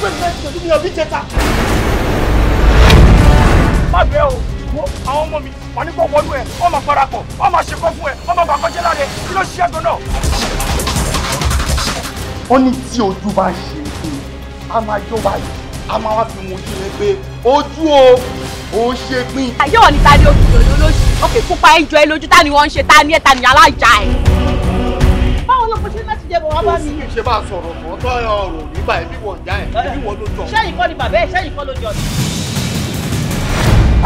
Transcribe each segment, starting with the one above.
president pẹ̀lú mi ọbí jẹta. má bẹ́ẹ̀ o wo àwọn ọmọ mi wọn ní kó wọlú ẹ wọn máa parapọ̀ wọn máa ṣèkọ́ fún ẹ wọn máa gbàgbọ́jẹ́ lára ẹ kí ló ṣiṣẹ́ gan tí ojú bá ṣe é a máa jó báyìí a máa wá fi mú ojú rẹ pé ojú o ò ń ṣe pín. àyẹ̀wò níta ni òkìkí olólóṣì òkè pupa ẹ̀ jọ ẹ lójú ta ni wọ́n ń ṣe ta ni ẹ̀ ta ni alájà ẹ̀ lóko ṣe láti ni bàbá ẹ̀ sẹ́yìn kọ́ ló jọ.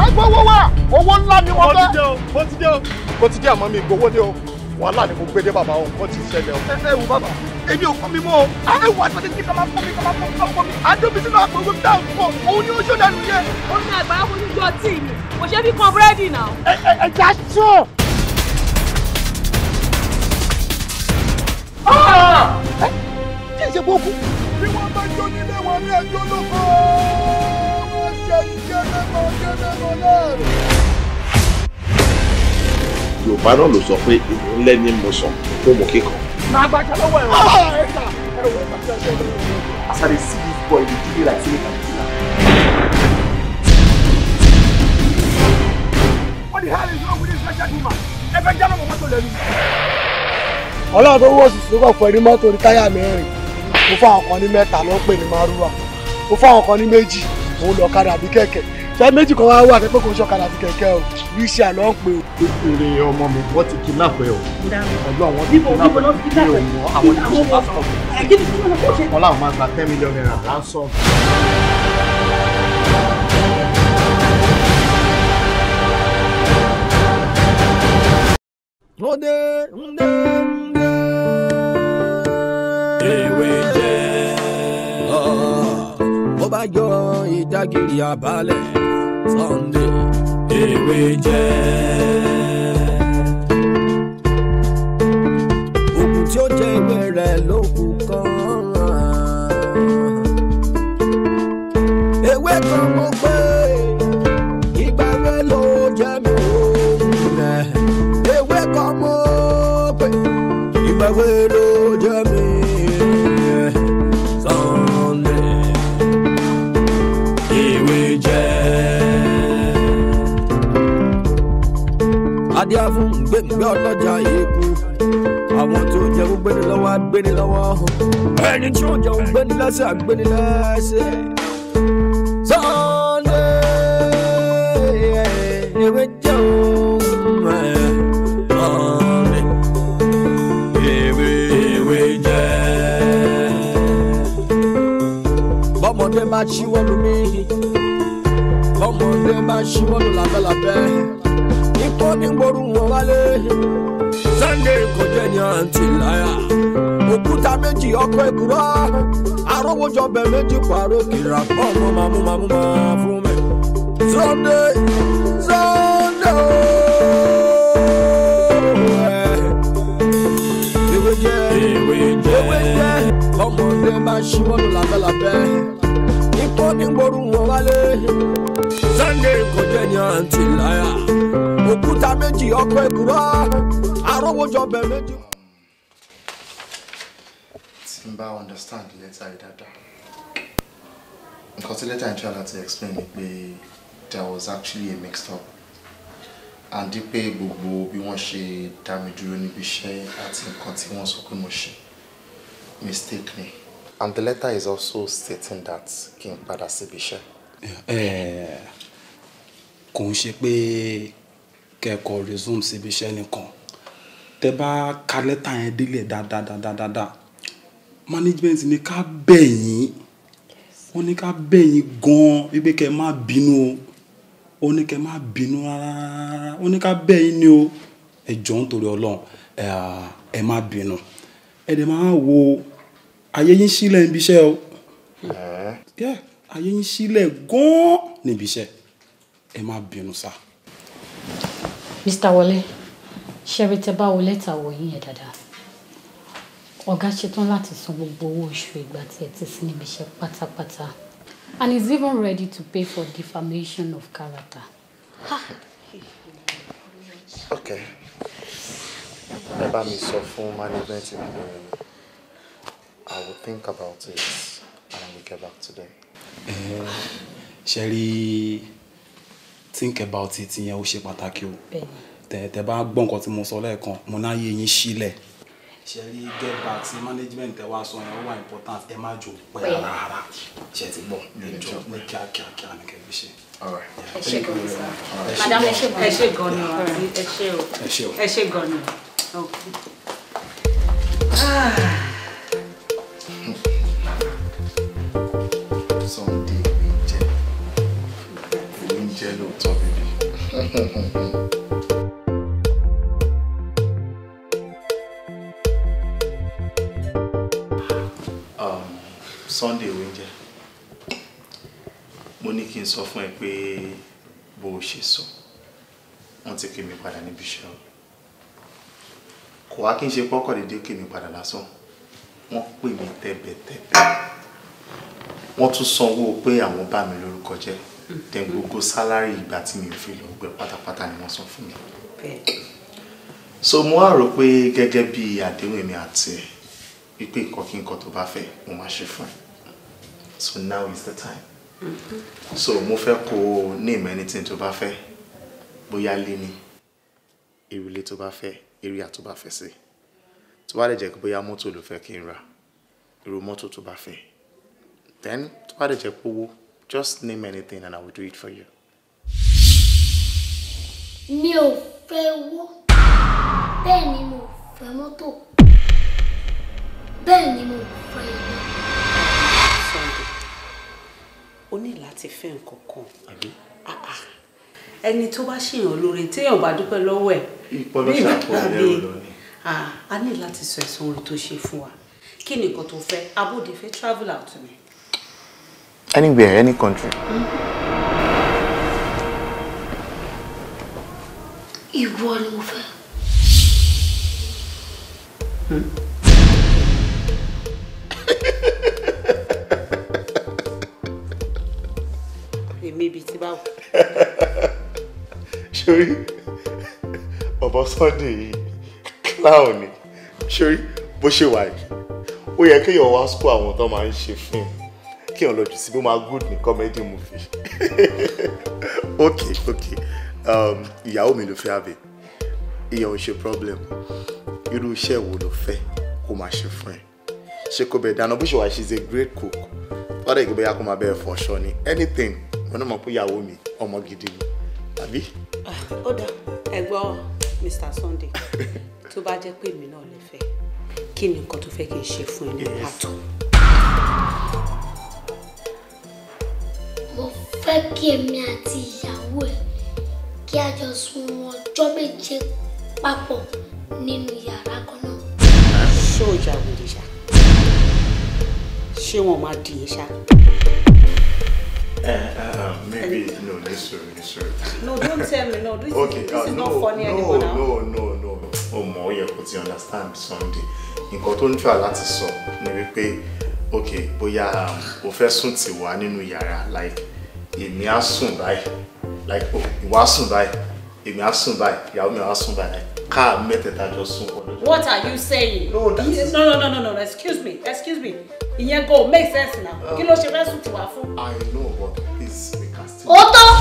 ẹ gbowó wa owó ńlá ni wọ́n fẹ́. mo ti dé o mo ti dé àmọ́ mi gbowó dé o wàhálà ni mo gbé dé bàbá o mo ti ṣẹlẹ̀ o. ẹ ẹ wù bàbá èmi ò fún mi mọ́ o ẹ wà ní pàtẹ́kì kàmá fún mi mi kàmá fún mi àdóbi sínú àpò ìwé tá à ń fọ òun ni ó ṣó dànù yẹn. omi àgbà ń jọ tíì mi kò ṣe é fi kan búrẹ́dì náà. ẹ ẹ ẹ jà sùn. tí ìṣe kó kú. bí wọ́n bá jó nílé wọn ní ẹjọ́ ló kọ́ wọ́n ṣe ìjẹ́lẹ́mọ̀ ìjẹ́lẹ́mọ̀ lẹ́rù. yorùbá náà ló sọ pé ìmúlẹ̀ ni mo sọ kó mo kíkan. máa gba ìta lọ́wọ́ ẹ̀rọ ẹ̀ta ẹ̀rọ i dey see this boy dey do me like say he can kill am. what the hell is wrong mọ́tò lẹ́nu ọlọ́run tó wọ̀ sùsù kọ̀ fún ẹni mọ́tò orí táyà mẹ́rin mo fún àwọn kan ní mẹ́ta ló ń pè ní márúwà mo fún àwọn kan ní méjì òun lọ kadà bí kẹ̀kẹ́ ṣé méjì kan wá wà pé kò ń ṣọ kadà bí kẹ̀kẹ́ o bí iṣẹ́ àná ń pè o. èrè ọmọ mi wọ́n ti kí lápẹ́ o ọjọ́ àwọn ti kí lápẹ́ o mi ò wọ́n àwọn ti kí lápẹ́ o ọlọ́run máa gba ten million naira ransom. Rode, rode, rode ewé jẹ́. ó bá yọ ìdágìrì àbálẹ̀ Sunday ewé jẹ́. òkun tí ó jẹ ewé rẹ̀ ló kù kan ràn. ewé kan mo gbé ìgbà rẹ̀ ló jẹ́ mi ò ewé kan mo gbé ìgbà rẹ̀ díá fún gbẹ̀ngbẹ́ ọlọ́jà èkó àwọn tó jẹ ó gbéni lọ́wọ́ á gbéni lọ́wọ́ ẹni tí ó jẹ ó gbéni lẹ́sẹ̀ á gbéni lẹ́sẹ̀. Sunday ewé jẹ́ òun ẹ̀ ọ̀rẹ́ bọ́mọdé bá ṣíwọ́ mí bọ́mọdé bá ṣíwọ́ làbẹ́làbẹ́ ní gbóru wọn wálé. Sunday kò jẹ́ àǹtí láyà. Òkúta méjì ọkọ̀ èkúrọ́. Arówójọ bẹ̀ méjì pàrọ̀ kìrà pọ̀ mọ́ fún mi. Sunday Sunday ooo. Ewé jẹ́ ewé jẹ́ ewé jẹ́. Ọmọdé máa ń ṣíwọ́n lábẹ́lábẹ́. Ikọ́ ní gbóru wọn wálé. Sunday kò jẹ́ àǹtí láyà òkúta méjì ọkọ èkúrọ́ arówójọbẹ̀ méjì. tí n bá understand lẹ́tà yìí dáadáa nǹkan tí letter yìí try láti explain ni pé there was actually a mixed up àǹdí pé gbogbo bí wọ́n ṣe dá mi dúró níbi iṣẹ́ àti nǹkan tí wọ́n sọ pé mo ṣe mistake ni. And the letter is also stating that kí n padà síbi iṣẹ́. Eh, kò ń ṣe pé kẹ́kọ̀ọ́ resume síbi iṣẹ́ nìkan tẹ bá ka lẹ́tà yẹn délẹ̀ dáadáa management ní ká bẹ̀ yín wọ́n ní ká bẹ̀ yín gan-an wípé kẹ́ má bínú o ó ní kẹ́ má bínú rárá ó ní ká bẹ̀ yín ni o ẹ jọ̀ọ́ nítorí ọlọ́run ẹ má bínú ẹ dẹ̀ máa wo ayé yín sílẹ̀ níbi iṣẹ́ o ayé yín sílẹ̀ gan níbi iṣẹ́ ẹ má bínú sáà. Mr. Wọlé ṣẹ́rí tẹ bá wo lẹ́tà wò yín yẹn dáadáa ọ̀gá ṣetán láti san gbogbo owó oṣù ìgbà tí ẹ ti sí níbi iṣẹ́ pátápátá and is even ready to pay for defamation of character. Ha. okay ẹ bá mi sọ fún management mi I will think about it and I will get back to them. ṣe rí. Uh, think about it yẹn ó ṣe pàtàkì o tẹ̀tẹ̀ bá gbọ́ nǹkan tí mo sọ lẹ́ẹ̀kan mo náà yé yín sílẹ̀ ṣe rí get back sí management ẹ wá sọ yẹn ó wà important ẹ má jò pẹ́ rárá ṣe ti gbọ́ ẹ jọ ní kíákíá kíá ní kẹ́kẹ́ ṣe. ẹ ṣe gan ni ẹ ṣe gan ni ẹ ṣe o ẹ ṣe gan ni. Um, Sunday oúnjẹ mo ní kí n sọ fún ẹ pé bó o ṣe sọ wọ́n ti kí mi padà níbi iṣẹ́ o kò wá kí n ṣe pọ́kọ̀ dédé kí mi padà lásán wọ́n pè mí tẹ́bẹ̀tẹ́bẹ̀ wọ́n tún sanwó pé àwọn bá mi then gbogbo sálárì ìgbà tí mi ò fi lọ gbẹ pátápátá ni wọ́n san fún mi. so mo wá rò pé gẹ́gẹ́ bí àdéhùn èmi àti ẹ̀ wípé nǹkan tó bá fẹ́ mo máa ṣe fún ẹ so now is the time. Mm-hmm. so mo fẹ́ kó o name anything tó bá fẹ́ bóyá lé ní ìrìlé tó bá fẹ́ area tó bá fẹ́ sí tó bá lè jẹ́ bóyá mọ́tò ló fẹ́ kí n ra irú mọ́tò tó bá fẹ́ then tó bá lè jẹ́ pówó Just name anything and I will do it for you. Mi ò fẹ́ owó. Bẹ́ẹ̀ ni mo fẹ́ mọ́tò. Bẹ́ẹ̀ ni mo fẹ́ ilé. Sunday, o ní láti fẹ́ nǹkan kan. Àbí? Ah, ah. Ẹni tó bá ṣèyàn lóore téèyàn bá dúpẹ́ lọ́wọ́ ẹ̀. Ìpọlọ́ṣà pọ̀ ní ẹ̀rọ lọ ni. Ah, a ní láti sọ ẹ̀sùn orin tó ṣe fún wa. Kí ni nǹkan fe? fẹ́? Abóde fẹ́ travel out ni. Anywhere, any country. You won over. fẹ́. Èmi bíi ti báwo. Ṣorí bọ̀bọ̀ Sunday yìí clown ni. Ṣorí bó ṣe wà yìí, ó yẹ kéèyàn wá sùkú àwọn tó máa kí ọ̀n lọ jù síbi ó máa good ní comedy movie ok ok um, ìyàwó mi ló fẹ́ àbẹ̀ ìyẹn ò ṣe problem irú iṣẹ́ wo ló fẹ́ kó máa ṣe fún ẹ ṣe kó bẹ̀ dáná bó ṣe wà she is a great cook wọ́n dẹ̀ gbé yakoma bẹ́ẹ̀ fọṣọ ni anything wọn náà mọ̀ pé ìyàwó mi ọmọ gidi ni àbí. Ah, ó dà ẹ̀gbọ́n Mr. Sunday tó bá jẹ́ pé èmi náà lè fẹ́ kí ni nǹkan tó fẹ́ kí n ṣe fún ẹ ní pàtó mo fẹ́ kí èmi àti ìyàwó ẹ̀ kí a jọ sun ọjọ́ méje papọ̀ nínú yàrá kan náà. ṣé o jà wèrè ṣá ṣé wọn máa dìyẹ ṣá. Eh, eh, eh, maybe no, this sorry, this way. No, don't tell me. No, this okay, is, this uh, is no, not funny no, anymore now. No, no, no, no. Oh, mo yẹ kó ti understand Sunday. Nǹkan tó ń tura láti sọ ni wípé ok bóyá um, o fẹ́ sùn tì wá nínú yàrá like èmi á sùn báyìí like oh, ìwọ á sùn báyìí èmi á sùn báyìí ìyàwó mi á sùn báyìí ká mẹ́tẹ̀ẹ̀ta jọ sùn. what are you saying. no no no no no excuse me excuse me ìyẹn go make sense now uh, kí ló ṣe fẹ́ sùn tì wá fún. i know but please we can still. ó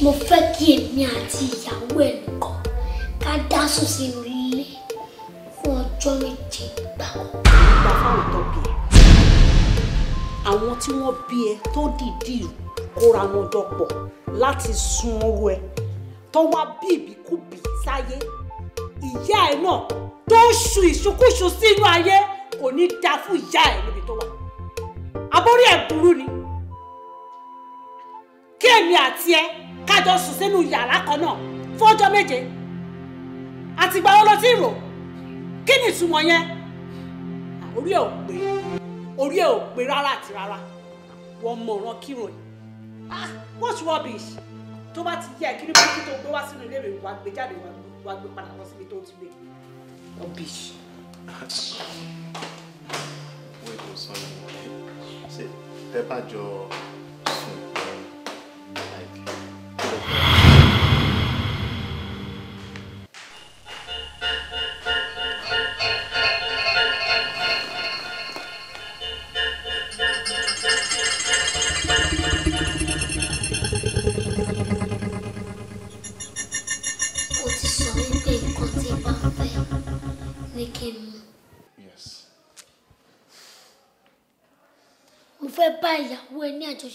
mo fẹ́ kí èmi àti ìyàwó ẹ̀ nìkan ká dá sùn sínú ilé fún ọjọ́ méje gbàgbọ́. ìgbà fáwọn tó bí ẹ àwọn tí wọ́n bí ẹ tó dìídì kóra wọn dọ̀pọ̀ láti sun ọwọ́ ẹ tó wá bí ìbíkúbi sáyé ìyá ẹ náà tó ṣu ìṣukúṣu sínú ayé kò ní da fún ìyá ẹ níbi tó wà aborí ẹ burú ni kí èmi àti ẹ kájọ sùn sínú yàrá kan náà fọjọ́ méje àtìgbà wo lo ti rò kí ni ìtumọ̀ yẹn orí ẹ ò pé orí ẹ̀ ò pé rárá àti rárá wọ́n mọ kírun ẹ̀ ah what's rubbish tó bá ti yẹ kí ní bókí tó gbé wá sínú ilé rẹ̀ wá gbé jáde wá gbé padà wá síbi tó ti gbé rubbish. wẹ́ẹ̀kì sọ́ni wọlé ṣe tẹ́ bá jọ.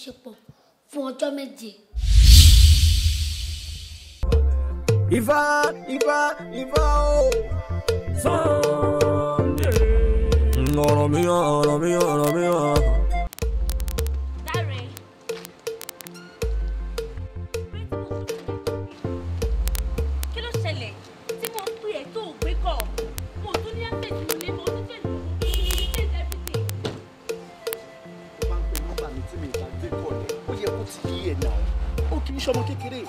àjọṣepọ̀ fún ọjọ́ méje. Ifá Ifá Ifá o. Sunday. ọ̀rọ̀ mi ọ̀rọ̀ mi ọ̀rọ̀ mi yàn. ìṣọmọ kékeré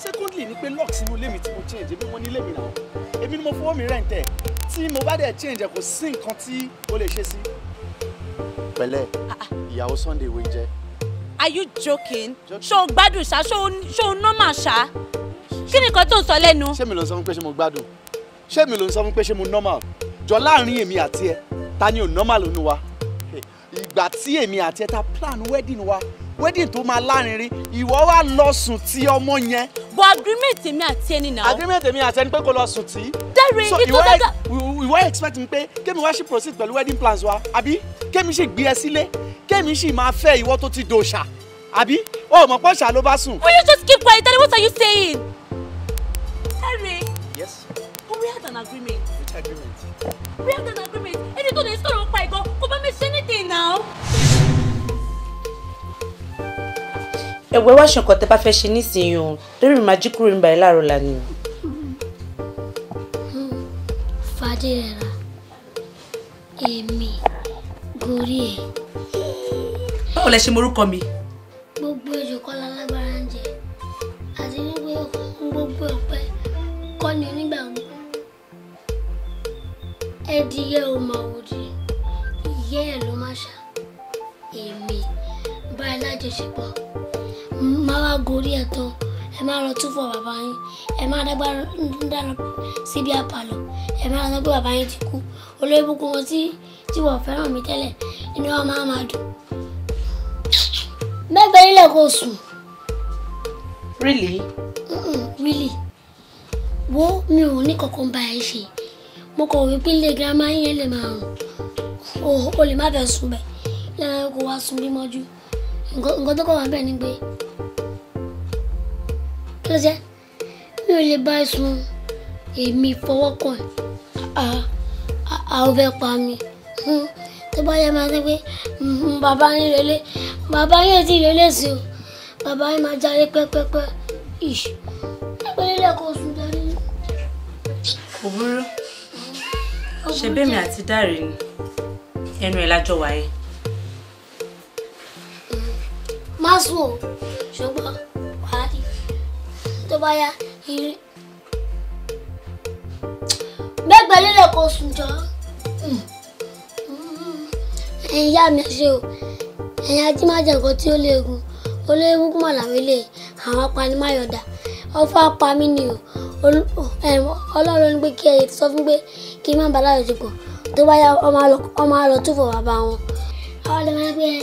secondly ni pé lock sínú ilé mi tí mo change ebi mo ní ilé mi náà èmi ni mo fowó mi rent ẹ tí mo bá dẹ̀ change ẹ kò sí nǹkan tí o lè ṣe sí. pẹ̀lẹ́ ah, ah. ìyàwó Sunday wo jẹ. are you joking ṣó o gbádùn ṣá ṣó o normal ṣá kí nìkan tó ń sọ lẹ́nu. ṣé mi ló ń sọ fún pé ṣé mo gbádùn ṣé mi ló ń sọ fún pé ṣé mo normal jọ láàrin èmi àti ẹ ta ni ò normal nínú wa ìgbà tí èmi àti ẹ ta plan wedding wa wedding tó máa lárinrin ìwọ wá lọ sùn tí ọmọ yẹn. bọ agreement èmi àti ẹni náà. agreement èmi àti ẹni pé kò lọ sùn tí. dẹ́rẹ̀ ibi tó dáadáa. so ìwọ expect mi pé kémi wá sí proceed pẹ̀lú wedding plans wa àbí kémi sì gbé ẹ sílé kémi sì máa fẹ́ ìwọ tó ti dòṣà àbí o mọ̀ pọ́ṣà ló bá sùn. will you just keep quiet tell me what are you saying. dẹ́rẹ̀. yes. we had an agreement. which agreement. we had an agreement ẹni tó lè sọ̀rọ̀ pa ìgbọ́ kò bá mi ṣe anything now. ẹ̀wẹ̀ wá ṣe nǹkan tẹ́ bá fẹ́ ṣe nísìnyí o lórí mi máa jí kúrò nígbà yìí láàárọ̀ lánàá o. fàdírẹ́ra èmi gorí ẹ̀. báwo lẹ ṣe morúkọ mi. gbogbo ejò kọ́ lálágbára ń jẹ àti gbogbo ọ̀pẹ kọ́ ni onígbàgbọ́ ẹdìyẹ ò mọ̀ òdì ìyẹ́ ẹ̀ ló má ṣá èmi báyìí lájọṣepọ̀ má gorí ẹ̀ tán ẹ má lọ túfọ̀ bàbá yín ẹ má dágbára dáná síbi àpàlọ́ ẹ má lọ pé bàbá yín ti kú olórí búkún wọn tí tí wọ́n fẹ́ràn mi tẹ́lẹ̀ inú wọn máa máa dùn. mẹ́gbẹ́ nílẹ̀ kò sùn. really. Mm-mm, really. wo mi ò ní kankan bá ẹ ṣe mo kọ̀ wípé ilé girama yẹn lè máa rùn o lè má fẹ́ sùn bẹ́ẹ̀ lẹ́yìn kó wá sùn bí mọ́jú nǹkan tó kọ̀ wá bẹ́ẹ̀ ni pé kí ló ṣe mi ò lè bá ẹ sùn èmi fọwọ́ kàn àwọn fẹ́ pa mi hmm, tó bá yẹ máa ṣe pé hmm, bàbá yín lélẹ̀ bàbá yín ti lélẹ̀ sí o bàbá yín máa jáde pẹ́pẹ́pẹ́ ìṣù ẹgbẹ́ lélẹ̀ kò sùn dárí. kò burú ṣe bẹ́ẹ̀ mi àti dáre ni ẹnu ẹ̀ lájọ wáyé má sùn o ṣùgbọ́n wàá rí tó bá yá irin gbẹ́gbẹ́ lílẹ̀ kò sùn jọ ẹ̀yin yá mi ṣe o ẹ̀yin ajímájà nǹkan tí ó léegun olóyè púpọ̀ làwọn ilé àwọn apanimáyọ̀dà ọfọ apami ni o ọlọ́run ní pé kí ẹ sọ fún pé kí má bàa láyọ̀ dìbò tó bá yá ọmọ àlọ́ túfọ̀ bàbá wọn. àwọn ọ̀dọ́ máa ń pè é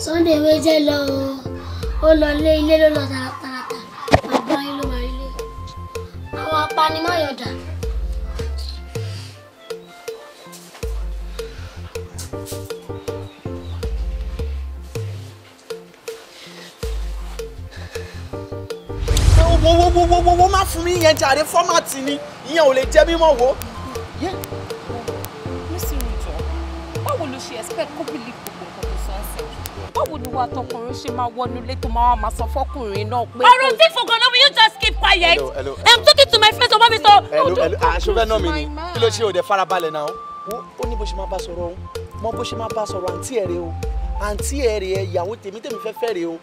Sunday wẹjẹ lọ ó lọ lé ilé ló lọ tààràtà bàbá yín ló máa lé àwọn apanimọ̀yọ̀dà. wo wo wo wo wo wo má fún mi yẹn jàre fọ́màtì ni ìyẹn ò lè jẹ́ mímọ́ wo. báwo ló ṣe expect kó bìlì báwo ni wàá tọkùnrin ṣe máa wọnú tó máa máa sọ fọkùnrin náà pé. ọ̀rọ̀ tí fògàn náà you just keep quiet. hello hello i'm talking to my friend ọmọ mi sọ. hello oh, ah, náà mi ni kí ló ṣe òde farabalẹ̀ náà ó ní bó ṣe máa bá sọ̀rọ̀ o mọ bó ṣe máa bá sọ̀rọ̀ àǹtí ẹ̀ rẹ o àǹtí ẹ̀ rẹ ìyàwó tèmi tèmi fẹ́ fẹ́ rẹ o.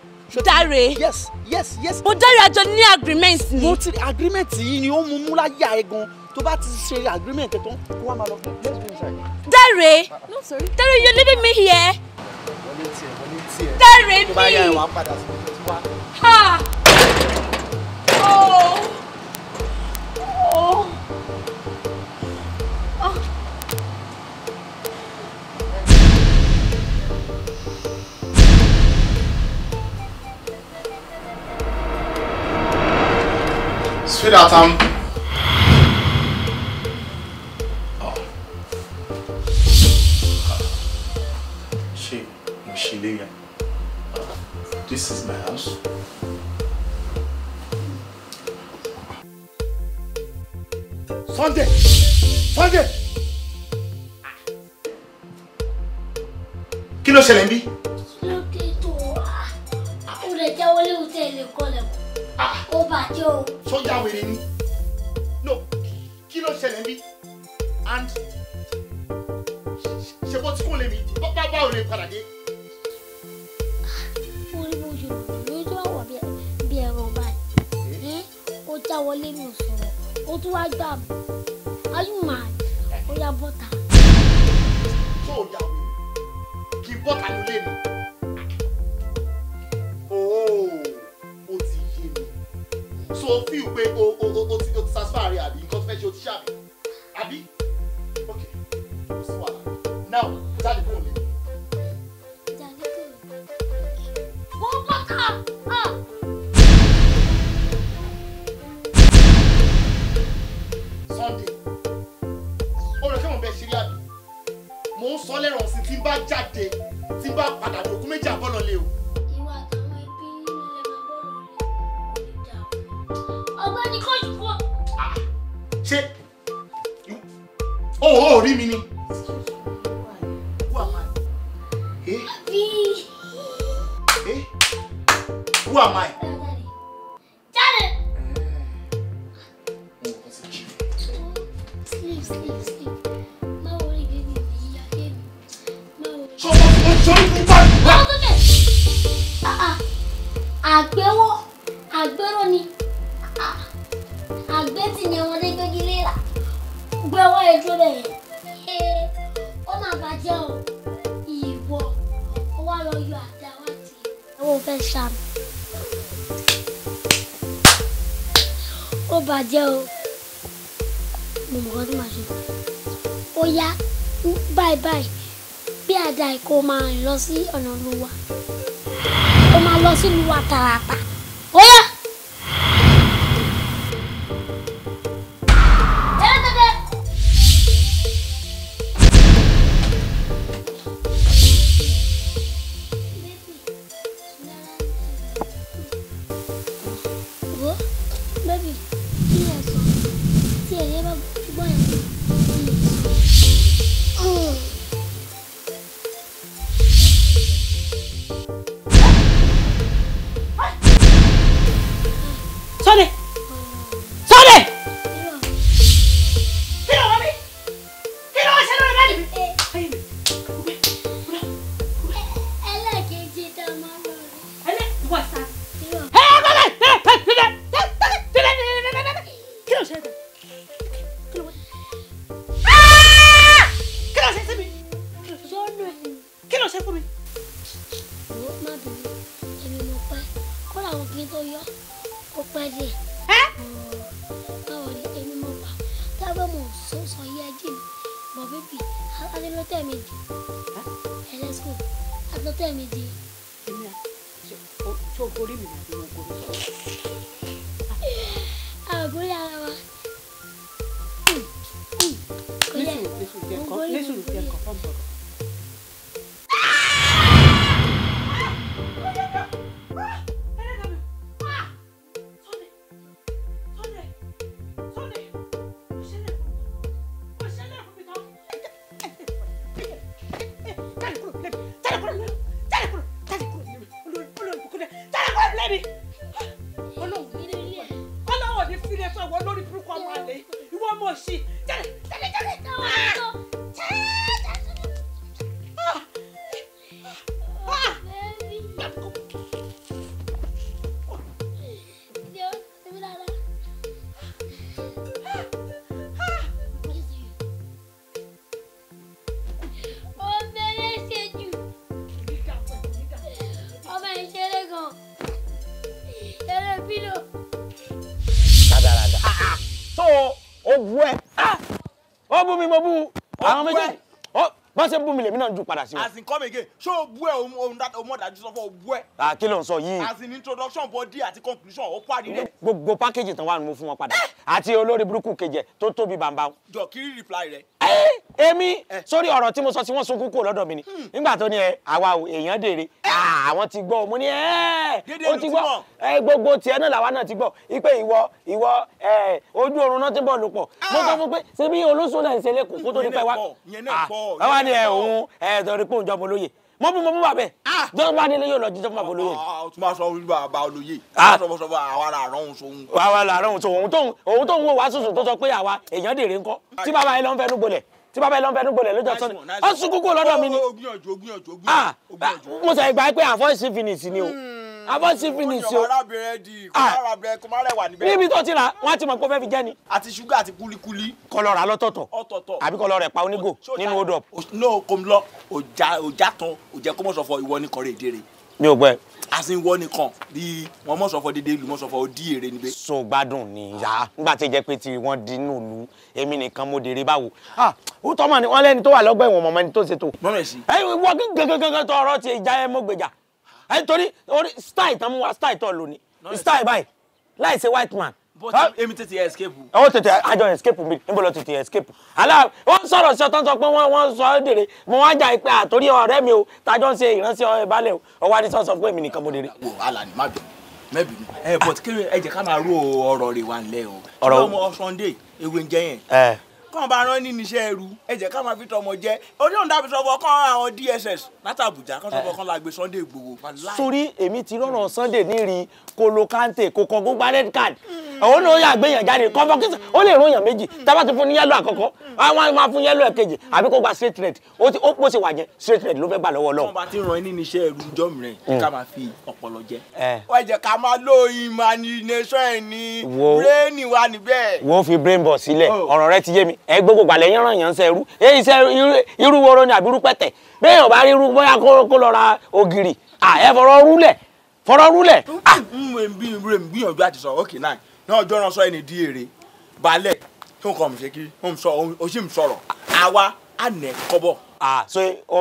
Dare. yes yes yes. mo dáre àjọ ní agreement ni. mo ti agreement yìí ni ó mú mú láyà ẹ gan tó bá ti ṣe agreement tó ń máa lọ let's go ah, you leaving me here wọlé tiẹ̀ ha oh oh. Ah. Sweetheart, I'm she This is my house. Sunday! Sunday! Kí ló ṣẹlẹ̀ ń bí? Lókè tó wá. Ó lè jẹ́ wọlé òtẹ́ ilé kọlẹ̀ No, kí ló ṣẹlẹ̀ And she bó tí kò lè mi, bá bá ò gbà wọlé mi ò sọ̀rọ̀ ó tún wá gbà mí are you mad ó yá bọ́tà. tó o yà wò kí n bọ́tà ló lé mi ooo ó ti yé mi so fíìwé o o o ti satisfy rẹ àbí nǹkan tó fẹ́ ṣe o ti ṣàbí. sí ọ̀nà ìlú wa ó máa lọ sílùú wa Hamburg. ó bú mi mo bú àwọn méjèèjì bọ́n ṣe bú mi lèmi náà ju padà sí wọn. as in come again ṣé o bú ẹ òun ọ̀dájú sọ fún o bú ẹ. àkí ah, ló ń sọ yìí. as in introduction body àti conclusion ó parí rẹ. gbogbo pákéjì tán wà ní mo fún wọn padà eh! àti olórí burúkú kejì tó tóbi bàbá. jọ kí reply rẹ èmi sórí ọ̀rọ̀ tí mo sọ sí wọ́n sunkún kúrò lọ́dọ̀ mi ni hmm. nígbà tó ní ẹ àwa èèyàn dèrè eh! àwọn ti gbọ́ mo ní ẹ ó ti gbọ́ ẹ gbogbo tiẹ̀ náà làwa náà ti gbọ́ ipe ìwọ ìwọ ẹ ojú oorun náà ti bọ̀ lò pọ̀ mo ah! sọ fún pé ṣebí olóṣù náà ń ṣe lẹ́kọ̀ọ́ kó tó wá àwa ni ah, òun torí pé òun jọmọ lóye mo bú mo bú bàbẹ ah! jọ̀wọ́ bá délé yóò lọ jíjọ fún bàbá olóye. máa sọ wípé bàbá olóye sọ fún àwa là rán òun sóhun. àwa là rán òun sóhun òun tó wò wá sùsù tó sọ pé àwa èèyàn dèrè ńkọ́ tí bàbá yẹn lọ ń fẹnu gbolẹ̀ tí bàbá ìlànà fẹnu gbolẹ lọ́jọ́ sọni ó sún kúkú lọ́dọ̀ mi ni oh, ah, mo sọ ìgbà pé àfọ̀sí fìnìsì ni o hmm. àfọ̀sí fìnìsì o ah. níbi tó ti rà wọ́n ti mọ̀ pé ó fẹ́ fi jẹ́ ni. àti ṣúgà àti kulikuli. kọlọ rà lọ́tọ̀ọ̀tọ̀ àbí kọlọ rẹ̀ pa onígò nínú odò. no kò ń lọ òjà tán òjẹ kó mọ̀ sọ fọ ìwọ ní kọrẹ́ ìdérè. mi ò gbẹ As asin wọ nìkan bí wọn mọ̀ sọ̀fọ̀ dédé ìlú mọ̀ sọ̀fọ̀ ó di èrè níbẹ̀. so gbádùn ni ìyá nígbà tí jẹ́ pé tí wọ́n di inú ìlú èmi nìkan mo dèrè báwo ah ó tọ́ mọ̀ ni wọ́n lẹ́ni tó wà lọ́gbà ẹ̀wọ̀n mọ̀mọ́ ni tó ṣètò. mọ̀mọ́ ẹ̀ sí. ẹ wọ́n gẹ́gẹ́gẹ́gẹ́ tó ọ̀rọ̀ ti ìjà ẹ mọ́ gbèjà ẹ torí style tán mú wa style tó lónìí style báyìí láì ṣe white man èmi tètè escape. àwọn tètè àjọ escape mi níbo lọ tètè escape. àlá wọn sọ̀rọ̀ sí ọtán sọ pé wọn wọn sọ ọ dèrè mo wá jà pé àtòrí ọ̀rẹ́ mi o tàjọ ń ṣe ìránṣẹ́ ìbálẹ̀ o ọwọ́ adé sọsọ pé èmi nìkan mo dèrè. wo alani má bẹ mẹbi mi. ẹ bọ̀t kí ẹ jẹ́ ká máa ró ọ̀rọ̀ rẹ̀ wá nílẹ̀ o. ọ̀rọ̀ ọmọ sunday ewé ń jẹ yẹn. kàn bá rán ní níṣẹ́ ẹrú ẹ jẹ́ ká máa fi tọmọ jẹ orí òun dàbí sọ́fọ́ kan àwọn dss látàbújá kan sọ́fọ́ kan la sunday gbowó. sórí èmi ti rọrùn sunday ní rí N'Golo Kante kò kọ gbogbo red card òun náà yà gbéyàn jáde convocation ó lè ròyàn méjì tábà ti fún ní yẹ́lò àkọ́kọ́ àwọn máa fún yẹ́lò ẹ̀kejì àbí kó gba straight red ó ti ó pò ṣe wà straight red ló fẹ́ gbà lọ́wọ́ lọ́wọ́. wọ́n bá ti ràn ní iṣẹ́ ẹ̀rú jọ́ mìíràn mm. ká máa fi ọpọlọ jẹ. wọ́n jẹ́ ká máa lo imagination ẹ̀ ní brain wa níbẹ̀. wọ́n fi brain bọ̀ sílẹ̀ oh. ọ̀rọ̀ rẹ ti yé mi ẹ gbogbo gbàlẹ̀ yẹn ràn yàn ṣe ẹrú iṣẹ́ irú woro ni àbí irú pẹ̀tẹ̀ bẹ́ẹ̀ yàn bá rí irú bóyá kó lọ ra fọ̀rọ̀ rúlẹ̀. Mm, mm, mm, gbìyànjú àti sọ ok náà náà ọjọ́ ránṣọ ẹni di èrè balẹ̀ tó ń kọ́ ọ̀mùsẹ̀ kiri ó sì ń sọ̀rọ̀ àwa á nẹ̀ kọ́bọ̀.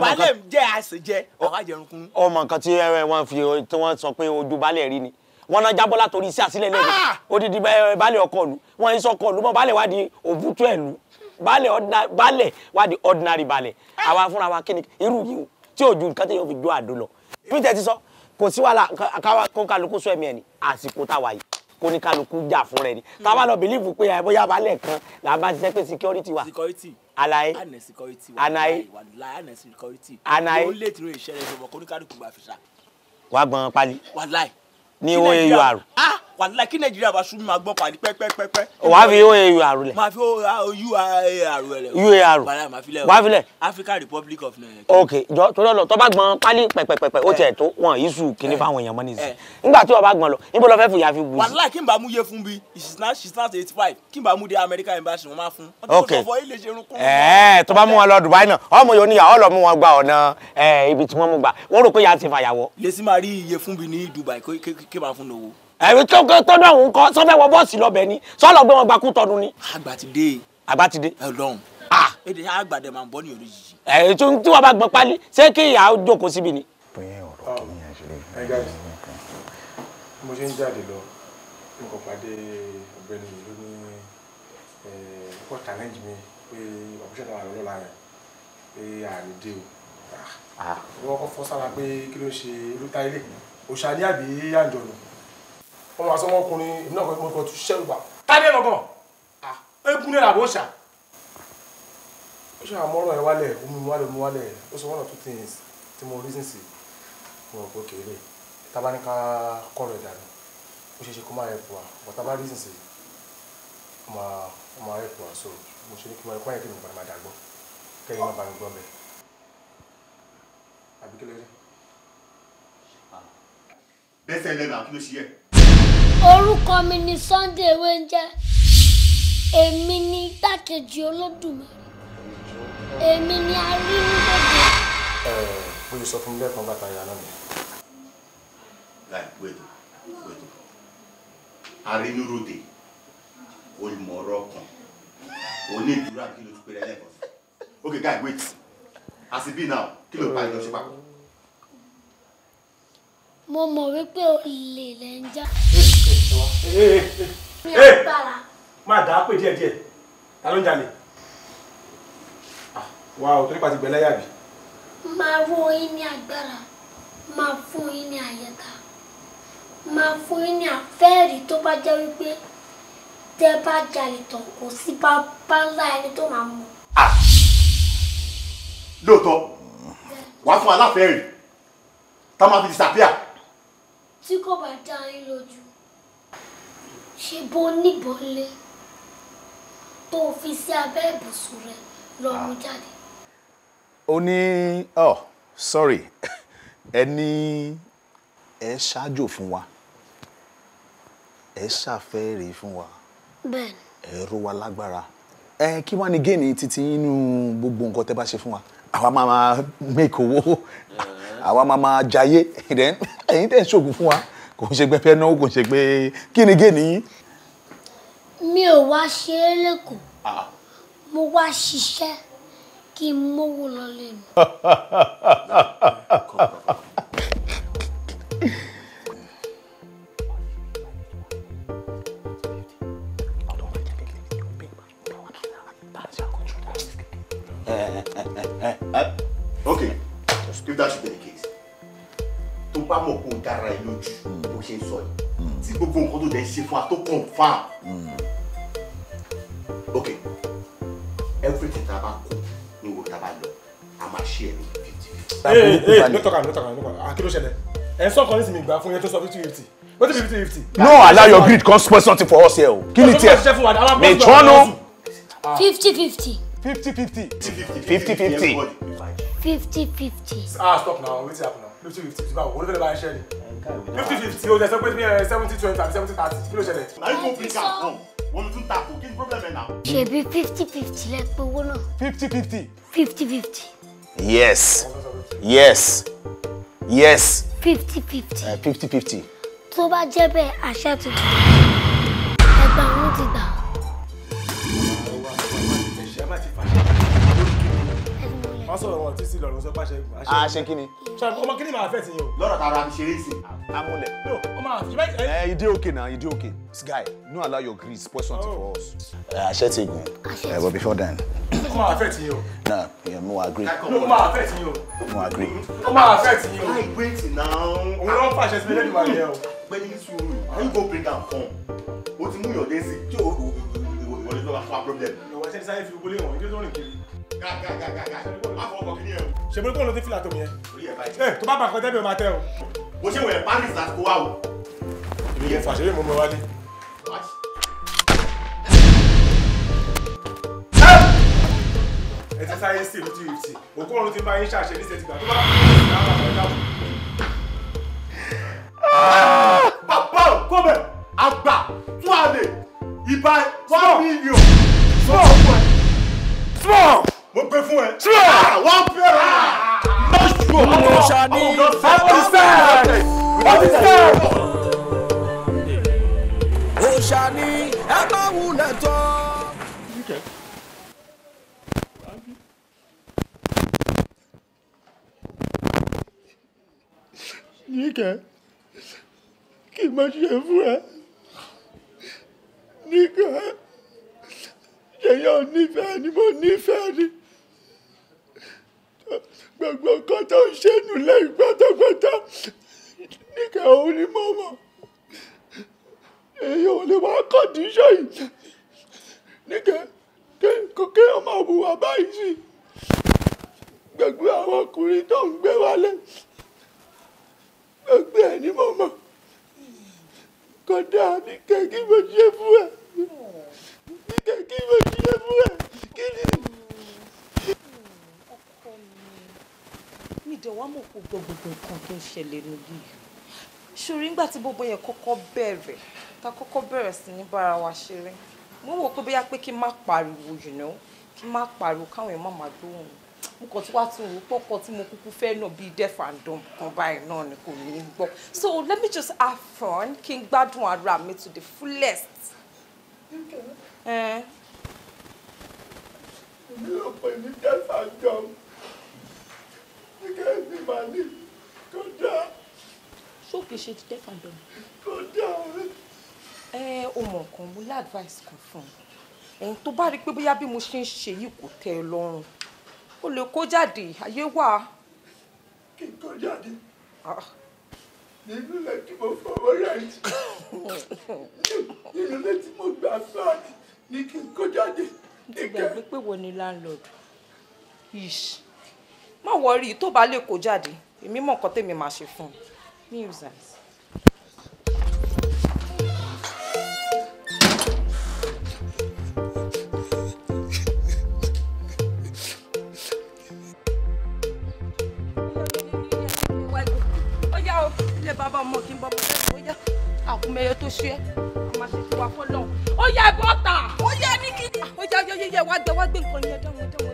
balẹ̀ jẹ́ àṣẹ jẹ́ àwa jẹun kún. ọmọ nǹkan tí wọ́n fi tí wọ́n sọ pé ojú balẹ̀ rí ni wọn náà jábọ́ látòrí iṣẹ́ àsílẹ̀ lẹ́nu ah! odidi balẹ̀ ọkọ̀ lu wọn ń sọkọ̀ lu mọ́ balẹ̀ wá di òbútú ẹ̀ lu balẹ̀ balẹ̀ wá di ordinary balẹ̀ ah! àwa fúnra wa kí ni irú yìí o tí òjú nǹkan tí yóò fi jó àdó lọ. bí tẹ́ ti sọ kò sí wàhálà kó kálukú sọ ẹ̀mí ẹ̀ ní àsìkò táwa yìí kó ní kálukú jà fún rẹ ni táwa lọ bìlíìfù pé ẹ bóyá balẹ̀ kan là bá ṣiṣẹ́ pé security wa alaye anaye anaye wàá gbọ́n pálí ní owó eyo àrùn wàláì kí nàìjíríà bá sún mi máa gbọ́ pàdé pẹ́pẹ́pẹ́pẹ́. wà á fi oau rẹ̀. máa fi oau rẹ̀. uar wà á filẹ̀. African Republic of Nigeria. ok jọ torí ọlọ tó bá gbọn pálí pẹpẹpẹpẹ ó tiẹ̀ tó wọn yíṣu kìíní eh, fáwọn èèyàn mọ́ni sí. Eh. nígbà tí wọ́n bá gbọn lọ níbo lọ fẹ́ fòyà fi wù sí. wàláì kí n bá mú yé fún bi she is not eighty five kí n bá mú dé American embassy wọn máa fún. ok ẹ eh, tó bá mú wọn lọ Dubai náà ọmọ yòó níyà ọlọ mú wọn gba ọ̀nà ibi tí wọ́n mú gbà wọ́n rò pé yà á ti Dubai kí máa fún ẹ̀rí tó tọ́dọ̀ òun kọ́ sọ́fẹ́ wọ bọ́ọ̀sì lọ́bẹ̀ ni sọ́lọ́ gbé wọn gbakú tọdún ni. àgbà ti dé. àgbà ti dé. ẹ lọ́hùn. èdè àgbà dẹ̀ máa ń bọ́ ní orí yìí. ẹ tó tí wọn bá gbọ́n pálí ṣé kí ìyá jókòó síbi ni. bóyá ọ̀rọ̀ ah, kìíní àṣírí. ẹ gáàsì mo ṣe ń jáde lọ mo kàn pàdé ọ̀gbẹ́ni wọ́n ah. kọ́ fọ́ sára pé kí ló ṣe lóta ilé òṣàlẹ́ àbí àjọ̀nù wọn máa sọ wọn ọkùnrin èmi náà kọ́ ọkọ̀ tún ṣẹ́rù tádé lọ́gàn eégún ah. náírà bó ṣà. ó ṣe àmọ́ràn ẹ̀ wálẹ̀ omi wálẹ̀ omi wálẹ̀ ó sọ one two things tí mo reason sí mo rò pé kéré tabaníkà kọ̀rọ̀ ẹ̀ dànù ó ṣe ṣe kó máa ẹ̀pù wa but tabá reason sí máa ẹ̀pù wa so mo ṣe ní kí n máa ẹ̀pù wa yẹn kí n bá máa dàgbọ́ kẹ́yìn máa bá mi gbọ́ bẹ́ẹ̀ bẹ́sẹ̀ lẹ́nu àkúlẹ̀ orúkọ mi ni Sunday Ewéńjẹ èmi ni igbákejì olódùmarè èmi ni arínúgbòde. ẹ ẹ bó ṣe sọ fún mi lẹ́ẹ̀kan bàtà ìyá náà nìyẹn. guy wait wait arínúròde olùmọ̀ọ́rọ̀ kan onídùúrà kí ló ti pèrè ẹlẹ́kọ̀ọ́ ok guy wait as e be now kí ló pa ìlọsí papọ̀ mo mọ̀ wípé olè lẹ́ ń já. mi ò gbára. máa dà á pè díẹ̀ díẹ̀ ta ló ń jalè. Ah, wà á torí pàtí gbẹlẹ́yà bì. máa wó yín ní agbára máa fún yín ní àyẹ̀ká máa fún yín ní àfẹ́ẹ̀rí tó bá jẹ́ wípé tẹ́ bá jalè tán kò sí bá bá ńlá ẹni tó máa mú. Ah! lóòótọ́ wàá fún aláfẹ́ẹ̀rí tá máa fi disappear tí kò bá dá yín lójú ṣe bó níbọn lé tó fi sí abẹ́ ìbùsùn rẹ lọ ah. jáde. ó ní ọ oh, sorry ẹ ní ẹ ṣáájò fún wa ẹ ṣàfẹ́rẹ̀ fún wa bẹ́ẹ̀ ẹ ró wa lágbára ẹ kí wàá ní géènì títí inú gbogbo nǹkan tẹ́ bá ṣe fún wa àwa máa máa make owó àwa máa máa jayé then ẹ̀yin tẹ̀ ń ṣògùn fún wa kò ń ṣe pé fẹ́ náwó kò ń ṣe pé kí ni géènì yín. mi ò wá ṣe é lẹ́kọ̀ọ́ mo wá ṣiṣẹ́ kí n mówó lọ lẹ́nu. Eh, eh, okay, if that should be the case, tó bá mọ̀ kó o dára ẹ lójú bó ṣe ń sọ yìí, tí gbogbo nǹkan tó dẹ̀ ṣe fún wa tó confam. Mm. Okay, everything tá a bá kó ni wo tá a bá lọ, a máa ṣe ẹ̀rọ fifty fifty. Ee ee no talk am no talk am no talk am, ah, akérò ṣẹlẹ̀, ẹ̀ sọ́kàn ní sinmi gbà fún yẹn tó sọ fifty fifty what is fifty fifty. no ah, allow your greed come spoil something for us here o kí ni tiẹ̀ mi tọ́nu. Ah. fifty fifty fifty fifty. fifty fifty. fifty fifty. ah stop now What's happening now fifty fifty fifty báwo olùfẹ́ bá ń ṣe ni fifty fifty o jẹ sọ pé mi ẹ seventy twenty àti seventy thirty kí ló ṣẹlẹ̀. na yóò fi kà fún wọn tún ta kò kí ni problem ẹ náà. ṣèbí fifty fifty lẹ pé owó fifty fifty. fifty fifty. yes yes yes. fifty fifty. Uh, fifty fifty. tó bá jẹ́ bẹ́ẹ̀ àṣẹ I don't want it now. má sọ̀rọ̀ wọn títí lọ́rọ̀ sọ pàṣẹ. a ṣe kí ni. ṣe ọmọ kí ni màá ti yẹn o. tara mi ṣeré sí. amúlẹ̀. no ọmọ àfijọ́ ẹ. ẹ eh, ìdí òkè náà ìdí òkè guy no allow your grease spoil something for us. àṣẹ ti gùn ẹ eh, but before then. ó máa fẹ́ ti yo. o. na yẹn mo agree. no ó máa fẹ́ ti yẹn mo agree. ó máa fẹ́ ti yo. o. i wait now. òun ló ń fàṣẹ sí mi lẹ́nu wa yẹn o. gbẹ́ni sùúrù you go bring am come. o ti your yọ̀dẹ́sì tí o ìwọlé lọ́wọ́ fún a problem. ìwọ ṣẹ́ni sáyé fi gbólé wọn ìdí tó rìn kiri ṣèbúrú tó ń lọ sí fìlà tó mi yẹn ẹ tó bá bàkọ́ tẹ́bí o máa tẹ́ o. mo ṣe wọ̀nyẹn paris àti kówá o. èmi yẹn fàṣẹ yóò mú mi wálé. ẹ ti sáré sí ìlú tí òkú ọ̀run ti máa ń ṣàṣẹ ní ìṣètìgbà tó bá bàbá ọ̀run dáhùn. bàbá gómẹ̀ àgbà fún mo gbé fún ẹ. tíwẹ̀ ah, wọ́n pè é. lọ́sùn ọ̀hún ṣá ní ọ́fíìsì ọ́fíìsì. òṣà ni ẹ ah. bá wulẹ̀ tọ́. níkẹ́ kí n má ṣe fún ẹ níkẹ́ ṣe yọ ni mo nífẹ̀ẹ́ ni gbogbo nǹkan tó ń ṣe nù lẹ́yìn pátápátá nígbà òun ni mo mọ̀ èyí ò lè wá kọ́ndíṣọ́ yìí nígbà kéèyàn máa hùwà báyìí sí gbogbo àwọn ọkùnrin tó ń gbé wálé gbogbo ẹ̀ ni mo mọ̀ kódà ní kẹ́kí mo ṣe fún ẹ ní kẹ́kí mo ṣe fún ẹ kí ni. mi dẹ̀ wá mọ̀ kó gbọ́ nǹkan tó ń ṣẹlẹ̀ níbí ṣòrí nígbà tí gbogbo yẹn kọ́kọ́ bẹ̀rẹ̀ ta kọ́kọ́ bẹ̀rẹ̀ sí ní bára wa ṣeré mo wò pé bóyá pé kí n má pariwo you know kí n má pariwo káwọn èèyàn má má dóhùn mo kàn tí wàá tún wò pọ́kọ tí mo kúkú fẹ́ náà bíi deaf and dumb kan báyìí náà ni kò ní í gbọ́ so let me just have fun kí n gbádùn ara mi to the fullest. mi ò pè ní deaf and dumb kẹ́sì màlí kò dáa. and dumb. kò dáa. ẹ o mọ̀ nǹkan mo lá advice kan fún un ẹ̀yin tó bá rí pé bóyá bí mo ṣe ń ṣe yìí kò tẹ́ ẹ lọ́rùn o lè kó jáde ayé wà. kí n kó jáde ah. nínú ilé tí mo fọwọ́ rà yìí nínú ilé tí mo gbà sọ́ọ̀tì ni kí n kó jáde. ti gbàgbé pé wọ́n ni landlord. Ish má wọrí tó bá lè kó jáde èmi mọ̀ nǹkan tèmi máa ṣe fún un ní users. bàbá ọmọ kí n bọ́ ọmọdé ó yá àkúmẹyẹ tó ṣe é a máa ṣe tiwa fọlọ́ọ̀ ó yá ẹ̀bọ́n ta ó yá ní kí ni ó yá yẹ́yẹ́ wá gbé wá gbé nǹkan yẹn dáwọn dáwọn.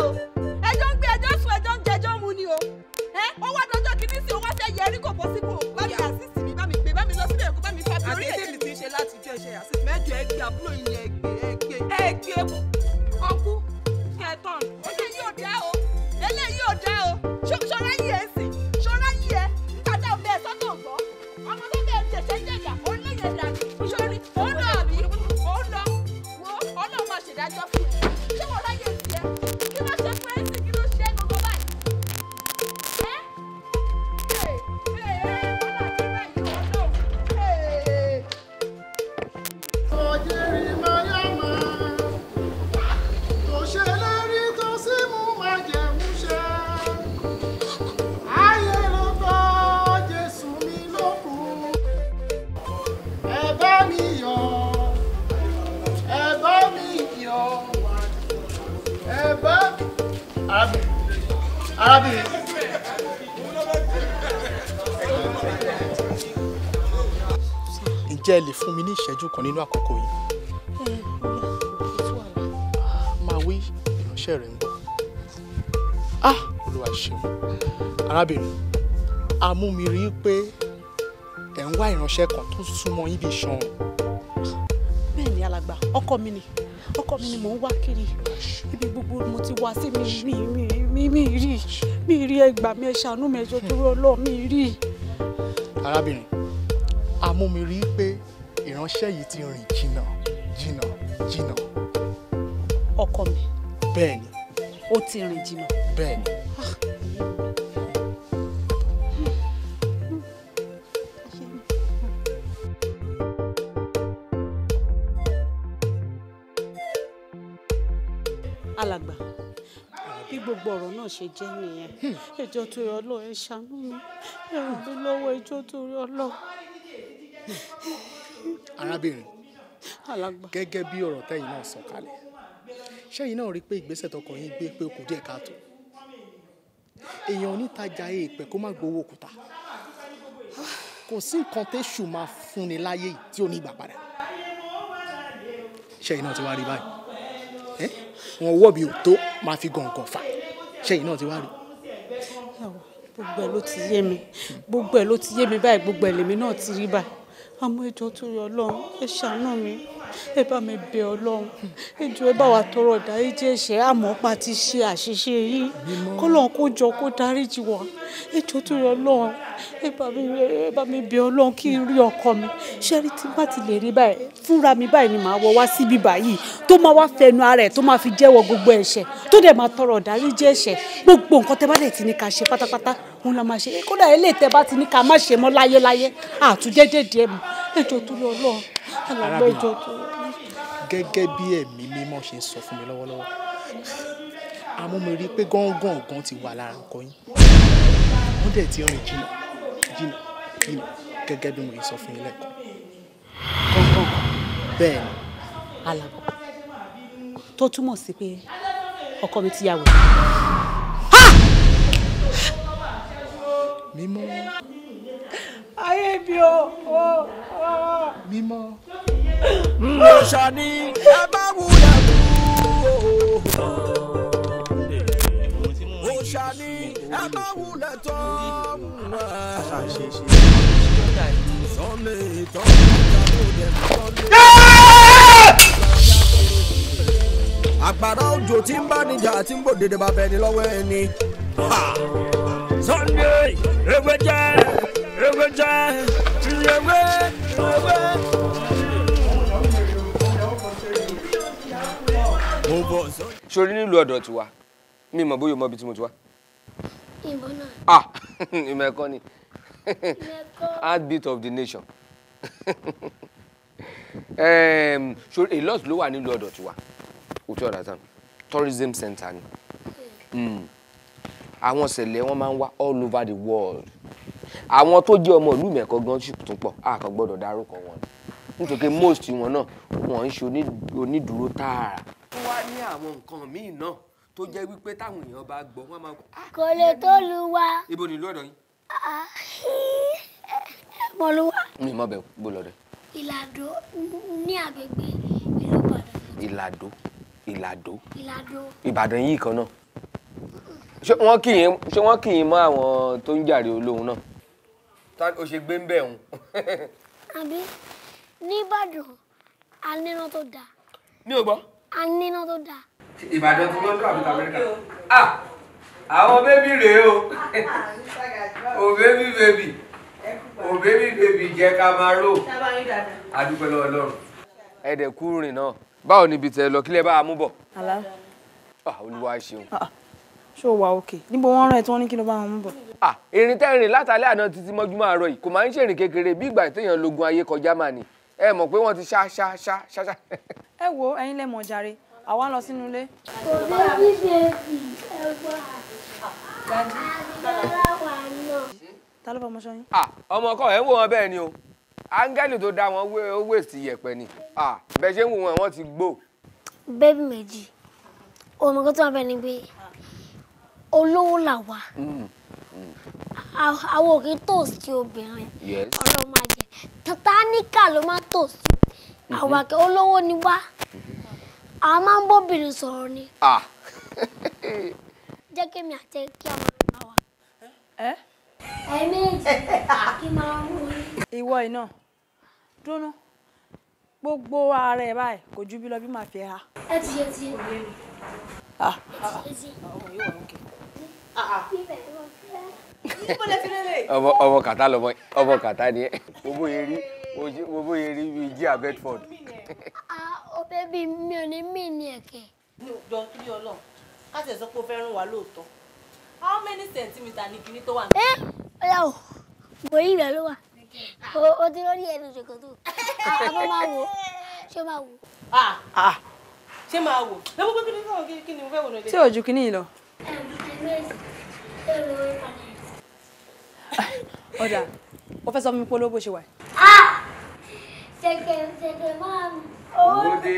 ìṣẹ́jú kan nínú àkókò yìí. Ah, máa wí ìránṣẹ́ rẹ̀ ń bọ̀. ah olúwa ṣeun arábìnrin amúmiri pé ẹ̀ ń wá ìránṣẹ́ kan tó súnmọ́ yín bí bẹ́ẹ̀ ni alàgbà ọkọ mi ni ọkọ mi ni mò ń wá kiri ibi gbogbo mo ti wá sí mi mi mi mi mi rí mi rí ẹ mi ẹ ṣàánú mi ẹjọ tó rọ lọ mi rí. arábìnrin amúmiri pé ìránṣẹ́ yìí ti rìn jìnnà jìnnà jìnnà. ọkọ mi. bẹ́ẹ̀ni. ó ti rìn jìnnà. bẹ́ẹ̀ni. alàgbà bí gbogbo ọ̀rọ̀ náà ṣe jẹ́ nìyẹn ẹjọ́ torí ọlọ́ọ̀ ẹ ṣàánú mi ẹ ràn mí lọ́wọ́ ẹjọ́ torí ọlọ́ọ̀ arábìnrin gẹ́gẹ́ bí ọ̀rọ̀ tẹ́yìn náà sọ kalẹ̀ ṣẹ́yìn náà rí pé ìgbésẹ̀ tọkọ yín gbé pé kò díẹ̀ káàtó èèyàn onítajà èèpẹ̀ e kó má gbowó òkúta kò sí nǹkan téṣù máa fúnni láyé yìí tí ò ní ìgbà padà ṣẹ́yìn náà ti wá rí báyìí ẹ wọn wọ́ bí òtó máa fi gàngàn fà ṣẹ́yìn náà ti wá rí. gbogbo ẹ ló ti yé mi gbogbo ẹ ló ti yé mi báyìí gbogbo ẹ lèmi náà ti rí báyìí àmọ́ ẹjọ́ tó yọ ọlọ́run ẹ ṣàánú mi ẹ bá mi bẹ ọlọ́run ẹjọ́ ẹ bá wa tọrọ ìdáríjì ẹ̀ṣẹ̀ àmọ́ pa ti ṣe àṣìṣe yìí kọ́lọ́run kó jọ kó dáríjì wá ẹjọ́ tó yọ ọlọ́run ẹ bá mi bẹ ọlọ́run kí n rí ọkọ mi ṣẹ́rí tí bá ti lè rí báyìí fúnra mi báyìí ni màá wọ wá síbí báyìí tó máa wá fẹnu ara ẹ̀ tó máa fi jẹ́wọ́ gbogbo ẹ̀ṣẹ̀ tó dẹ̀ máa tọrọ ìdáríjì ẹ̀ṣẹ̀ gbogbo nǹkan tẹ́ bá dẹ̀ ti ní ká ṣe pátápátá òun la máa ṣe kódà eléyìí tẹ bá ti ní ká má ṣe mọ́ láyéláyé àtúnjẹ dédé mu ẹjọ tó lọ lọ àlọgbọ ẹjọ tó lọ. gẹ́gẹ́ bí ẹ̀mí mímọ́ ṣe sọ fún mi lọ́wọ́lọ́wọ́ àmọ́ mo rí i pé gángan ọ̀gán ti wà lára nǹkan yín wọ́n dẹ̀ ti rìn jìnnà jìnnà jìnnà gẹ́gẹ́ bí mo yẹ sọ fún yín lẹ́kọ̀ọ́ gángan bẹ́ẹ̀ ni alàgbà tó túmọ̀ sí pé ọkọ mi ti yà wẹ̀. mímọ́. ayé mi o o o. mímọ́. mo sọ ah! ni ẹ bá wúlẹ̀ wú o. mo sọ ni ẹ bá wúlẹ̀ tọ́ sọ́mi tọ́ ìyàwó rẹ̀ lọ́lẹ̀ àgbàrá òjò tí ń bá níjà tí ń bò dédé bá bẹni lọ́wọ́ ẹni. Sunday, ewe jẹ, ewe jẹ, ewe, ewe. Mo bọ̀ sọ. Ṣorí nílùú ọ̀dọ̀ tiwa, mi mọ̀ bóyá o ibi tí mo ti wá. Ìbọn náà. Ah, ìmọ̀ ẹ̀kọ́ ni. Heartbeat of the nation. um, a lot ló wà nílùú ọ̀dọ̀ tiwa. Òtí ọ̀dà tán, tourism center ni. Mm àwọn ṣẹlẹ̀ wọn máa ń wá all over the world àwọn tó jẹ́ ọmọ ìlú mẹ́kọ gan sì tún pọ̀ a kò gbọ́dọ̀ dárúkọ wọn nítorí most wọn náà wọn ń ṣe onídùúró tààrà. wọ́n wá ní àwọn nǹkan míì náà tó jẹ́ wípé táwọn èèyàn bá gbọ́ wọ́n máa. Ah, kò lè tó lu wa. ibo ni ìlú ọ̀dọ̀ yín. mo lu wa. mi mọ bẹ bó lọ rẹ. ìlàdó ní àgbègbè ìlú Ìbàdàn. ìlàdó ìlàdó. ìlàdó. Ìbàdàn yìí kan náà ṣé wọ́n kì í ṣé wọ́n kì í mọ́ àwọn tó ń jàre olóhùn náà tá o ṣe gbé ń bẹ̀ òun. àbí ní ìbàdàn tó dáa. ní o gbọ́. a tó dáa. ìbàdàn tó lọ́dọ̀ àbí amẹ́ríkà ah àwọn bébí rèé o o bébí bébí o bébí bébí jẹ́ ká máa rò adúpẹ́ lọ́wọ́ ọlọ́run. ẹ̀ẹ́dẹ̀kú rìn náà báwo ni ibi tẹ̀ lọ kílẹ̀ bá a mú bọ̀. àlá. Ah, olúwa ṣeun. Ah ṣé o wà òkè níbo wọ́n rán ẹ tí wọ́n ní kí ló bá wọn mú bọ̀. à ìrìn tẹ́rìn látàlẹ́ àná títí mọ́júmọ́ àárọ̀ yìí kò máa ń ṣèrìn kékeré bí ìgbà téèyàn lógun ayé kọjá mà ní ẹ mọ̀ pé wọ́n ti ṣá ṣá ṣá ṣá ṣá. ẹ wo ẹ̀yin lẹ mọ̀ jàre àwa lọ sínú ilé. kò ní dídé bí ẹgbọ́ ta ló fọ ọmọ sọyìn. ọmọ ọkọ ẹ ń wò wọn bẹ́ẹ̀ ni o áńgẹ́lì tó dá wọn wé sí yẹ̀pẹ̀ ni bẹ́ẹ̀ ṣe ń wò wọn wọ́n ti gbó. bébì méjì ọmọ kan tó wà bẹ́ẹ̀ ni pé olówó là wá mm, mm. àwọn òkè tòsí obìnrin ọlọ́run máa jẹ tàtàníkà ló máa tòsí mm-hmm. àwọn àkẹ́ olówó ni wá mm-hmm. àwọn máa ń bóbìnrin sọ̀rọ̀ ni ah. jẹ́ kí mi àti kí a máa bá wa. ẹ̀mí kí máa mú un. ìwọ iná dúnú gbogbo ara ẹ báyìí kò ju bí lọ bí màá fi ha. ẹ ti ṣe ti. Ah. ọmọ yóò wá òkè. Ah, ah. ọmọ ọmọ kàtá lọmọ ọmọ kàtá ni ẹ owó erí owó erí bíi jí abedford. o fẹ́ bí mi ò ní mí ní ẹ̀kẹ́. mi ò jọ kí ọlọ́run ká tẹ̀ sọ pé o fẹ́ wa lóòótọ́ how many centimeter ni kinní tó wà. ẹ ọ̀la o bòyí rẹ̀ ló wà o ti lórí ẹnu ṣòkòtò àbọ̀ máa wò ah. ṣé máa wò. ṣé máa wò lọ́wọ́ pé kí ni mo fẹ́ wò lóde. tí ò ju kinní yìí lọ ọ̀dà o fẹ́ sọ fún mi pé olówó bó ṣe wà. ṣèkè ṣèkè máa mú owó dé.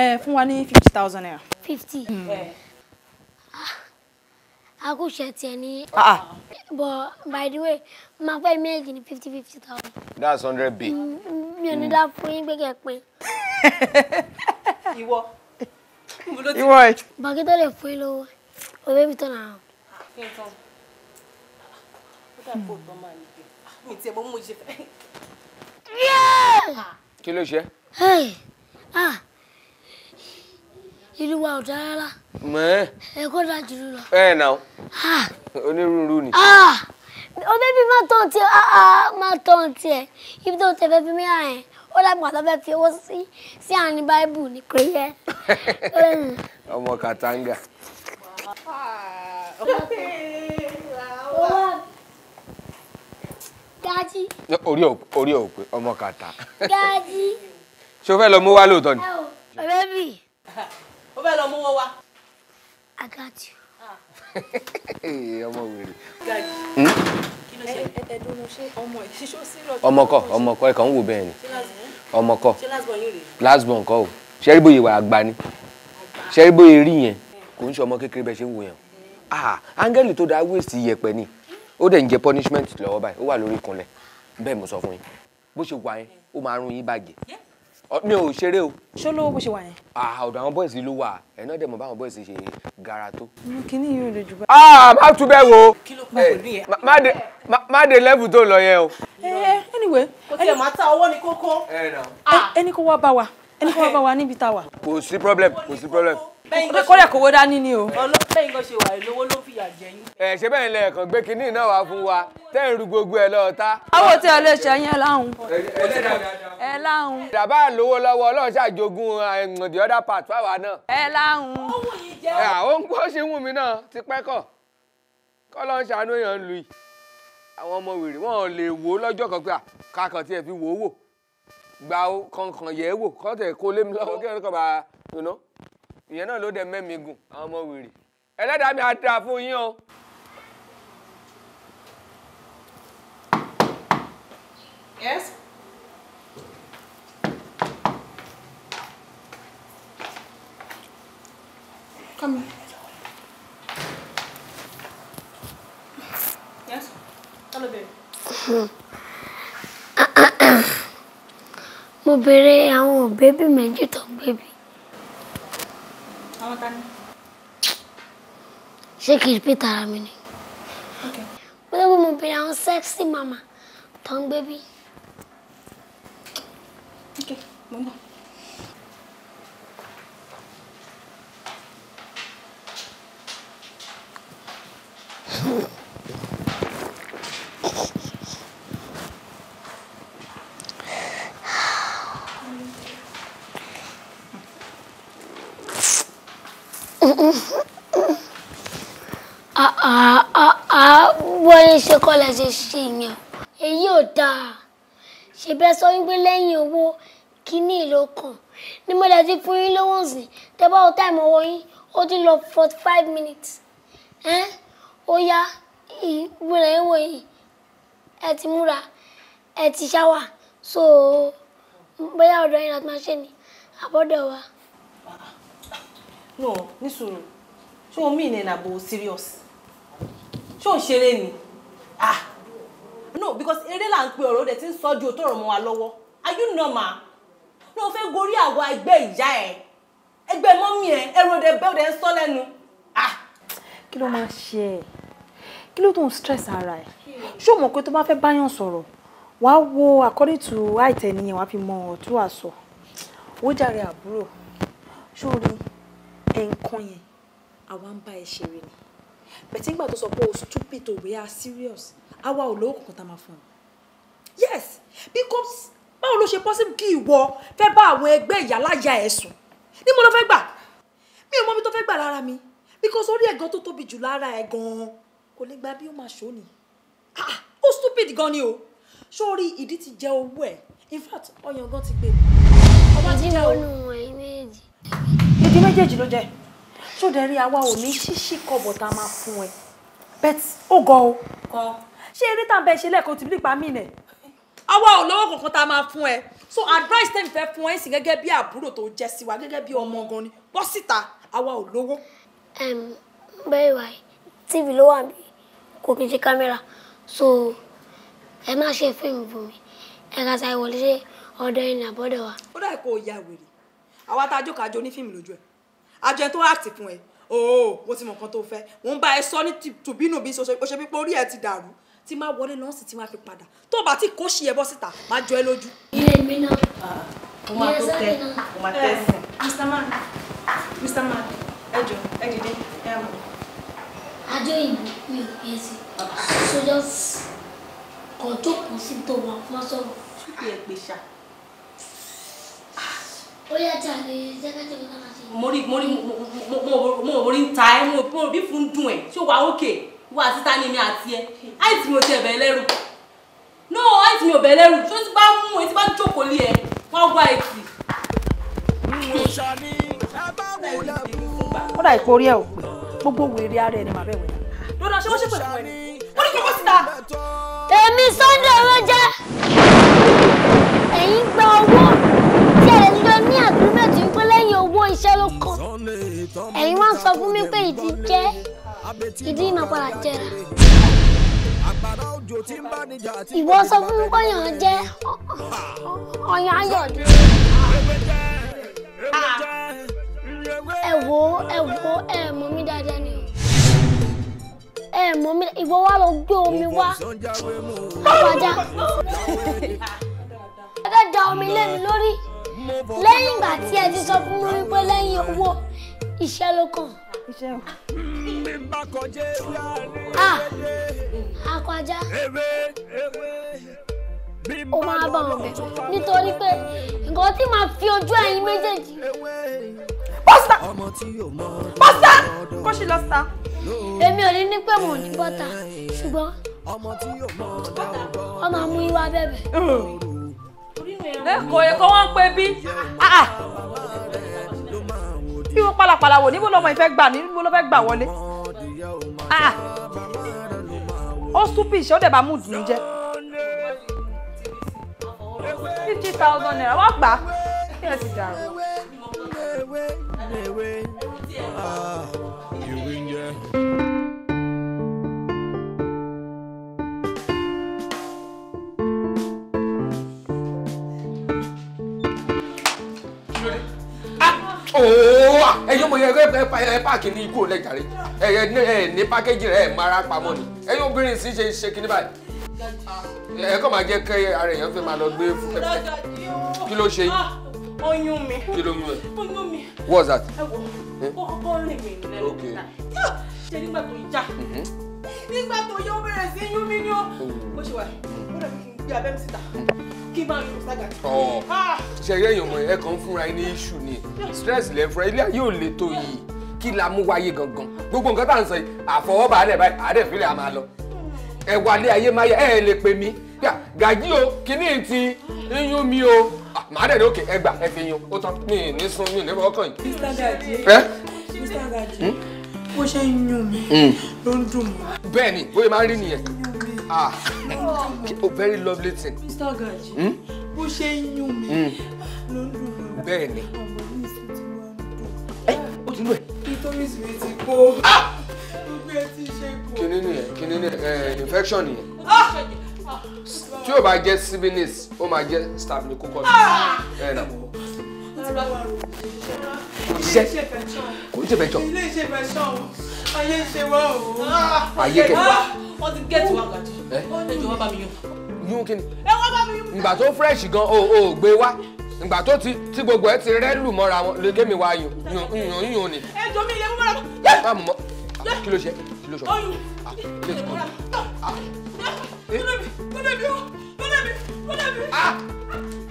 ẹ fún wa ní fifty thousand naira. fifty. Hmm. Ah, a kò ṣe tiẹ̀ ní. Ah, ah. but by the way máa fẹ́ méjì ní fifty fifty thousand. that's hundred b. Mm, mm, mi ò ní hmm. dá fún yín gbẹ́gẹ́ pé. ìwọ. ìwọ ẹ. bàgẹ́tọ̀ lè fún yín lówó. My baby turn around. Kí ló ṣe? Ah! Ìlú wa ò dára rárá. Mẹ́. Ẹ̀kọ́ dáa jù lọ. Ẹ nà ó. Ah! Onírúurú ni. Ah! O bébí má tán tiẹ̀ má tán tiẹ̀ ibi tó tẹ̀ fẹ́ fi mí me ẹ̀ ó dàgbà tó fẹ́ fi owó sí sí àní báíbù ní pé Oh my Katanga. Ah, Gaji. Orí ò orí ò pé ọmọ kàtà. Gaji. Ṣé o fẹ́ lọ mú wá lóòótọ́ ni? Ọ̀rẹ́ bì. O fẹ́ lọ mú wọ́n wá. I got you. Ọmọ wèrè. Gaji. Hmm? Ọmọ kọ ọmọ kọ ẹ̀kan ń wò bẹ́ẹ̀ ni. Ọmọ kọ. Ṣé last born yóò rí? Last born kọ o. Ṣé rí bóyá ìwà àgbà ni? Ṣé rí bóyá rí yẹn? kò ń ṣe ọmọ kékeré bẹ́ẹ̀ ṣe ń wò yẹn ah áńgẹ́lì tó dáa wíìsì yẹpẹ ni ó dẹ̀ ń jẹ punishment lọ́wọ́ báyìí ó wà lórí ìkúnlẹ̀ bẹ́ẹ̀ mo sọ fún yín bó ṣe wà yẹn ó máa rún yín bàjẹ́ mi ò ṣeré o. ṣó lówó bó ṣe wà yẹn. ah ọ̀dọ̀ àwọn bọ́ìsì ló wà ẹ̀nà dẹ̀ mọ̀ báwọn bọ́ìsì ṣe gara tó. mo yóò lè jù ah má tún bẹ́ẹ̀ wo má dé level tó lọ yẹn o. Eh, eh, anyway. kò tiẹ̀ ni kókó. Eh, ẹni kó wá bá wa ẹni kó wá ah. bá wa níbi tá a wà. kò sí problem kò sí problem pé kó lè kówó dání ni o. ọlọ́pẹ́yìn kan ṣe wà lówó ló fìyà jẹ yín. ẹ ṣe bẹ́ẹ̀ lẹ kàn gbé kinní náà wá fún wa tẹ́ ń ru gbogbo ẹ̀ lọ́ọ̀ta. àwọn tí ẹ lè ṣe yẹn láhùn. ẹ láhùn. dàbá lówó lọ́wọ́ ọlọ́run ṣàjogún the other part fáwa náà. ẹ láhùn. àwọn nǹkan ṣe wù mí náà ti pẹ́ kọ̀ kọ́ ló ń ṣàánú èèyàn lu yìí àwọn ọmọ wèrè wọn lè wò ó lọ́jọ́ kan pé kakàn tiẹ̀ fi wò ó wò gba kankan yẹ̀ wò kọ́tẹ̀ kó mi lọ́wọ́ kí ẹnì kan bá ìyẹn náà ló dẹ mẹ́mi gùn àwọn ọmọ wèrè ẹlẹ́dàá mi á dáa yín o. Yes. Come Yes. Hello, babe. mo béèrè àwọn bébí méjì tó ń bébí. Àwọn ta ni? Ṣé kì í pété ara mi ni? Pé wọ́n mo sexy mama tó ń gbé bí. Ok, mo lè ṣe yẹn èyí ò dáa ṣe bẹ́ẹ̀ sọ wípé lẹ́yìn owó kínní ìlú kan ní mo dẹ̀ ti fún yín lówó ǹsìn tẹ́ bá wọ ọwọ́ yín ó ti lọ forty five minutes ẹ́n ó yá ìgbìlẹ̀ ń wò yìí ẹ ti múra ẹ ti ṣáwà so bóyá ọ̀dọ̀ yín láti máa ṣe ni àbọ̀dọ̀ wa. no ní sùúrù ṣé o mí ìnẹ̀ nàbò serious ṣé o ṣeré ni ah no because eré là ń pe ọ̀rọ̀ rẹ̀ ti ń sọ ju òtọ̀rọ̀ mọ́ wa lọ́wọ́ are you normal No, o fẹ́ gorí àwa ẹgbẹ́ ìyá ẹ ẹgbẹ́ mọ́mí ẹ ẹrù ọdẹ bẹ́ẹ̀ ọdẹ ń sọ lẹ́nu. Ah! kí ló máa ṣe ẹ kí ló tó ń stress ara ẹ ṣó mọ̀ pé tó bá fẹ́ báyàn sọ̀rọ̀ wàá wo according to height ẹ nìyẹn wàá fi mọ ọ̀tún àṣọ wó jàre àbúrò sórí ẹ̀ǹkan yẹn àwa ń bá ẹ ṣeré ni bẹ̀tí nígbà tó sọ pé o stupid o we are serious àwa ò lówó kankan tá a máa fún un yes because báwo ló ṣe possible kí ìwọ fẹ́ bá àwọn ẹgbẹ́ ìyáláyà ẹ̀ sùn ní mo lọ fẹ́ gbà mi ò mọ mi tó fẹ́ gbà lára mi because orí ẹ̀gàn tó tóbi jù lára ẹ̀ gan-an kò lè gba bí ó máa ṣòó ni ah ó stupid gan ni o sórí ìdí ti jẹ owó ẹ̀ in fact ọyàn gan ti gbé mi ọba ti jẹ o. ìdí méjèèjì ló jẹ ṣó dẹ̀ rí àwa ò ní ṣíṣí kọ̀bọ̀ tá a máa fún ẹ bẹ́ẹ̀ ó gan o. kọ́ ṣé eré tá à ń bẹ ṣe lẹ́ẹ̀kan tìbílì pa mí nẹ̀. àwa ò lọ́wọ́ kankan tá a máa fún ẹ so advice tẹ́mi fẹ́ fún ẹ sì gẹ́gẹ́ bí àbúrò tó jẹ́ sí wa gẹ́gẹ́ bí ọmọ gan ni bọ́ síta àwa ò lówó. bẹ́ẹ̀ wá tv ló wà mí kò kí n ṣe kámẹ́rà so ẹ má ṣe fíìmù fún mi ẹ kà sáyé wọlé ṣe ọ̀dọ̀ ẹni àbọ̀dọ̀ wa. ó dà kó o ya wèrè àwa tá a jókòó àjọ onífíìmù lójú ẹ àjọ ẹ tó àtì fún ẹ ooo oh, mo ti mọ nǹkan tó fẹ́ mo ń bá ẹ sọ ní tùbínú bí o ṣe pé orí ẹ ti dàrú tí máa wọlé lọ́n sì tí máa fi padà tó bá ti kó ṣì ẹ bọ́ síta máa jọ ẹ lójú. ilé mi náà. Ah, mo máa tó tẹ mo máa tẹ sí. Eh, mr man mr man ẹ jọ ẹ dìde ẹ mọ. ajọ ìbò mi ò yẹ sí sójà kan tó kù sí tó wà fún sọ̀rọ̀. ṣùkì ẹ pè ṣá. ó yà jà lè jẹ́kẹ́jẹ́ mi náà. mo rí mo rí mo rí ń ta ẹ mo rí fún dùn ẹ ṣé wàá ókè. Okay wo àti ta ni mi àti ẹ àìsí mi ò ti ẹ̀bẹ̀ lẹ́rù no àìsí mi ò bẹ̀ lẹ́rù tó ti bá mú etí bá jókòó lé ẹ wọ́n wá etí. ó dà ìpò ẹ ò pé gbogbo wèrè ara ẹ màá bẹ̀ wẹ̀. lọ́dọ̀ ṣé wọ́n ṣe pẹ̀lú ẹ̀ wọ́n ní kí wọ́n síta. èmi Sunday Oroja ẹ̀yin gba owó tí ẹ̀ lọ ní agreement ń pẹ́ lẹ́yìn owó iṣẹ́ ló kàn ẹ̀yin wá sọ fún mi pé ìdí jẹ́ ìdí ìmọ̀ padà jẹrà. ìwọ sọ fún mi pé yàn jẹ ọyàn ayọ̀ ni. Ah. ẹ wo ẹ wo ẹ mọ̀ mí dáadáa ni ẹ mọ̀ mí ìwọ wa lọ gbé omi wá àwàdà ẹgbẹ́ da omi lé mi lórí lẹ́yìn ìgbà tí ẹ ti sọ fún mi wípé lẹ́yìn owó iṣẹ́ ló kàn bá kọjá ah, ewé àní ewé. akọjá. ewé ewé. ó máa bá wọn bẹ̀ nítorí pé nǹkan tí màá fi ojú ẹ̀yin méjèèjì. bọ́sà bọ́sà kó sì lọ sá. èmi ò ní ní pé mò ń ní bọ́tà ṣùgbọ́n ọmọ àmú ìwà bẹ̀bẹ̀. lẹ́kọ̀ọ́ ẹ̀kọ́ wọn ń pè bí bí ah, ah. wọ́n pálapàla wò níbo lọ́mọ ìfẹ́ gbà níbo ló fẹ́ gbà wọlé. Ah! ó stupid ṣé ó dẹ̀ bá mood mi jẹ́ fifty thousand naira wọ́n gbà á kí ẹ ti dàrú. Ah, ooo ẹyin mo yẹ ẹ páàkì ní ikú lẹ́jàre ẹ ní pákéjì rẹ ẹ mara pamọ́ ni ẹyin obìnrin sì ṣe ṣe kíní báyìí ẹ kàn máa jẹ́ kẹ́ ara èèyàn fẹ́ máa lọ gbé fún pẹ́pẹ́ kí ló ṣe yìí. Ah, oyún mi kí ló yún ẹ oyún mi what's that. ẹ wo ọkọ rìn mí lẹ́nu náà ṣe nígbà tó yá mm-hmm. nígbà tó yá bẹ̀rẹ̀ sí yún mi ni ó mm-hmm. bó ṣe wà ó dàbí gbé ṣe eré èèyàn mọ̀ ẹ kàn fúnra ẹni iṣu ni stress lẹ fúnra ilé ayé ò le tó yìí kí la mú wáyé gangan gbogbo nǹkan tá à ń sọ yìí àfọwọ́bà alẹ́ báyìí àdẹ́fílẹ̀ a máa lọ ẹ wálé ayé máa yá ẹ lè pè mí gàjí o kíní ti yún mi o màá dẹ̀ lókè ẹ gbà ẹ fi yún ó tán mi ní sun mi ní fọwọ́ yìí. Mr. Gaji Mr. Gaji hmm? bó ṣe ń yún mi hmm. ló ń dùn mọ́. bẹ́ẹ̀ bóyá máa ń rí nìyẹn ah oh very lovely thing. Mr. Gaji Hmm. ṣe ń yún mi hmm. ló ń dùn mí. bẹ́ẹ̀ ni. ọmọ mi sì ti wá ń dùn. ẹ o ti lù ẹ. nítorí sì mi ti kó ah! gbogbo ẹ ti ṣe kó. kìnìún nìyẹn kìnìún nìyẹn infection nìyẹn. Ah! tí o bá jẹ sibinis o máa jẹ staphylococcus. Ah! ẹ nà iṣẹ́ kò ní ṣe fẹ́ jọ. ilé iṣẹ́ fẹ́ sọ̀rọ̀ ayé wọ́n ti gẹ́ẹ̀tì wá gàdí ẹ jọ bá mi yún. yún kí ẹ wá bá mi yún. ìgbà tó fresh gan o ò gbé wá ìgbà tó ti tí gbogbo ẹ ti rẹ́lù mọ́ra wọn lè kémi wá yún yún ni. ẹ jọ mi ìyẹn mú mọ́ra mọ́. kí ló ṣe kí ló ṣe. oyún ìyẹn mú mọ́ra mọ́.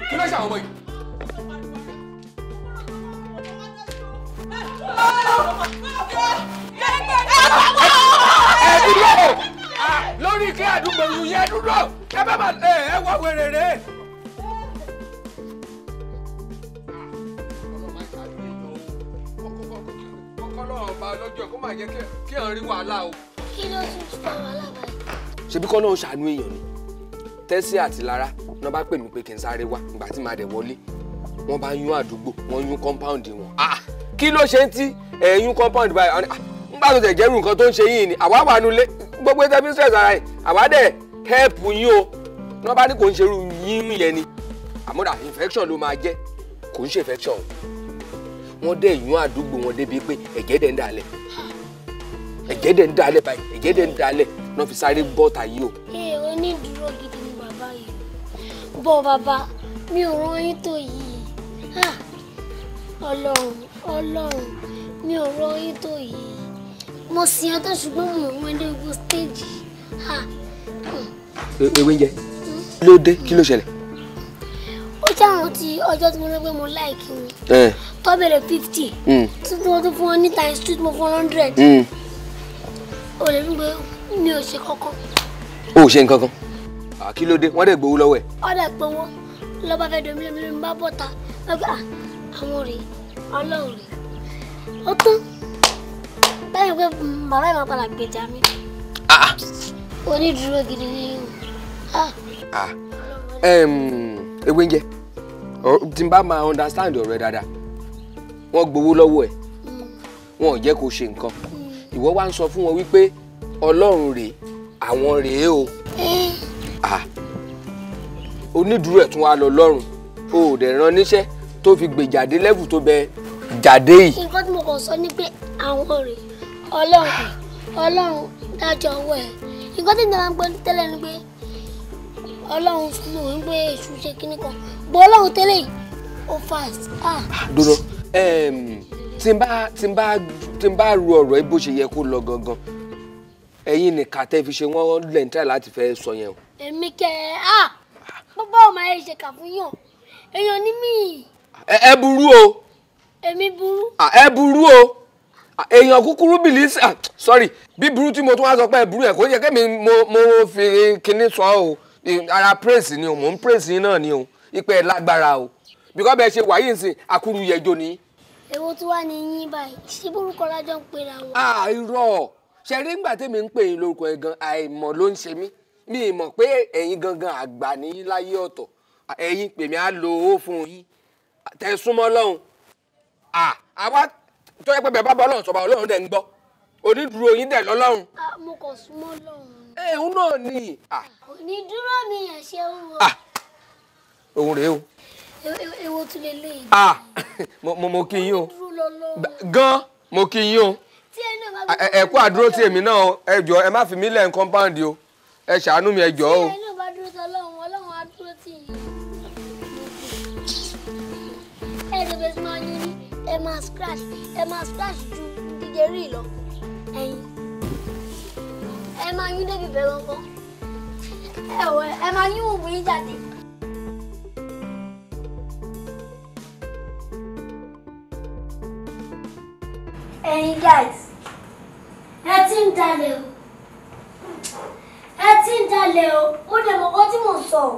kí ló ṣe àwọn ọmọ yìí. Oh, my God lórí kí àdúgbò yìí yẹn dúró ẹ bá bá ẹ wá wèrè rè. ọba lọ́jọ́ kó má jẹ́ kí ẹ̀ ń rí wàhálà o. kí ló tún ti fa wàhálà báyìí. ṣebí kọ́ ló ń ṣàánú èèyàn ni tẹ́sí àti lára náà bá pè mí pé kí n sáré wá ìgbà tí màá wọlé wọ́n bá yún àdúgbò wọ́n yún kọ́ńpáùndì wọn. Ah, kí ló ṣe ń tí ẹ̀yún kọ́ńpáùndì báyìí ah, nígbà tó tẹ̀ jẹ́rù nǹkan tó ń ṣe yìí ni àwa wà nulẹ̀ gbogbo ẹ̀ tẹ́fí stress ara ẹ̀ àwádẹ́ help yín o ní wọ́n bá ní kò ń ṣerú yín yẹn ni àmúra infection ló máa jẹ́ kò ń ṣe infection wọ́n dẹ̀ yún àdúgbò wọn débi pé ẹ̀jẹ̀ dẹ̀ ń dalẹ̀ ẹ̀jẹ̀ dẹ̀ ń dalẹ̀ báyìí ẹ̀jẹ̀ dẹ̀ ń dalẹ̀ ní wọ́n fi sáré bọ́ta yìí o. ee onídùúró gidi ni bàbá yìí bọ́ bàbá mi ò rán yín tó yìí ah! ọlọ́run ọlọ́run mi ò rán yín tó yìí mo sin ọtọ ṣùgbọ́n mo wọn dé gbogbo stage ha. E, ewé ń jẹ hmm? kí ló dé kí ló ṣẹlẹ̀. ó jẹ́ àwọn ti ọjọ́ tí mo lọ pé mo láìkí wọn tó fifty hmm. tí wọ́n tún fún wọn ní times two tí mo fún hundred hmm. o lè ní pé mi ò ṣe kankan. o ò ṣe nǹkan kan kí ló dé wọ́n dẹ̀ gbowó lọ́wọ́ ẹ̀. ọ̀dà pé wọ́n lọ́ba fẹ́ domi lómi lómi bá bọ̀ ta àwọn rèé ọlọ́run ó tán báyìí pé bàbá ìmọ̀ padà gbèjà mi. onídùúró gidi ni o. ewé ń jẹ tí n bá máa understand ọ̀rọ̀ ẹ dáadáa wọ́n gbowó lọ́wọ́ ẹ̀ hmm. wọn ò jẹ́ kó ṣe nǹkan hmm. ìwọ wá ń sọ fún wọn wípé ọlọ́run rèé àwọn rèé o eh. ah. onídùúró ẹ̀ tún wá lọ lọ́rùn o ò dẹ̀ rán níṣẹ́ tó fi gbèjàdé lẹ́bù tó bẹ jàdé yìí. nǹkan tí mo kàn sọ ni pé àwọn rèé ọlọ́run ọlọ́run dájọ́ ọwọ́ ẹ̀ nǹkan tí ìjọba ń gbọ́ tẹ́lẹ̀ ni pé ọlọ́run fún mi wípé èṣù ṣe kíní kan bọ́ ọlọ́run tẹ́lẹ̀ ó fast. Ah. dúró tí n bá tí n bá tí n bá ru ọ̀rọ̀ ẹ bó ṣe yẹ kó lọ gangan ẹ̀yin nìka tẹ́ fi ṣe wọ́n lẹ́ńtà láti fẹ́ sọ yẹn o. èmi kẹ ẹ bàbá ò máa ṣe kà èèyàn ní mí. ẹ burú o. èmi burú. Ah, ẹ burú o èèyàn kúkúrú bìlí ah, sorry bí burú tí mo tún wá sọ pé burú ẹ̀ kò yẹ kémi mo mo fi kinní sọ o ara praise ni o mò ń praise yín náà ni o ìpè lágbára o bíkọ́ bẹ́ẹ̀ ṣe wàyí nsìn akúrú yẹjọ ni. èwo tí wàá ní yín báyìí ṣé burúkọ lájọ ń pè ra wọn. a ah, irọ́ ṣe rí ńgbà tèmi ń pè yín lórúkọ yẹn gan àìmọ̀ ló ń ṣe mí mi ì mọ̀ pé ẹ̀yin gangan àgbà ní láyé ọ̀tọ̀ ẹ̀yin pèmí á lo owó fún yín tẹ̀súnmọ́ lọ́hùn ah, àwa tó yẹ pé bẹ́ẹ̀ bá bọ́ ọlọ́run sọ̀bà ọlọ́run dẹ̀ ń gbọ́ onídùúró yín dẹ̀ lọ́lọ́run. mo kàn súnmọ́ lọ́run. èèhùn náà ni. onídùúró mi yàn ṣe ń wọ. òun rèé o. E, e, ewo tún lè lé ìdí. mo mo kí yín o. gan mo kí yín o. ẹ kú àdúró tí èmi náà ẹ jọ ẹ má fi mí lẹ́ǹkan páàdì o ẹ ṣàánú mi ẹ jọ o. ẹ máa scratch ẹ máa scratch ju díje rí lọ ẹyin ẹ máa yún débi bẹ̀rẹ̀ ọkọ ẹ wọ ẹ máa yún òògùn yín jáde. ẹyin guys ẹ ti ń dalẹ̀ o ẹ ti ń dalẹ̀ o mo dẹ̀ mọ̀ ọ́ tí mo sọ o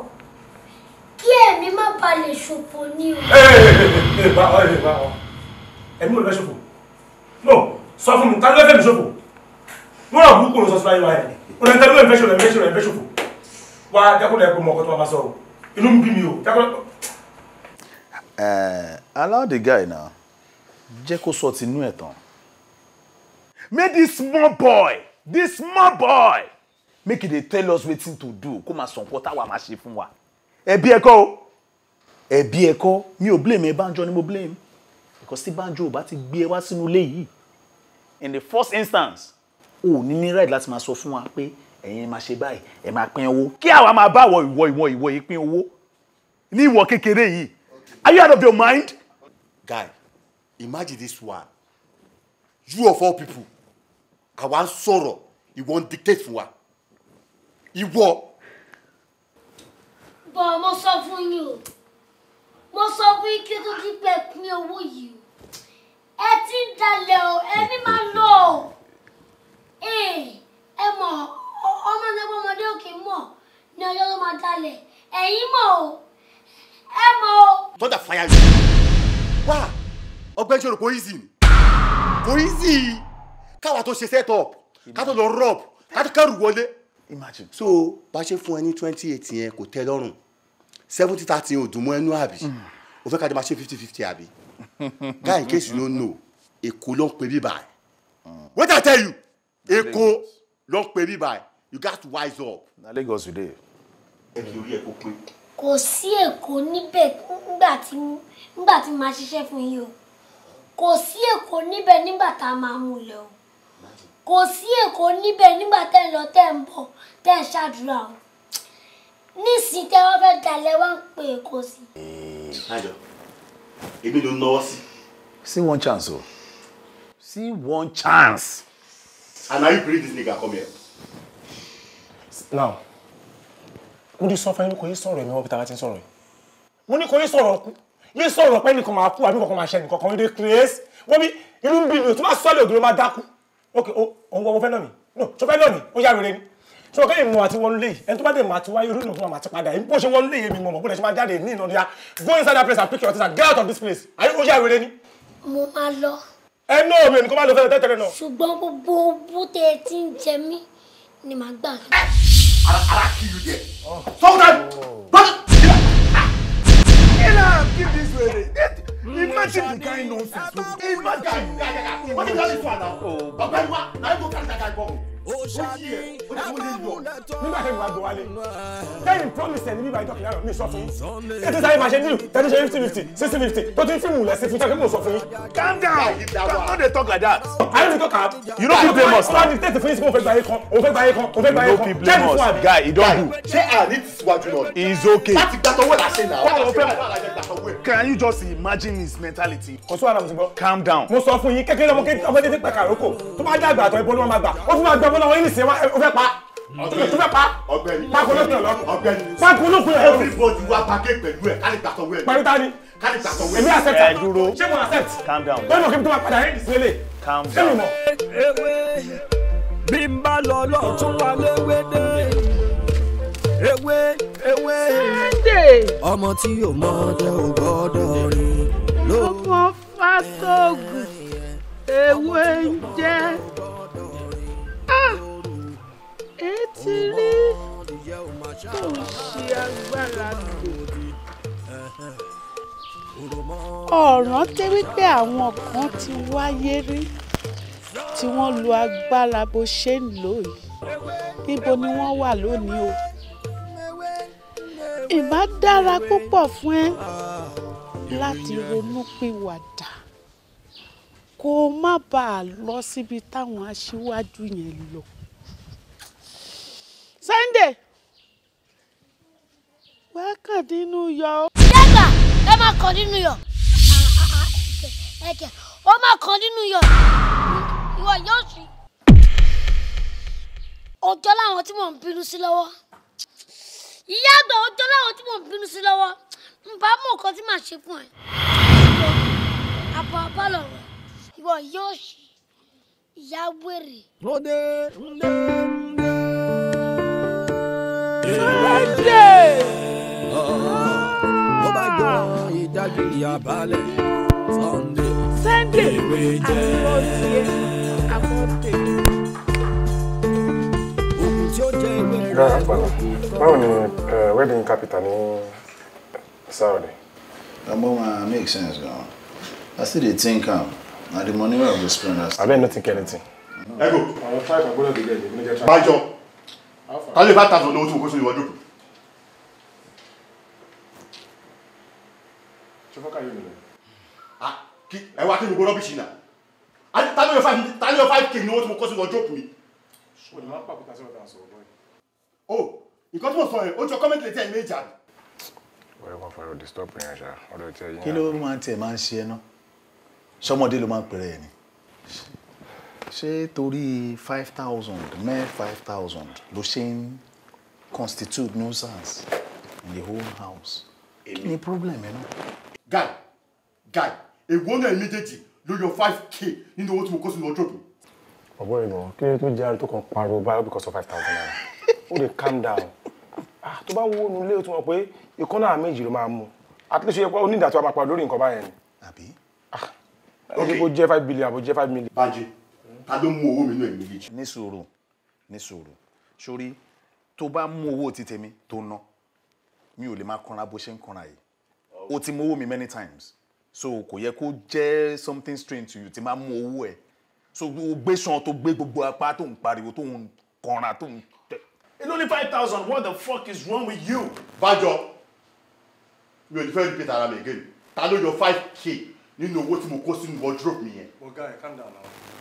kí ẹ̀mí má balẹ̀ ṣòfò ni o. ẹ ẹ ẹ bá ọ ẹ bá ọ ẹ̀mí ò lọ ṣòfò no sọ fún mi ta ló mi ṣòfò wọn náà burúkú ló sọ síláyé wa yẹn wọn ṣòfò ẹ̀mí ṣòfò ẹ̀mí ṣòfò wa jákòlẹ̀ ẹ̀kọ́ mọ̀ ọkọ̀ tó inú bí mi o jákòlẹ̀. Eh, allow the guy now jẹ́ kó sọ tinú ẹ̀ tán make this small boy this small boy make e dey tell us wetin to do kó máa sọ nǹkan táwa máa ṣe fún wa ẹbí ẹkọ ẹbí ẹkọ mi ò blame ẹ bá ń jọ ni mo blame because tí Banjo ò bá ti gbé ẹ wá sínú ilé yìí in the first instance ò ní ní right láti máa sọ fún wa pé ẹ̀yin máa ṣe báyìí ẹ̀ máa pín owó kí àwa máa bá ìwọ ìwọ ìwọ ìwọ yìí pín owó ní ìwọ kékeré yìí are you out of your mind. guy imagine this one you of all people àwa ń sọ̀rọ̀ ìwọ ń dictate fún wa ìwọ. bọ̀ mo sọ fún yín o mo sọ fún yín kí tó ti pẹ́ pín owó yìí o ẹ ti ń dalẹ̀ o ẹni máa lọ o ẹ mọ̀ ọmọdé ọmọdé òkè mọ̀ ní ọjọ́ ló máa dalẹ̀ ẹ̀yin mọ̀ o ẹ mọ̀ o. tọ́jà fàyà yìí wá ọgbẹ́ni ṣòro káwa tó ṣe set up ká tó lọ rub ká tó kẹrù wọlé. imagine. so bá ṣe fún ẹ ní twenty eight yẹn kò tẹ́ lọ́rùn seventy thirty ò dùn mọ́ ẹnu àbí hmm. o fẹ́ ká jọ máa ṣe fifty fifty àbí guy in case you no know èkó ló ń pè bí báyìí what i tell you èkó ló ń pè bí you gats wise up. na Lagos you dey. ẹ kì í rí èkó pé. kò sí èkó níbẹ̀ nígbà tí nígbà tí màá ṣiṣẹ́ fún yín o kò sí èkó níbẹ̀ nígbà tá a máa múlẹ̀ o kò sí èkó níbẹ̀ nígbà tẹ́ ń lọ tẹ́ ń bọ̀ tẹ́ ń ṣàdúrà o nísìnyí tẹ́ wọ́n fẹ́ dalẹ̀ wá ń pè é kò sí èmi ló náwó sí. see one chance o oh. see one chance. and na you bring this nigga come here. now mo ní sọ fún yín kò yín sọ̀rọ̀ ẹ̀mí wọn bí tàbá ti ń sọ̀rọ̀ yìí mo ní kò yín sọ̀rọ̀ ọkú yín sọ̀rọ̀ pé nìkan máa kú àbí kankan máa ṣe nìkan kan ló dé kírẹ́sì wọ́n bí inú ń bí mi ò tó máa sọ́ọ̀lẹ̀ òdòdó máa dákú ok òun wọ́n fẹ́ náà mi no tó fẹ́ náà mi ó yá rere ni So sọ kẹ́yìn mọ̀ àti wọnú lé ẹni tó bá dé mọ̀ àti wáyé olóògùn àmọ̀ àti padà bó ṣe wọnú lé yẹn mi mọ̀ mọ̀ bó ṣe máa jáde ní ìnáwó ya go inside that place and pick your things and get out of this place ayé ó yà wèrè ni. mo máa lọ. ẹ náà mi ẹnì kan máa lọ fẹ́rẹ̀ tẹ́tẹ́rẹ́ náà. ṣùgbọ́n gbogbo bó tẹ ẹ ti ń jẹ mí ni màá gbà. ara ara kì í yé sọ́kùnà gbọ́dọ̀. kílà give this way imagine the kind nonsense. imagine. wọ́n ti dá mi fún àná. ọ̀gbẹ́ni wa náà yóò kọ́ òṣàní àbámúlẹ̀tọ́. nígbà tí mo bá gbọ́ wálé lẹ́yìn promise ẹni bíbá ìjọkìlá rẹ̀ mi sọ fún yín ètò ìsáyé máa ṣe díù tẹ́tí ṣe fifty fifty sixty fifty tó ti ń fíìmù lẹ̀ sí fún tẹ́kí sọ fún yín. calm down no dey talk like that. I don't talk am. you no fit blame us now. ọ̀la dictate fún yín sí mo fẹ́ gba yín kan o fẹ́ gba yín kan o fẹ́ gba yín kan jẹ́ni fún àbí. guy e don do. ṣé àní ti síwájú náà. he is okay. láti gbàtọ̀wé làṣẹ náà. báwo fẹ́ can you just imagine his mentality. kò sóhara mo ti gbọ́. calm down. mo sọ fún yín kékeré ọmọ kékeré ọmọdé ti pẹ̀ kàrókò gbọ́dọ̀ wọ́n yín nìsín wá o fẹ́ pa o fẹ́ pa pákó ló pè lọ́rùn pákó ló pè lọ́rùn. everybody wá pàkẹ́ pẹ̀lú ẹ̀ kárí tàtọ̀ wẹ̀. pẹ̀lú ta ni kárí tàtọ̀ wẹ̀. èmi accept ẹ dúró ṣé mo accept. calm down bẹ́ẹ̀ mọ̀ kí n tó máa padà rẹ́ ìdílé lè. calm down ṣé mi mọ̀. bí n bá lọ lọ́tún wa léwé dé ewé ewé ọmọ tí yóò mọ ọdẹ ò gbọ́dọ̀ rìn ló. ọmọ fásógùn ewé ń jẹ́ ẹ ti rí tó ń ṣe agbára lò ọ̀ràn tẹ́ wípé àwọn kan ti wáyé rí tí wọ́n lo agbára bó ṣe ń lò yìí níbo ni wọ́n wà lónìí o ìbá dára púpọ̀ fún ẹ láti ronú pìwàdà kó o má bàa lọ síbi táwọn aṣíwájú yẹn lọ. Sunday wàá kàn nínú yọ. dẹ́gbà ẹ máa kàn nínú yọ ẹ̀jẹ̀ ó máa kàn nínú yọ ìwọ yóò sì. ọjọ́ láwọn tí mò ń bínú sí lọ́wọ́ ìyá àgbà ọjọ́ láwọn tí mò ń bínú sí lọ́wọ́ n bá mọ nǹkan tí màá ṣe fún ẹ. àbọ̀ àbá lọ̀rọ̀ ìwọ yóò sì ìyá wèrè. ó dé ń dé. Sunday. Ah. Ó bá jọ ìdágìrì àbálẹ̀ Sunday. Sunday àkọ́tẹ̀ àkọ́tẹ̀. Òkú tí ó jẹ́ ìwé rẹ̀ ló kú. Báwo ni eh, wedding capital ní Saudi? Àmọ́ máa make sense gan. I still dey think am. Um, Na the money wey I go spend. Abeg no think anything. Ego, àwọn five agbọ́dọ̀ dey get the major charge. Bájọ́ ta lè five thousand lówó tí mo kó sínú ìwọ́dúró. ṣé fọ́kà yóò nílẹ̀. ẹ wá kí ni gbogbo rọ́bìṣì náà ta ló yọ five ta ló yọ five k ní owó tí mo kó sínú ìwọ́dúró mi. sọ ni máa ń pàkúta sí ọ̀dà sọ̀rọ̀ bọ́ẹ̀. o nǹkan tí mo sọ yẹn ó jọ kọ́mẹ́ntì lè tẹ́ ẹ̀ méjì àná. wọ́n yóò fọwọ́ disturb yẹn ṣá ọ̀dọ̀ tí ẹ yín. kí ló máa ń tẹ̀ máa ń ṣe ẹ náà sọmọdé ló máa ń pèrè ẹ ni ṣé torí five thousand mẹ́ five thousand ló ṣe ń constitute nuisance in the whole house kí ni problem ẹ náà. guy guy èwo náà méjèèjì ló your five k nínú owó tí mo kó sínú ọjọ́ mi. ọ̀bọ̀ ìgbọ̀n kí ló tó jẹ́ àrùn tó kàn pariwo báyọ̀ because of five thousand naira ó lè calm down ah, tó bá wo nulẹ̀ o ti mọ̀ pé ìkọ́nà àméjì ló máa mú at least ó yẹ pé onídàá tó a máa pa lórí nǹkan báyẹn ni. àbí. ah ẹni kò jẹ́ five billion àbò jẹ́ five million. bájẹ́ ta ló mú owó mi nú ẹ̀ méjèèjì. ní sùúrù ní sùúrù sórí tó bá mú owó ti tèmi tó ná mi ò lè máa kanra bó ṣe ń kanra yìí o ti mú owó mi many times so kò yẹ kó jẹ́ something strange to you ti máa mú owó ẹ̀ so o gbé san tó gbé gbogbo apá tó ń pariwo tó ń kanra tó ń it's only five thousand what the fuck is wrong with you. bájọ mi ò ní fẹ́ repeat ara mi again ta ló yọ five k nínú owó tí mo kó sínú wardrobe mi yẹn. ọ̀gá ẹ̀ calm down now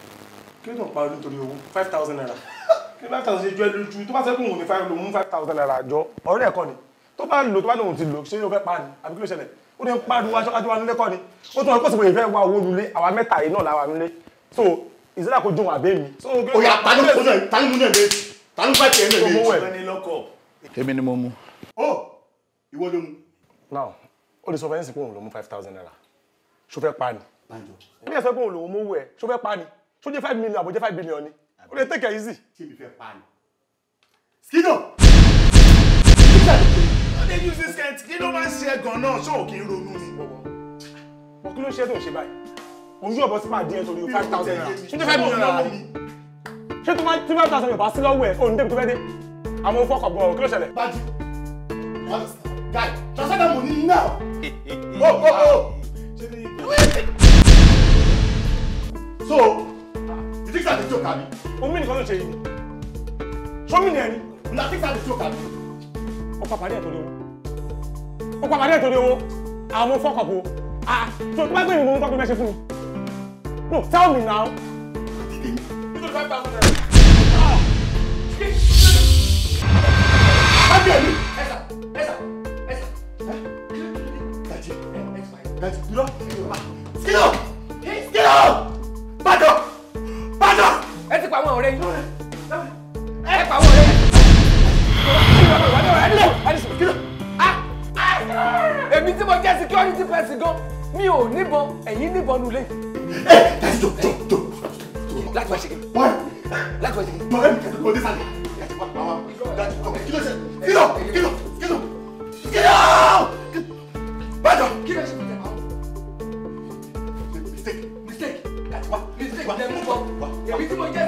kí ló ń parí nítorí owó five thousand naira kí five thousand ṣe jọ ẹ lójú tó bá sẹ́kùn òun ní five lòun five thousand naira àjọ ọ̀rẹ́ ẹ̀kọ́ ni tó bá lò tó bá lòun ti lò ṣé o fẹ́ pa ni àbí kí ló ṣẹlẹ̀ ó ní pariwo aṣọ kájú wa nílé kọ́ ni ó tún wọn pèsè pé ìfẹ́ wa owó nulẹ̀ àwa mẹ́ta yìí náà làwa nílé so ìṣẹ́lá kò dùn àbẹ́ mi. òyà tani mú náà tani mú náà méjì tani bá tiẹ̀ náà méjì. èmi ni mo mú. ó ìwọ ló mú. now ó lè sọ fẹ́ǹsì pé òun ló mú five thousand naira ṣó fẹ́ pa ni. bí ẹ sọ pé òun lòun mú owó ṣó fẹ́ pa ni ṣó jẹ́ five million àbójẹ́ five billion ni o lè take it easy. ṣé mi fẹ́ pa ni. skido. wọ́n dé use this kind kí ló máa ń ṣe ẹ gan náà ṣó kì í ronú ni. bọ̀ kí ló ṣe é tó ń ṣe báyìí òun yóò bọ́ sí máa dín torí five thousand naira ṣó jẹ́ five million naira ni. ṣé tó máa tí five thousand yóò bá sí lọ́wọ́ ẹ̀ òun débi tó fẹ́ dé àwọn fọkàn bọ̀ kí ló ṣẹlẹ̀. bájú guy transfer that money now. oh oh oh. so thinks I'm a joke, Abby. Omi nìkan ló ṣe yìí. Show me, ẹni. Na thinks I'm a joke, Abby. Ọkọ̀ àpàdé ẹ̀ torí owó. Ọkọ̀ àpàdé ẹ̀ torí owó. Àwọn fọ́kọ̀pọ̀. À tó tó bá gbé ìmọ̀ to tó mẹ́ṣe fún mi. No, tell me now. Nítorí five thousand naira. Ábí ẹ̀mí. Ẹ̀sà, ẹ̀sà, ẹ̀sà. Dàjẹ́, ẹ̀sà, dàjẹ́, dúró. Sílọ̀, sílọ̀ pa àwọn ọ̀rẹ́ yín ẹ pa àwọn ọ̀rẹ́ yín. èmi tí mo jẹ́ security person gan mi ò níbọn ẹ̀yin níbọn nulẹ̀. ẹ ẹ jọ jọ jọ. láti wá ṣe kí láti wá ṣe kí. bọ́ọ̀lù kẹ́kẹ́ ló dé sálẹ̀ láti wá pa àwọn láti wá kí ló ṣe kí ló kí ló kí ló kí ló bàjọ́ kí ló ṣe kí ló mistake mistake láti wá mistake wá èmi tí mo jẹ́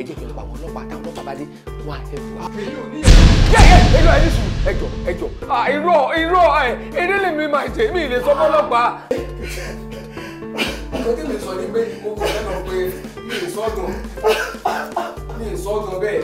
ẹ jẹ́ kí n pa àwọn ọlọ́pàá táwọn ọlọ́pàá bá dé wọn àti ẹ̀fọ́ wa. èyí ò ní sùn ẹjọ ẹjọ irọ́ irọ́ ẹ eré lè mi máa jẹ mí ìlè sọ fọlọ́pàá. ọjọ́ tí mi sọ ni pé mo kọ̀ lẹ́nu pé mi ì sọ́gàn mi ì sọ́gàn bẹ́ẹ̀.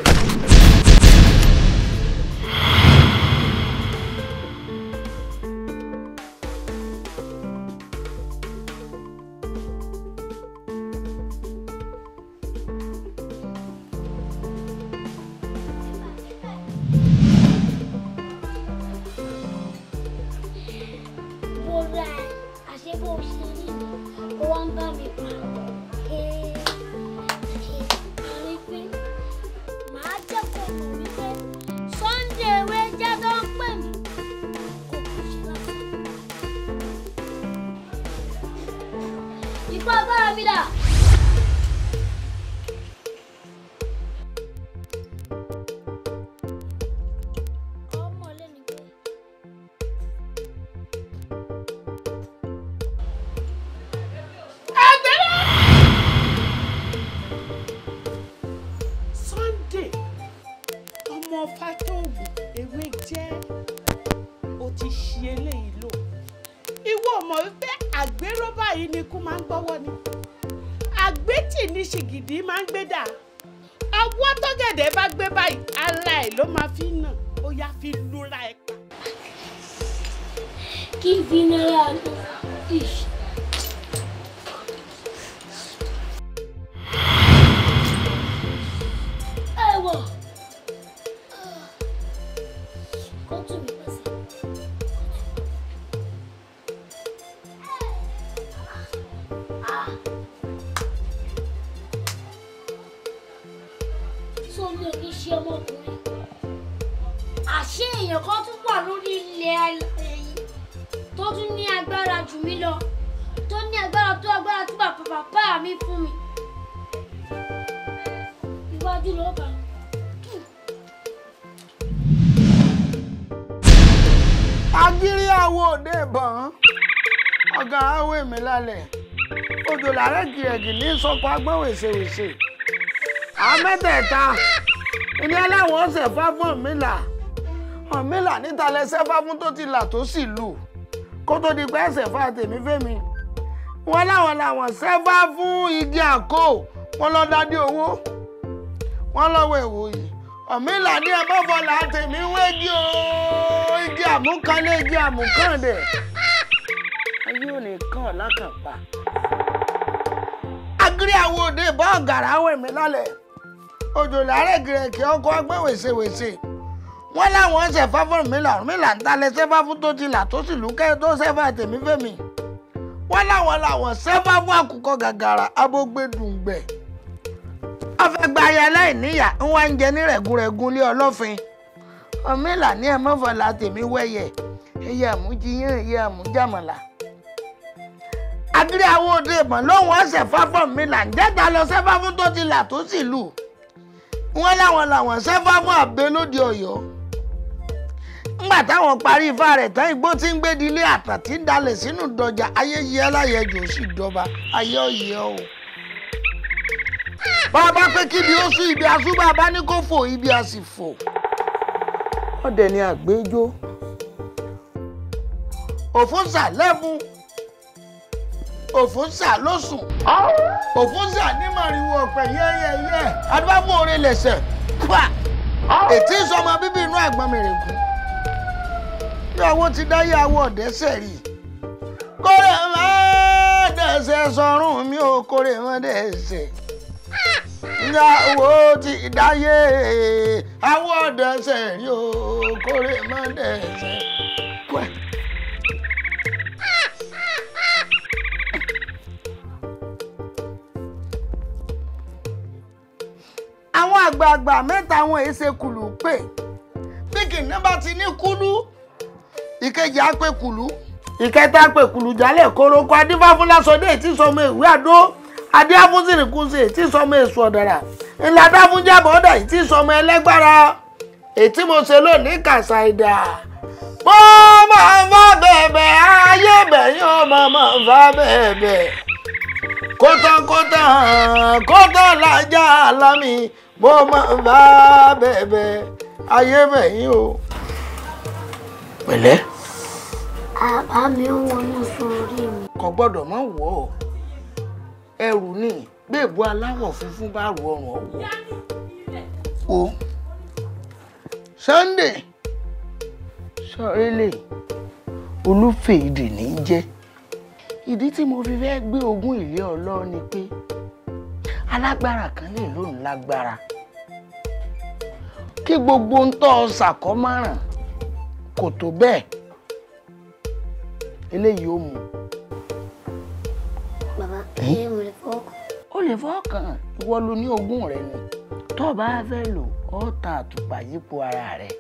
iwájú ló bá. agírí àwo òde ìbọn ọ̀gá àwọ̀ èmi lálẹ́ odò làárẹ̀ gìrẹ̀gì ní sọ́kọ́ agbọ́n wèsèwèsè àmẹ́tẹ̀ẹ̀ta ìní aláwọ̀ ọ̀sẹ̀ fáfún ọ̀mìlà ọ̀mìlà se lẹ́sẹ̀ fáfún tó ti là tó sì lù kó tó di pé ẹsẹ̀ fà tèmi fẹ́mi wọn láwọn làwọn sẹ́fà fún igi àkó wọn lọ́ọ́ dádé owó wọ́n lọ́wọ́ èwo yìí ọ̀mílà ní ẹ̀mọ́fọlá tèmi wéjì o igi àmúkanlé igi àmúkànde ayé ò ní kàn lákàpá. agiri àwọn òde bá ọ̀gàrà wẹ̀ mí lálẹ́ òjò làárẹ̀ gírẹ̀kì ọkọ̀ ọgbẹ́ wèsèwèsè wọ́n láwọn ẹsẹ̀ fáfún mi là mí là ń talẹ̀ sẹ́fà fún tó ti là tó sì lù kẹ́ tó sẹ́fà tèmi fẹ́mi wọ́n láwọn làwọn sẹ́fà àkùkọ gàgàrà abógbé dùngbẹ̀ ọfẹ gba aya aláìníyà ń wá ń jẹ ní rẹ̀gúnrẹ̀gún lé ọlọ́fin ọmọlà ní ẹ̀mọ́fọ̀lá tèmi wẹ̀yẹ̀ ẹ̀yẹ àmújiyàn ẹ̀yẹ àmújàmọ̀là agírí àwọn òde ìmọ̀ lóhùn ọ̀sẹ̀ fáfọ̀ mi là ń jẹ́ta lọ sẹ́fà fún tó ti là tó sì lù wọ́n láwọn làwọn sẹ́fà fún àbẹ́ lóde ọ̀yọ́ ńgbà táwọn parí ifá rẹ̀ tán igbó tí ń gbé ilé àtàtì ń dalẹ̀ sínú dọjà ayé yẹ láyẹjọ́ sì dọba ayé ọ̀yẹ́ o bàbá pé kíbi ó sún ibi asún bàbá ní kó fò ibi a sì fò. wọ́n dẹ̀ ní àgbéjó òfúnsà lẹ́bùn òfúnsà lóṣùn òfúnsà ní màrìwò ọ̀pẹ yẹ́yẹ́yẹ́ adúbámu orin lẹ̀sẹ̀ pa ètí sọmọ bíbí inú àgbọn mèrèkún ní ọwọ́ ti dáyé awọ ọ̀dẹ́sẹ̀ rí kórè má dẹ̀sẹ̀ sọ̀rùn mi ò kórè má dẹ̀sẹ̀ ìyàwó ti dáyé àwọ̀ ọ̀dẹ̀sẹ̀ rí o kórè má dẹ̀sẹ̀ pẹ́. àwọn àgbààgbà mẹ́ta wọn èé ṣe kùlù pè bí kìnìún bá ti ní kúlú ìkejì á pè kùlú ìkẹta pè kùlù jálẹ̀ kóró kó adífáfúnlá sọdẹ́ ìtìsọmọ ìwé àdó adéhàfúnsìnìkúnsìn tí sọmọ èso ọ̀dàrà ńlá dáfúnjábọ̀ ọ̀dà yìí tí sọmọ ẹlẹ́gbára ètí mo ṣe lónìí kàṣà ìdá mo máa ń fa bẹ̀bẹ̀ ayé bẹ̀yìn ọmọ máa ń fa bẹ̀bẹ̀ kótánkótán kótán lájà lámì mo máa ń fa bẹ̀bẹ̀ ayé bẹ̀yìn o. pẹ̀lẹ́. àbá mi ń wọnú sórí mi. kò gbọ́dọ̀ má wọ̀ ọ́ ẹrù ni gbèbú aláwọ̀ funfun bá rù ọrùn ọ̀wọ́ o Sunday sọrẹ́lẹ̀ olúfèèdè ní í jẹ́ ìdí tí mo fi fẹ́ gbé ogún ilé ọlọ́ ni pé alágbára kan lè lóun lágbára kí gbogbo ń tọ́ ṣàkọ́ márùn kò tó bẹ́ẹ̀ eléyìí ó mú un. lè fọkàn ìwọ ló ní ogún rẹ ni tó bá fẹ́ lò ó ta àtùpà yípo ara rẹ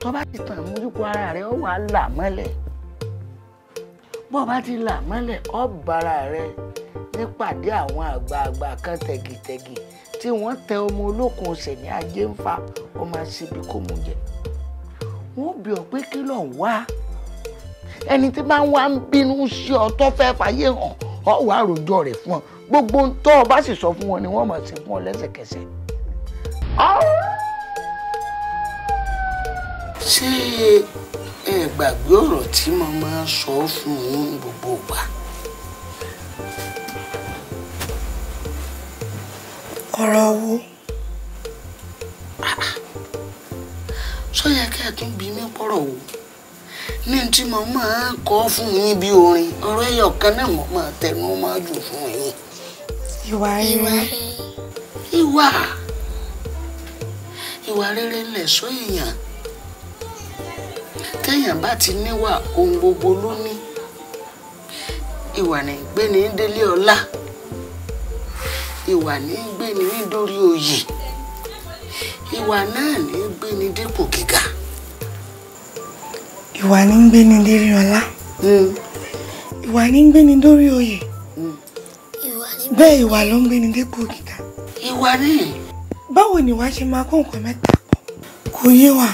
tó bá ti tàn mójúpo ara rẹ ó wàá là mọ́lẹ̀ bó bá ti là mọ́lẹ̀ ó bara rẹ nípàdé àwọn àgbààgbà kan tẹ̀gìtẹ̀gì tí wọ́n tẹ ọmọ olókun ọ̀sẹ̀ ní ajé ń fa ọmọ síbi kó mu jẹ wọ́n bí ọ pé kí ló ń wá ẹni tí bá ń wá ń bínú sí ọ tó fẹ́ fàyè hàn ọ wà àròjọ rẹ̀ fún ọ gbogbo tó o bá sì sọ fún wọn ni wọ́n máa ṣe fún ọ lẹ́sẹ̀kẹsẹ̀. ṣé ẹ gbàgbé ọ̀rọ̀ tí mo máa sọ fún un gbogbo wa. ọ̀rọ̀ wo. sọ yẹ kẹ́ ẹ tún bí mi pọ̀rọ̀ wo ní tí mo máa kọ́ fún yín bí orin ọ̀rọ̀ ẹyọ kan náà mo máa tẹnu máa jù fún yín. ìwà rere ìwà ìwà rere lẹ̀ṣọ́ èèyàn téèyàn bá ti níwà ohun gbogbo ló ní ìwà ní gbéni délé ọlá ìwà ní gbéni dórí oyè ìwà náà ní gbéni dépò gíga. ìwà ní ń gbéni lérí ọlá hmm. ìwà ní ń gbéni dórí oyè hmm. bẹ́ẹ̀ ìwà ló ń gbéni dépò gíga. ìwà ni. báwo ni ìwà ṣe máa kó nǹkan mẹ́ta pọ̀ kò yé wa.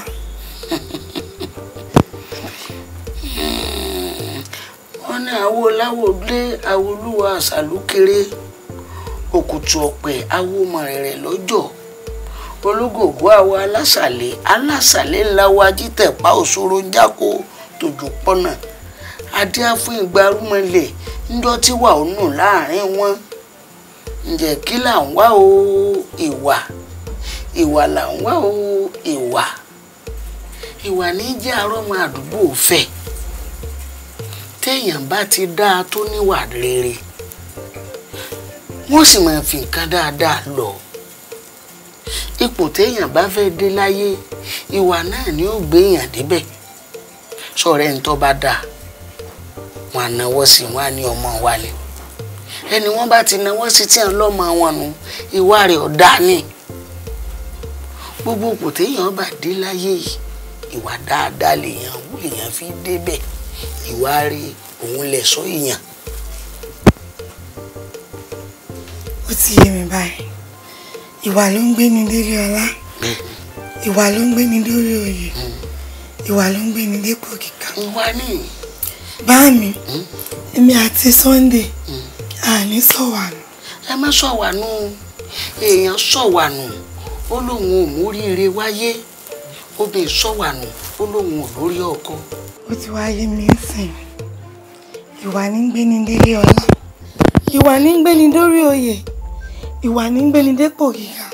wọ́n ní àwo láwòlé àwolúwa àṣàlùkèrè òkùtù ọ̀pẹ awo mọ̀rẹ̀rẹ̀ lọ́jọ́. olúgògó àwa alásàlẹ̀ alásàlẹ̀ ńlá wa jítẹ̀pá òṣòro ń jáko tòjò pọ́nà adé fún ìgbà rúmọlẹ̀ ńjọ́ tí wà ó nù láàrin wọn ǹjẹ́ kí là ń wá o ìwà ìwà là ń wá o ìwà ìwà ní jẹ́ arọ́mọ àdúgbò fẹ́ téèyàn bá ti dáa tó níwà rere wọ́n sì máa fi nǹkan dáadáa lọ ipò téèyàn bá fẹ́ dé láyé ìwà náà ni ó gbé èèyàn débẹ̀ sọ̀rọ̀ ẹni tó bá dáa wọn á náwó sí wọn á ní ọmọ wálé ẹni wọn bá ti náwó sí tí à ń lọ́mọ wọn nù ìwà rẹ̀ ò dáa ni gbogbo ipò téèyàn bá dé láyé yìí ìwà dáadáa lèèyàn lèèyàn fi débẹ̀ ìwà rẹ̀ òun lẹ̀ sọ èèyàn. ó ti yé mi báyìí ìwà ló ń gbé ni délé ọlá ìwà ló ń gbé ni dórí oyè ìwà ló ń gbé ni dépò kíkà. ìwà ni. báàmì èmi àti Sunday àní sọ̀wànù. ẹ má sọ̀wànù èèyàn sọ̀wànù ó lóun ò móríire wáyé obìnrin sọ̀wànù ó lóun ò lórí ọkọ. ó ti wáyé mi sìn ìwà ní gbéni délé ọlá ìwà ní gbéni dórí oyè ìwà ní gbénidépò gíga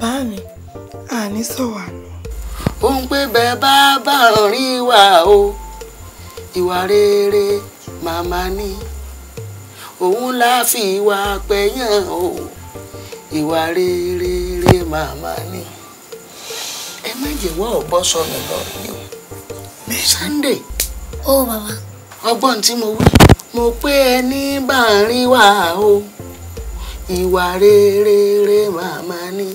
bá mi àní sọ̀wà nù. ó ń pè bẹ́ẹ̀ bá bá rìn ìwà o ìwà rere màmá ni òun la fi ìwà pẹ̀yàn o ìwà rere rere màmá ni ẹ má jẹ̀wọ́ ọ̀bọ sọnù lọ ni o Sunday. ó bàbá. ọgbọ́n tí mo wí mo pé ẹni bá ń rí o ìwà rere rere màmá ni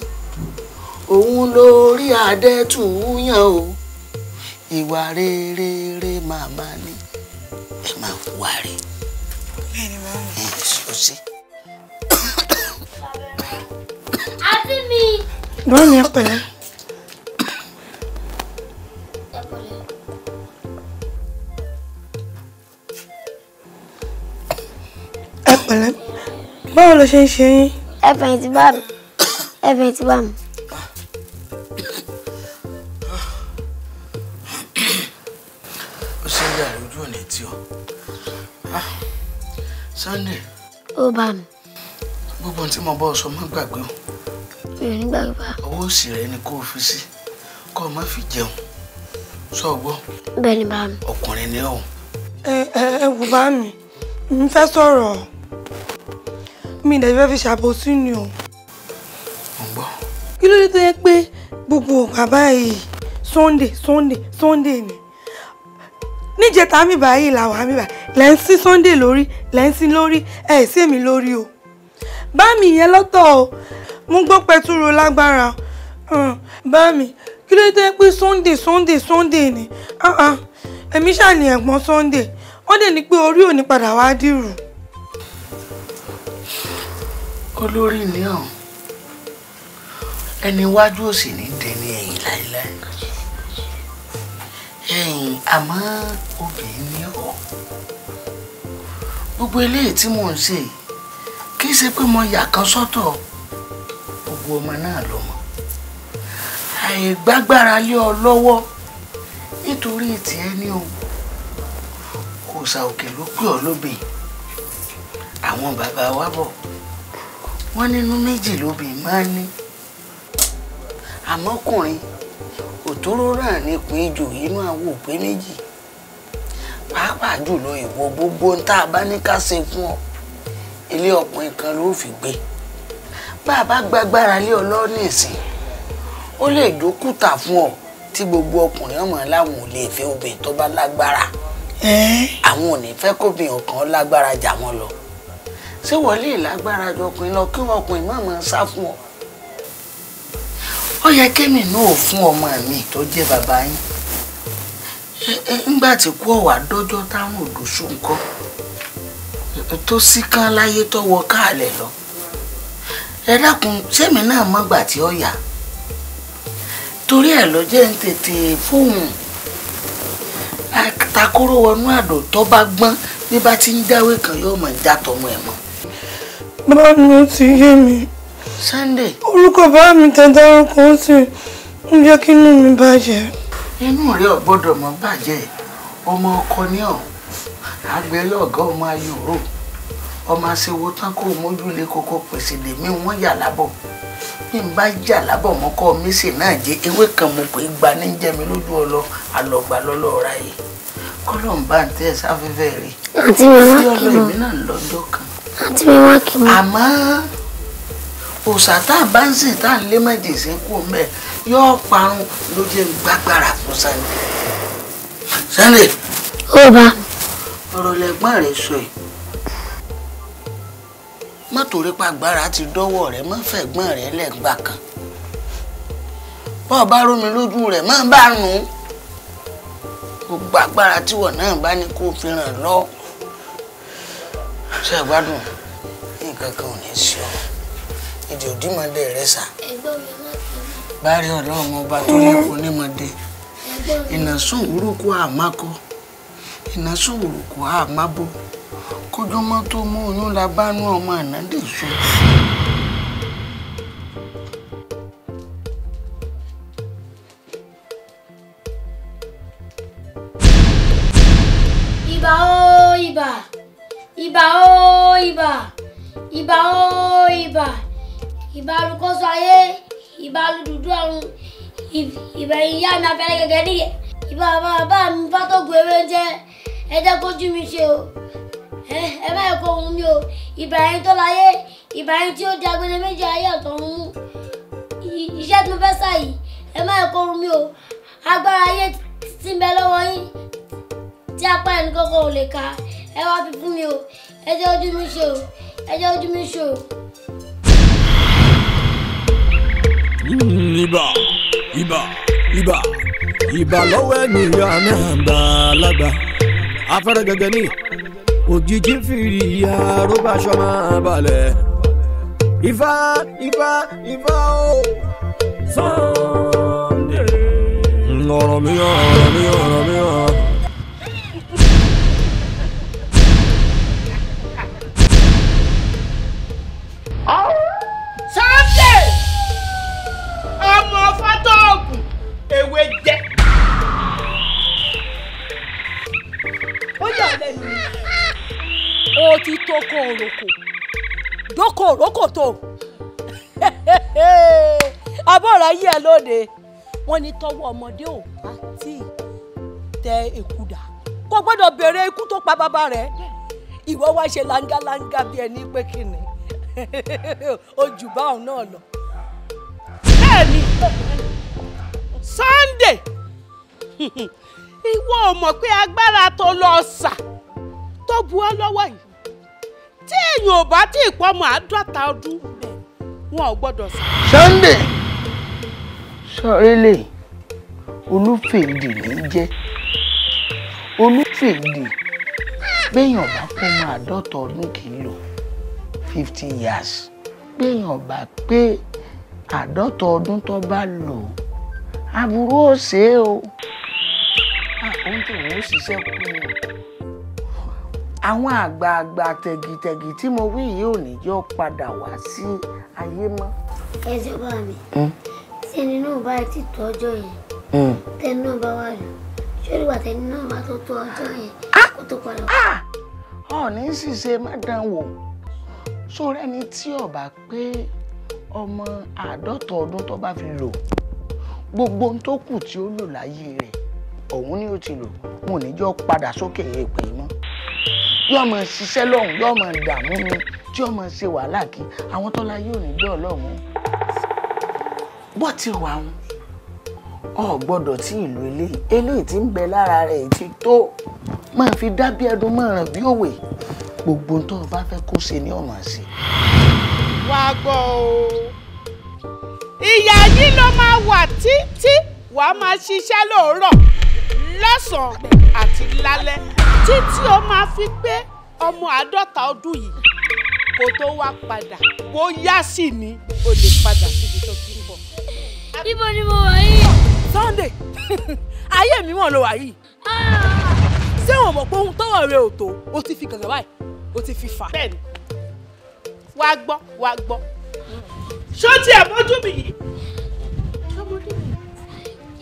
òun lórí adẹ́túnyàn o ìwà rere rere màmá ni ẹ máa wà rè ẹ sọ sí. àti mi. bọ́ọ̀lù ẹ pẹ̀lẹ́. ẹ pẹ̀lẹ́ báwo ló ṣe ń ṣe yín. ẹfẹ̀yìn ti bá mi ẹfẹ̀yìn ti bá mi. ó ṣe ń yàrá ojú ọ̀nà etí ọ ah, Sunday. ó bá mi. gbogbo ohun tí mo bọ́ ọ sọ má gbàgbé o. mi ò ní gbàgbé bá. owó òsì rẹ ni kó o fi sí kó o má fi jẹun sọ gbọ́. bẹ́ẹ̀ ni bá mi. ọkùnrin ni ọ. ẹ ẹ ẹ wò bá mi n fẹ́ sọ̀rọ̀ mi ìdẹ̀ fẹ́ fi ṣàbòsí ni o. mo gbọ́. kí ló dé tó yẹ pé gbogbo ọ̀gá báyìí sunday sunday sunday ni níjẹta mi báyìí làwọn mi báyìí lẹ́ ń sí sunday lórí lẹ́ ń sí lórí ẹ̀ sí èmi lórí o bá mi yẹn lọ́tọ̀ o mo gbọ́ pẹ̀túrò lágbára bá mi kí ló dé pé sunday sunday sunday ni èmi ṣàní ẹ̀gbọ́n sunday wọ́n dẹ̀ ní pé orí ò ní padà wá dìrù olórí ni ọ ẹni iwájú ò sì ní dẹni ẹ̀yìn láéláé ẹ̀yìn àmọ́ obìnrin ni ọ gbogbo eléyìí tí mò ń ṣe kì í ṣe pé mo yà kan sọ́tọ̀ gbogbo ọmọ náà lọ́mọ àìgbágbára lé ọ lọ́wọ́ nítorí tiẹ̀ ní o òòṣà òkè ló pè ọ lóbè àwọn bàbá wa bọ̀ wọ́n nínú méjì lóbìnrin máa ń ní àmọ́kùnrin òtóró rà ní pín ìjò inú àwọn òpin méjì pàápàá jùlọ ìwọ gbogbo ń tá a bá ní ká ṣe fún ọ ilé ọkùnrin kan ló fi gbé bàbá gbàgbára lé ọlọ́ọ̀nì sí ó lè dókúta fún ọ tí gbogbo ọkùnrin ọmọ láwọn ò lè fẹ́ obìnrin tó bá lágbára àwọn ò ní fẹ́ kóbìnrin ọkàn lágbára jà wọ́n lọ. ṣé wọ́n lè lágbára jọ ọkùnrin lọ kí ọkùnrin má máa sá fún ọ. ó yẹ kémi náà fún ọmọ mi tó bàbá yín ńgbà tí ọ̀wà dọ́jọ́ táwọn tó láyé káàlẹ̀ lọ ẹ dákun sẹ́mi náà tí yà torí ẹ̀ jẹ́ ń tètè fóun takoro bàbá mi ò ti yé mi. orúkọ bàbá mi tẹ dárúkọ ó sì ń jẹ́ kí inú mi bàjẹ́. inú rẹ ò gbọ́dọ̀ mọ́ ọmọ ọkọ ní ọ àgbélọgọ ọmọ ayò rò ọmọ aṣèwò tán kó mójú lé kókó pèsè lèmi wọn yà lábọ bí bá jà lábọ mọ kọ mísè náà jẹ ewé kan mo pè gba ní jẹmi lójú ọlọ àlọgbà lọlọ ra yìí kọlọ bá ń tẹ sáfẹfẹ rí. àti wọn kí lọ. ọlọ èmi náà lọ́jọ́ kan. àti mi wá kí mi. àmọ́ òòṣà tá a bá ń sìn tá a lé mọ̀jẹ̀ sí kú mẹ́ yóò parun ló jẹ́ gbàgbára fún Sunday. Sunday. ó bá. ọ̀rọ̀ lẹ́gbọ́n rẹ̀ sọ ẹ̀ mọ́tò rípa agbára ti dọ́wọ́ rẹ̀ mọ́ fẹ̀gbọ́n rẹ̀ lẹ́gbàá kan bọ́ọ̀ bá rómi lójú rẹ̀ mọ́ bá nù ú tíwọ̀ náà bá ní kó fi ràn lọ́ọ́ ṣe é gbádùn nǹkan kan ò ní sí ọ ìdí òdìmọ̀dé rẹ sà. báyìí ọlọ́run ọba tó ní kò nímọ̀dé ìnàsùn òwúrúkú àmákọ ìnàsùn òwúrúkú àmábọ kójúmọ́ tó mú oyún la bá nú ọmọ ànádé so. ibà ibà o ibà iba, o ibà ibà iba ayé ibà olùdúdú ọ̀run ibà ìyá mi afẹ́rẹ́ gẹ́gẹ́ nìyẹn ibà bàbá mi fátọ́gùn ewé ń jẹ́ ẹ jẹ́ kójú mi ṣe o ẹ bá ẹ̀kọ́ òun mi o ibà yẹn tó láyé ibà yẹn tí ó di agbede méjì ayé ọ̀tọ̀run mú iṣẹ́ tí mo fẹ́ sá yìí ẹ má ẹ̀kọ́ mi o agbára ayé ti ń bẹ lọ́wọ́ yín tí apá ẹnì kankan ò lè ka ẹ wá fi fún mi o ẹ jẹ́ ojú mi ṣe o ẹ jẹ́ ojú iba, iba o. ibà ibà ibà ibà lọ́wọ́ ènìyàn náà bá lágbá afẹ́rẹ́ gẹ́gẹ́ ní òjijì fìrí aró bá aṣọ máa balẹ̀ ifá ifá ifá o. Sunday. ọ̀rọ̀ mi ọ̀rọ̀ mi ọ̀rọ̀ mi ọ̀rọ̀. òrókòtò abọ́ra yí ẹ lóde wọ́n ní tọ́wọ́ ọmọdé ò bá tí ì tẹ èkúdà kò gbọ́dọ̀ béèrè ikú tó pa bàbá rẹ̀ ìwọ wá ṣe láńgáláńgá bí ẹni pé kìnnì ojú báwọn náà lọ. bẹ́ẹ̀ni Sunday ìwọ ò mọ̀ pé agbára tó lọ sà tó bu ọ lọ́wọ́ yìí tí èèyàn ò bá tí ì pọ́ àádọ́ta ọdún wọn ò gbọ́dọ̀ sá. Sunday sọrẹ́lẹ̀ olúfèèdè ní í jẹ́ olúfèèdè béèyàn bá pé àádọ́ta ọdún kì í lò fifty years béèyàn bá pé àádọ́ta ọdún tó bá lò aburú ó ṣe é o àwọn ah, tòun ó ṣiṣẹ́ kú ni àwọn àgbààgbà tẹ̀gìtẹ̀gì tí mo wí yìí ò ní jọ padà wá sí ayé mọ́. ẹ jọ bá mi hm? ṣé ẹni náà bá ti tó ọjọ́ yẹn hm. tẹni náà bá wà lò ṣé ìgbà tẹni náà bá tó tó ọjọ́ yẹn ah! kó tó padà wá. Ah! ọ̀ọ́ni ṣìṣe má dán wò sórí ẹni tí ọba pé ọmọ àádọ́ta ọdún tó bá fi lò gbogbo ohun tó kù tí ó lò láyé rẹ̀ ọ̀hún ni ó ti lò wọn ò ní jọ padà sókè èèpẹ̀ mọ́ tí ọmọ ṣiṣẹ́ lọ́hùn yóò máa dààmú mi tí ọmọ ṣe wàhálà kí àwọn tọ́lá yóò ní bẹ́ẹ̀ ọlọ́run bọ́ ti wà wọn ọ gbọ́dọ̀ tí ìlú eléyìí eléyìí tí ń bẹ lára rẹ̀ ti tó máa fi dábí ẹdun máa ràn bí òwe gbogbo tó o bá fẹ́ kó ṣe ni ọmọ ṣe. wá gbọ́ o ìyá yìí ló máa wà títí wàá máa ṣiṣẹ́ lóòrọ̀ lọ́sàn-án àti lálẹ́ títí ó máa fi gbé ọmọ àádọ́ta ọdún yìí kó tó wá padà bóyá sì ni o lè padà síbi tó ti ń bọ̀. ibo ni mo wà yìí. Sunday ayé mi wọ́n ló wà yìí ah. ṣé wọn mọ̀ pé ohun tọ́wọ́ rẹ ò tó o ti fi gàngàn báyìí o ti fi fà. bẹ́ẹ̀ni wàá gbọ́ wàá gbọ́ ṣó tiẹ̀ mọ́jú mi yìí. ṣọmọdé mi.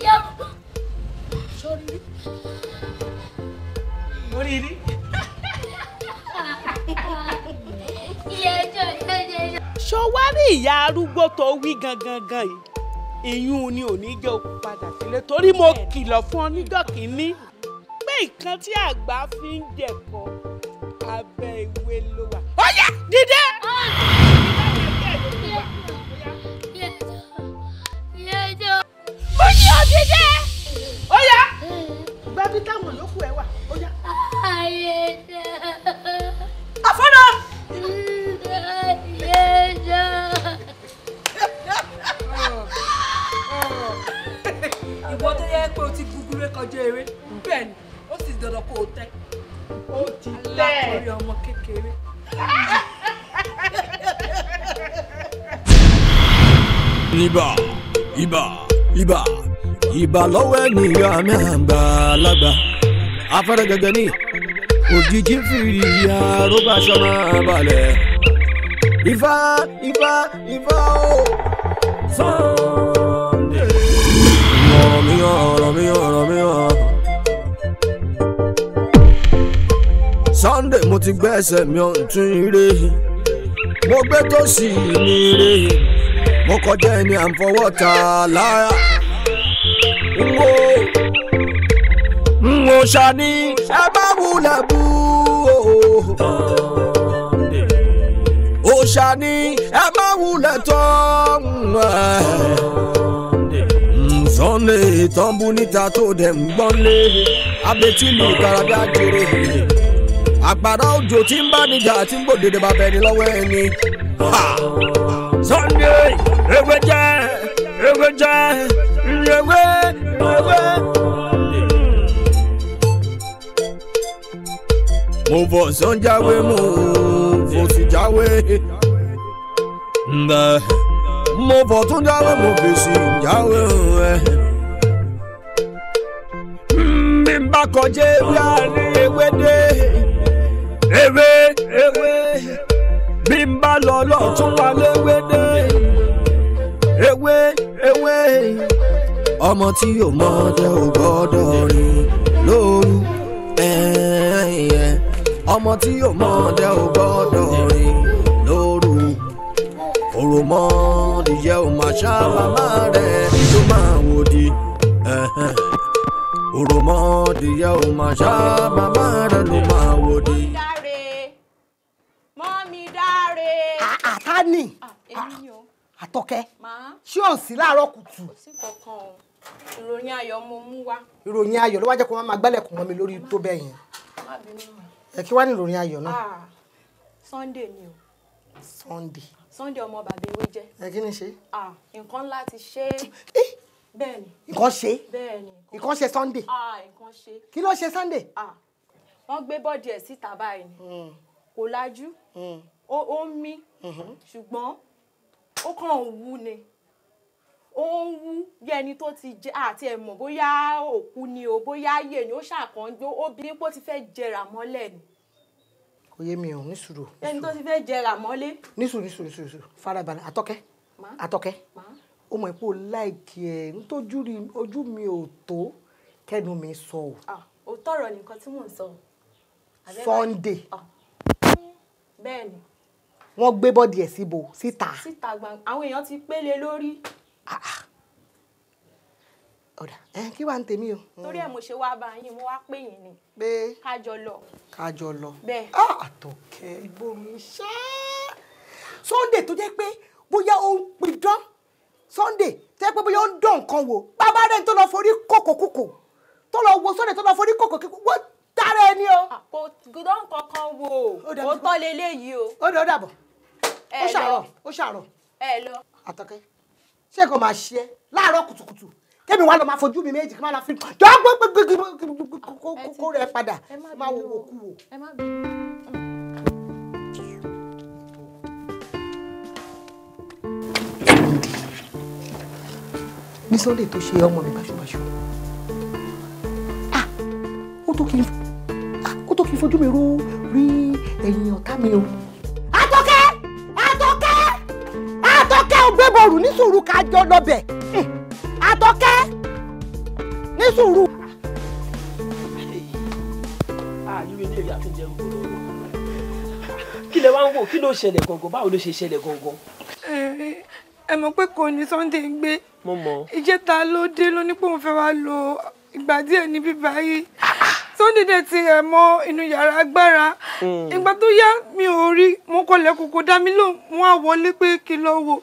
yẹ́n. sọ́ni. What oríire. ṣọwárí ìyá arúgbó tó wí gangan yìí ìyún ni òní jẹ́ òkú padà sílé torí mo kìlọ̀ fún ọ níjọ́ kìíní pé nǹkan tí àgbà fi ń jẹ̀kọ́ abẹ́ ìwé ló wà. ó yá dìde. ó yá dìde. Oya, yá eh. gbábí táwọn yòókù ẹ wà ó yá. ayẹyẹ. àfọ́nà. ayẹyẹ. Oh, oh. ìwọ tó yẹ pé o ti gúgúrú kọjá eré bẹ́ẹ̀ ni ó sì dandan kó o tẹ ó ti tẹ alákọ̀ọ́rẹ́ ọmọ kékeré. Ibà, ibà, ibà ìbà lọ́wọ́ ènìyàn àmì àgbàlagbà afẹ́rẹ́ gẹ́gẹ́ ní òjijì fìrí àrùbá sọmọ balẹ̀ ifá ifá ifá o Sunday. ọ̀rọ̀ mi ọ̀rọ̀ mi ọ̀rọ̀ mi ọ̀. Sunday mo ti gbẹ́sẹ̀ mi ọ̀tún ire mo gbé tó sì ní ire mo kọjá ẹni à ń fọwọ́ ta lára wo n ò ṣàní ẹ bá wulẹ̀ bú o. ò ṣàní ẹ bá wulẹ̀ mm, tán. Sunday tọ́ǹbù níta tó dẹ̀ ń gbọ́nlé abẹ́tìlú ìkàràdá jèrè àgbàrá òjò tí ń bá níjà tí ń gbòdèdè bàbá ẹni lọ́wọ́ ẹni. Sunday ewé jẹ́ ewé jẹ́ ewé mo fò sàn jáwé mo fò sì jáwé mo fò tún jáwé mo fi sì jáwé ẹ. mi ń bá kọjá ewé àárín ewédé ewé ewé bí n bá lọ lọ́ọ́ tún wà léwédé. ọmọ tí ò mọdẹ ò gbọ́dọ̀ rìn lóru ọmọ tí ò mọdẹ ò gbọ́dọ̀ rìn lóru òròmọdìyẹ ò máa ṣá màmá rẹ ló máa wò di òròmọdìyẹ ò máa ṣá màmá rẹ ló máa wò di. mọ́mí dáre. Ah, àtàní ṣé ò sí láàárọ̀ kùtù. kò sí kankan o ìròyìn ayọ̀ mo mú wá. ìròyìn ayọ̀ ló wá jẹ́ kó máa gbálẹ̀kùn mọ́ mi lórí tó bẹ́ẹ̀ yẹn. ẹ kí wá ní ìròyìn ayọ̀ náà. Ah, Sunday ni o. Sunday. Sunday ọmọ bàbá ewé jẹ. ẹ kí ni ṣe. Ah, nǹkan ńlá ti ṣe é. bẹ́ẹ̀ni. nǹkan ṣe. bẹ́ẹ̀ni. nǹkan ṣe Sunday. Ah, nǹkan ṣe. kí ló ṣe Sunday. wọ́n gbé bọ́ọ̀dì ẹ̀ síta báyìí ni hmm. kò lajú hmm. ó mí hmm. ṣùgbọ́n ó kàn ń wú ni ó ń wú bí ẹni tó ti jẹ àti ẹ mọ̀ bóyá òkú ni o bóyá ayé ni ó ṣàkànjó ó bí pé ó ti fẹ́ jẹrà mọ́lẹ̀ ni. kò yé mi ò ní sùúrù. ẹni tó ti fẹ́ jẹrà mọ́lé. ní sùúrù ní sùúrù sùúrù farabalẹ̀ àtọ́kẹ́ àtọ́kẹ́ ó mọ̀ pé o láìkí ẹ̀ nítorí ojú mi ò tó kẹ́nu mi sọ o. Ah, ò tọrọ nìkan tí mò ń sọ. Sunday. Ah. bẹ́ẹ̀ ni. wọ́n gbé bọ́dì ẹ̀ síbo síta. síta gbangba àwọn èèyàn ti pélé lórí Ah, ah. ọ̀dà ẹ kí wàá ń tèmi o. torí ẹ mo ṣe wá bá yín mo wá pè yín ni. pé kájọ lọ. kájọ lọ. bẹ́ẹ̀. Ah, àtọkẹ gbomi ṣá. Sunday tó jẹ́ pé bóyá ó ń pidán Sunday tó jẹ́ pé bóyá ó ń dán nǹkan wò bàbá rẹ̀ tó lọ forí kòkòkòkò tó lọ wo Sunday tó lọ forí kòkòkòkò wọ́n dára ẹni o. kò dán kankan wò ó tọ́ lélẹ́yìí o. ó dàbọ̀ ó ṣàrọ̀ ó ṣàrọ̀. ẹ ṣé kò máa ṣe láàárọ̀ kùtùkùtù kémi wà lọ máa fojú mi méjì kí máa la fi jọ gbọ́ kó rẹ̀ padà máa wo wò kú wò. ní sunday tó ṣe ọmọ mi báṣubàṣu ah, ah, ó tó kí n fojú mi rú rí ẹ̀yìn ọ̀tá mi o. àtọ́kẹ́ ògbébọ̀rù ní sùúrù ká jọ lọ́bẹ̀ eh, àtọ́kẹ́ ní sùúrù. Ah, kí lẹ wá ń wò kí ló ṣẹlẹ̀ gangan báwo ló ṣe ṣẹlẹ̀ gangan. Eh, ẹ mọ̀ pé kò ní Sunday ń gbé ìjẹta ló dé ló ní pé òun fẹ́ wá lo ìgbà díẹ̀ níbí báyìí ah, ah, Sunday dẹ̀ ti rẹ̀ mọ́ inú yàrá agbára hmm. ìgbà tó yá mi ò rí mo kọlẹ̀ kòkò dá mi lóhùn mo wá wọlé pé kí lọ wò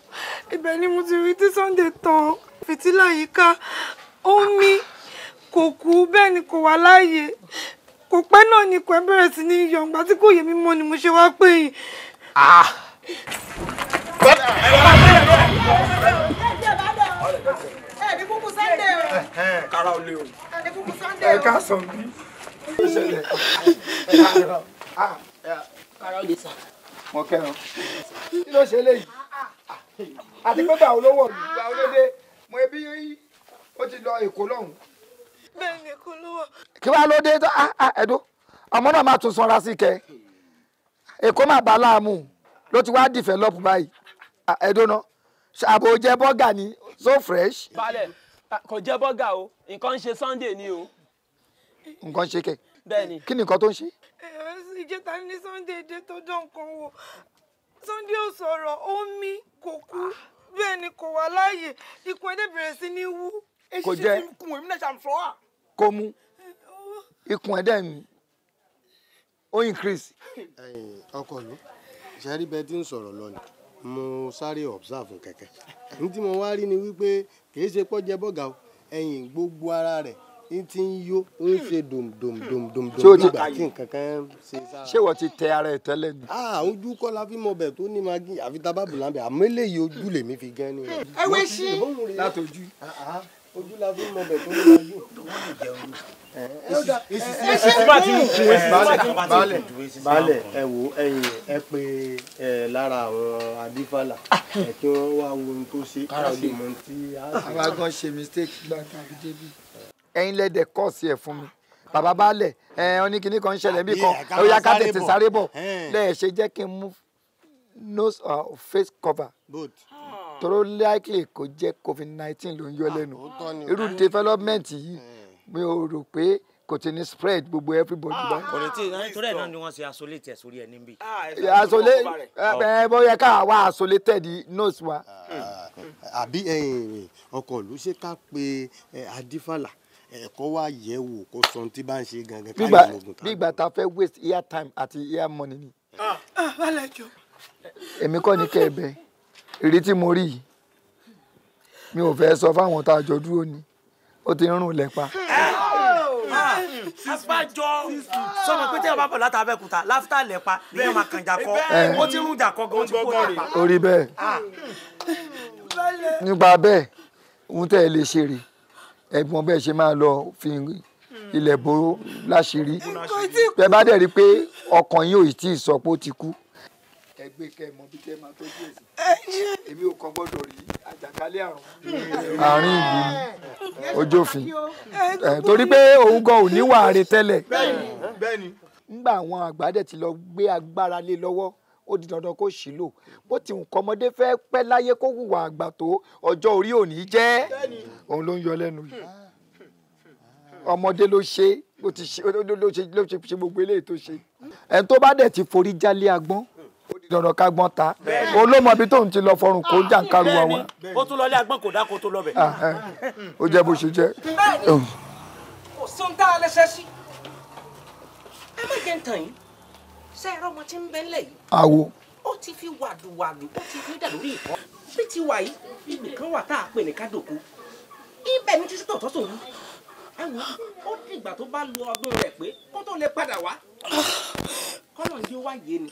ibẹ̀ ni mo ti rí tí Sunday tàn fìtílà yìí ká ó mí kò kú bẹ́ẹ̀ ni kò wá láàyè kò pẹ́ náà ni kò ẹ́ bẹ̀rẹ̀ sí ní yọ̀ ǹgbà tí kò yé mi mọ́ ni mo ṣe wá pé yìí. Ah. Ẹ̀ẹ́dínkù Sunday o. bí. Ah, mo kẹran kí ló ṣe léyìí àti pé báwo ló wọ̀ lù báwo ló dé mo ebi ó ti lọ èkó lọ́hùn. bẹ́ẹ̀ ni èkó ló wọ̀. kí wàá ló dé tó ẹ̀dùn ah, ah, ọmọ náà máa tún sanra sí kẹ èkó máa bá láàmú ló ti wá dìfẹ́lọ́pù báyìí ẹ̀dùn náà àbò jẹ bọ́gà ni so fresh. balẹ̀ kò jẹ́ bọ́gà o nǹkan ń ṣe Sunday ni o nǹkan ṣe kẹ bẹ́ẹ̀ni kí ni nǹkan tó ń ṣe. Eh, ìjẹta ní Sunday dé tó dán nǹkan wò Sunday ò sọ̀rọ̀ ó mí kò kú bẹ́ẹ̀ ni kò wà láàyè ikùn ẹdẹ bẹ̀rẹ̀ sí ní wú. kò jẹ kò mu oh. ikùn ẹdẹ mi ó increase. Eh, ọkọ mi ṣẹ́rí bẹ́ẹ̀ tí ń sọ̀rọ̀ lọ mo sáré observe kẹ̀kẹ́ ní tí mo wá rí ni wípé kì í ṣe pọ́jẹ bọ́gà o ẹ̀yìn gbogbo ara rẹ̀ n ti ń yó n ṣe dòmdòmdòmdòm nígbà tí nǹkan kan ṣe sára. ṣé wọ́n ti tẹ ara ẹ̀ tẹ́lẹ̀ ni. a ojú kọ́ la fi mọ ọbẹ̀ tó ní magi àfi tá lábẹ́ àmọ́ eléyìí ojú lèmi fi gan ni. Hmm, ẹ wé sí láti ojú. Ah, ah, ojú la fi mọ ọbẹ̀ tó ní magi. ẹ ṣe bá ti ń kun baálẹ̀ baálẹ̀ ẹ wo ẹyin ẹ pé ẹ lára àwọn adífàlà ah. ẹ kí wọ́n wá wo ohun tó ṣe ká sì mọ ti. àwa gan ṣe mistake gbàgbà ẹ̀yin lẹ́dẹ̀ kọ́ọ̀sì ẹ̀ fún mi bàbá baálẹ̀ ẹ̀ oníkìní kan ń ṣẹlẹ̀ bí kan ó yá ká tètè sáré bọ̀ lẹ́ẹ̀ ṣe jẹ́ kí n mú nose or uh, face cover toro likely kò jẹ́ covid nineteen ló ń yọ lẹ́nu ah, irú development yìí mi ò rò pé kò ti ní spread gbogbo everybody ah, bá. Ah, kò ní tí nítorí ẹ̀ náà ni wọ́n ṣe isolate ẹ̀ sórí ẹ̀ níbí. isolate ẹ bóyá ká wá isolated nose wa. àbí eh, ọkọ̀ ló ṣe ká pe eh, adífàlà ẹ̀kọ́ wà yẹ̀ wò kó sọ ohun tí bá ń ṣe gangan ká yẹ tán. bí tá a fẹ́ waste air time àti air money ni. alẹ́jọ́. Ah, ah, èmi kọ́ ni kẹ́ ẹ bẹ ìrí tí mo rí yìí mi ò fẹ́ sọ fáwọn tá a jọ dúró ni ó ti ń rùn lẹ́pa abájọ sọmọ pé téèyàn bá bọ̀ láti abẹ́kúta láfítà lẹ́pa lèèyàn máa kànjà kọ ó ti rújà kọ gan ó ti kó lẹ́pa. orí bẹ́ẹ̀ ah. nípa bẹ́ẹ̀ ohun tẹ́ ẹ lè ṣe rèé ẹ̀gbọ́n bẹ́ẹ̀ ṣe máa lọ fi hmm. ilẹ̀ bo láṣìírí bẹ́ẹ̀ bá dẹ̀ rí i pé ọkàn yín ò tí ì sọ pé ó ti kú ẹgbẹ́ kẹ mọ bí kẹ máa tọ́jú ẹ̀sìn èmi ò kàn gbọ́dọ̀ rí àjàkálẹ̀ àrùn. àárín ìlú ojófin torí pé òun gan ò ní wàá re tẹ́lẹ̀ nígbà àwọn àgbà dẹ̀ ti lọ gbé agbára lé lọ́wọ́ ó di dandan kó sì lò bó ti nǹkan ọmọdé fẹ́ pẹ́ láyé kó hùwà àgbà tó ọjọ́ orí òní jẹ́ òun ló ń yọ lẹ́nu yìí ọmọdé ló ṣe ló ti ṣe ló ṣe ló ṣe ṣe gbogbo eléyìí tó ṣe ẹni tó bá dẹ̀ ti forí jálé agbọ́n ó di dandan ká gbọ́n ta olómọ ibi tóun ti lọ fọrùn kó jàǹkárù wa wá. ó tún lọ lé agbọ́n kò dáko tó lọ bẹ̀. ó jẹ́ bó ṣe jẹ́. bẹ́ẹ̀ni kò sóhun tá a lẹsẹ sí ẹ má jẹ ń tàn yín ṣé ẹ̀rọ ọmọ tí ń bẹ́ lẹ̀ yìí. àwo. ó ti fi wàdùwàdù ó ti fi dà lórí ìkọ́ bí ti wà yìí ibì kan wà tá a pè ní kádòkó ibẹ̀ ní títí tọ̀tọ̀ sòwú ẹ wò ó dìgbà tó bá lo ọdún rẹ̀ pé kó tó lè padà wá kọ́nà yóò wá yé ni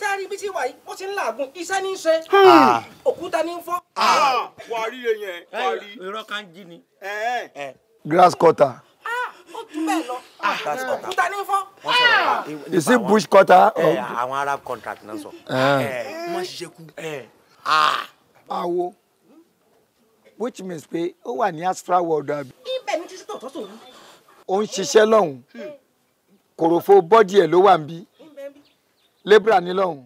sáré bí ti wà yìí ó ti ń làágùn iṣẹ́ ní í ṣe ah. òkúta ní í fọ́. Ah, wà rí yẹn wà á rí. irọ́ kan grass cutter. Ah, ah. is it bush cutter. Eh, oh. àwọn arab contract náà so. Eh. Eh, wọ́n ṣiṣẹ́ kú. awo ah. which means pé ó wà ní astra world àbí. ibẹ̀ ni títí tó tọ́ sòun. ó ń body. lọ́hùn kòròfo bọ́dì ẹ̀ ló wà ń bí lébùrà ní lọ́hùn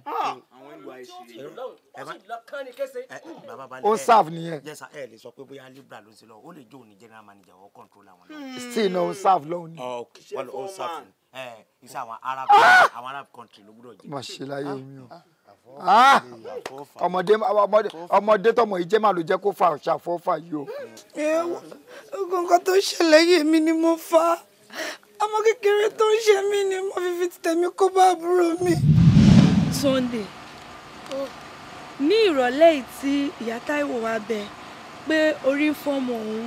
ó serve nìyẹn. yẹsà ẹ lè sọ pé bóyá libra ló ṣe lọ ó lè jó òní general manager ó control àwọn náà. Hmm. still náà ó hmm. serve lọ́wọ́ ni. Oh, ok wọ́n lọ ó ń serve ẹ iṣẹ́ àwọn arab ah! àwọn arab country ló gbúdọ̀ jẹ́. mà ṣe láyé mi o ah! ọmọdé ọmọdé tọmọ yìí máa ló jẹ kó fa ọṣà fọfà yìí o. ẹ nǹkan tó ṣẹlẹ̀ yé mi ni mo fa ọmọ kékeré tó ń ṣe mí ni mo fi fi tẹ̀mí kó bá àbúrò mi. Sunday ní ìrọ̀lẹ́ yìí tí ìyá Táíwò wá bẹ̀ pé orí ń fọmọ òun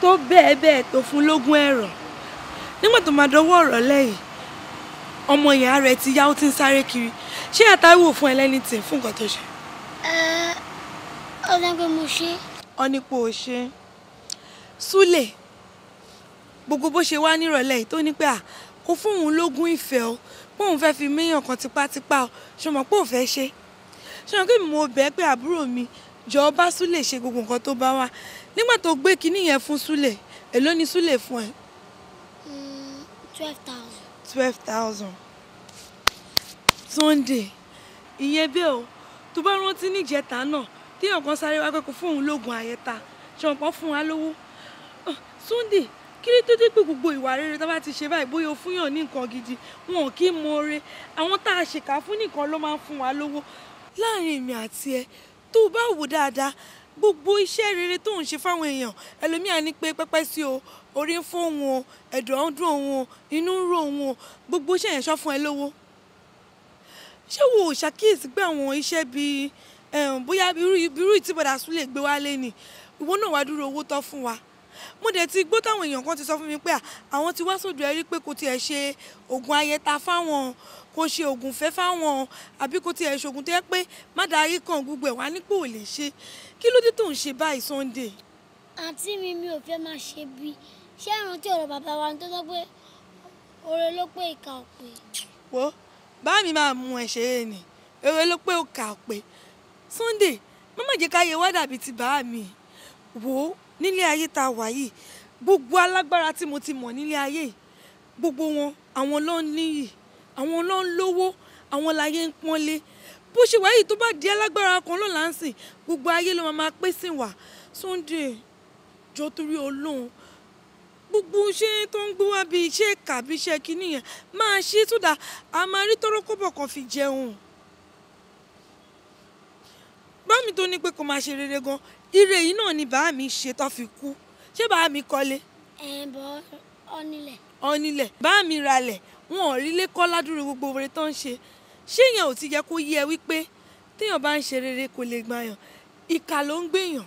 tó bẹ́ẹ̀ bẹ́ẹ̀ tó fún lógún ẹ̀rọ̀ nígbà tó máa dọwọ́ ọ̀rọ̀ lẹ́yìn ọmọ ìyá rẹ̀ ti yá ó ti ń sáré kiri ṣé ìyá Táíwò fún ẹ lẹ́ni tì fún nǹkan tó ṣe. ẹ pé mo ṣe. ọ ní pé o ṣe Súlè gbogbo bó ṣe wá nírọ̀lẹ́ yìí tó ní pé à kó fóun lógún ìfẹ́ o pé òun fẹ́ ṣe é ṣùgbọ́n pé mo bẹ́ẹ̀ pé àbúrò mi jọ bá súlè ṣe gbogbo nǹkan tó bá wà nígbà tó gbé kinní yẹn fún súlè èló ni súlè fún ẹ. Hmm, twelve thousand. twelve thousand. Sunday ìyẹn bẹ́ẹ̀ o tó bá rántí níjẹta náà téèyàn kan sáré wá kẹ́kọ̀ọ́ fún òun lóògùn àyẹ̀ta ṣùgbọ́n kan fún wa lówó ah, Sunday kí ló dédé pé gbogbo ìwà rere tó bá ti ṣe báyìí bóyá o fún yàn ní nǹkan gidi wọn kì í mọ ore àwọn tá a ṣèkà fún nìkan ló máa ń fún wa lówó láàrin èmi àti ẹ tó o bá wò dáadáa gbogbo iṣẹ́ rere tó ń ṣe fáwọn èèyàn ẹlòmíà ní pé pẹ́pẹ́ sí o orí ń fún òun o ẹ̀dọ̀ ń dùn òun o inú ń ro òun o gbogbo iṣẹ́ yẹn ṣọ́ fún ẹ lówó. ṣé wo ò ṣàkíyèsí pé àwọn iṣẹ́ bíi bóyá irú ìtìbọ̀dà sùn lè gbé wálé ni ìwọ náà wàá dúró owó tọ́ fún wa mo dẹ̀ ti gbọ́ táwọn èèyàn kan ti sọ fún mi pé àwọn ti wá sódò ẹ rí pé kò tiẹ̀ ṣe oògùn ayẹta fáwọn kó ṣe oògùn fẹ́ fáwọn àbí kó tiẹ̀ ṣoògùn tó yẹ pé má darí kan gbogbo ẹ̀ wá nípò ò lè ṣe kí ló dé tó ń ṣe báyìí Sunday. àǹtí mi mi ò fẹ́ máa ṣe bí ṣé ìrántí ọ̀rọ̀ bàbá wa tó sọ pé oore ló pé ìka ò wo bá mi máa mú ẹ ṣeré ni oore ló pé ìka ò Sunday mama má jẹ́ ká yẹ wá dàbí ti bá mi wò ó nílé ayé tá a wà yìí gbogbo alágbára tí mo ti mọ̀ nílé ayé gbogbo wọn àwọn ló ń níyì àwọn náà ń lówó àwọn láyé ń pọ́nlé bó ṣe wáyé tó bá di alágbára kan lọ́la ń sìn gbogbo ayé ló máa máa pé sìn wá Sunday jọ torí olóhùn gbogbo iṣẹ́ tó ń gbé wá bíi iṣẹ́ ìkà bíi iṣẹ́ kínní yẹn máa ṣe tó dáa a máa rí tọ́rọ́ kọ́bọ̀ kan fi jẹun bámi tó ní pé kò máa ṣe rere gan ire yìí náà ni bàá mi ṣe tó fi kú ṣé bàá mi kọ́lé. ẹ̀ bọ́ ọ́nilẹ̀. ọ́nilẹ̀ bàá mi ralẹ̀ wọn ò rí lékọ́ ládùúrú gbogbo rere tó ń ṣe ṣé èèyàn ò ti yẹ kó yé wípé téèyàn bá ń ṣe rere kò lè gbàyàn ìkà ló ń gbèyàn.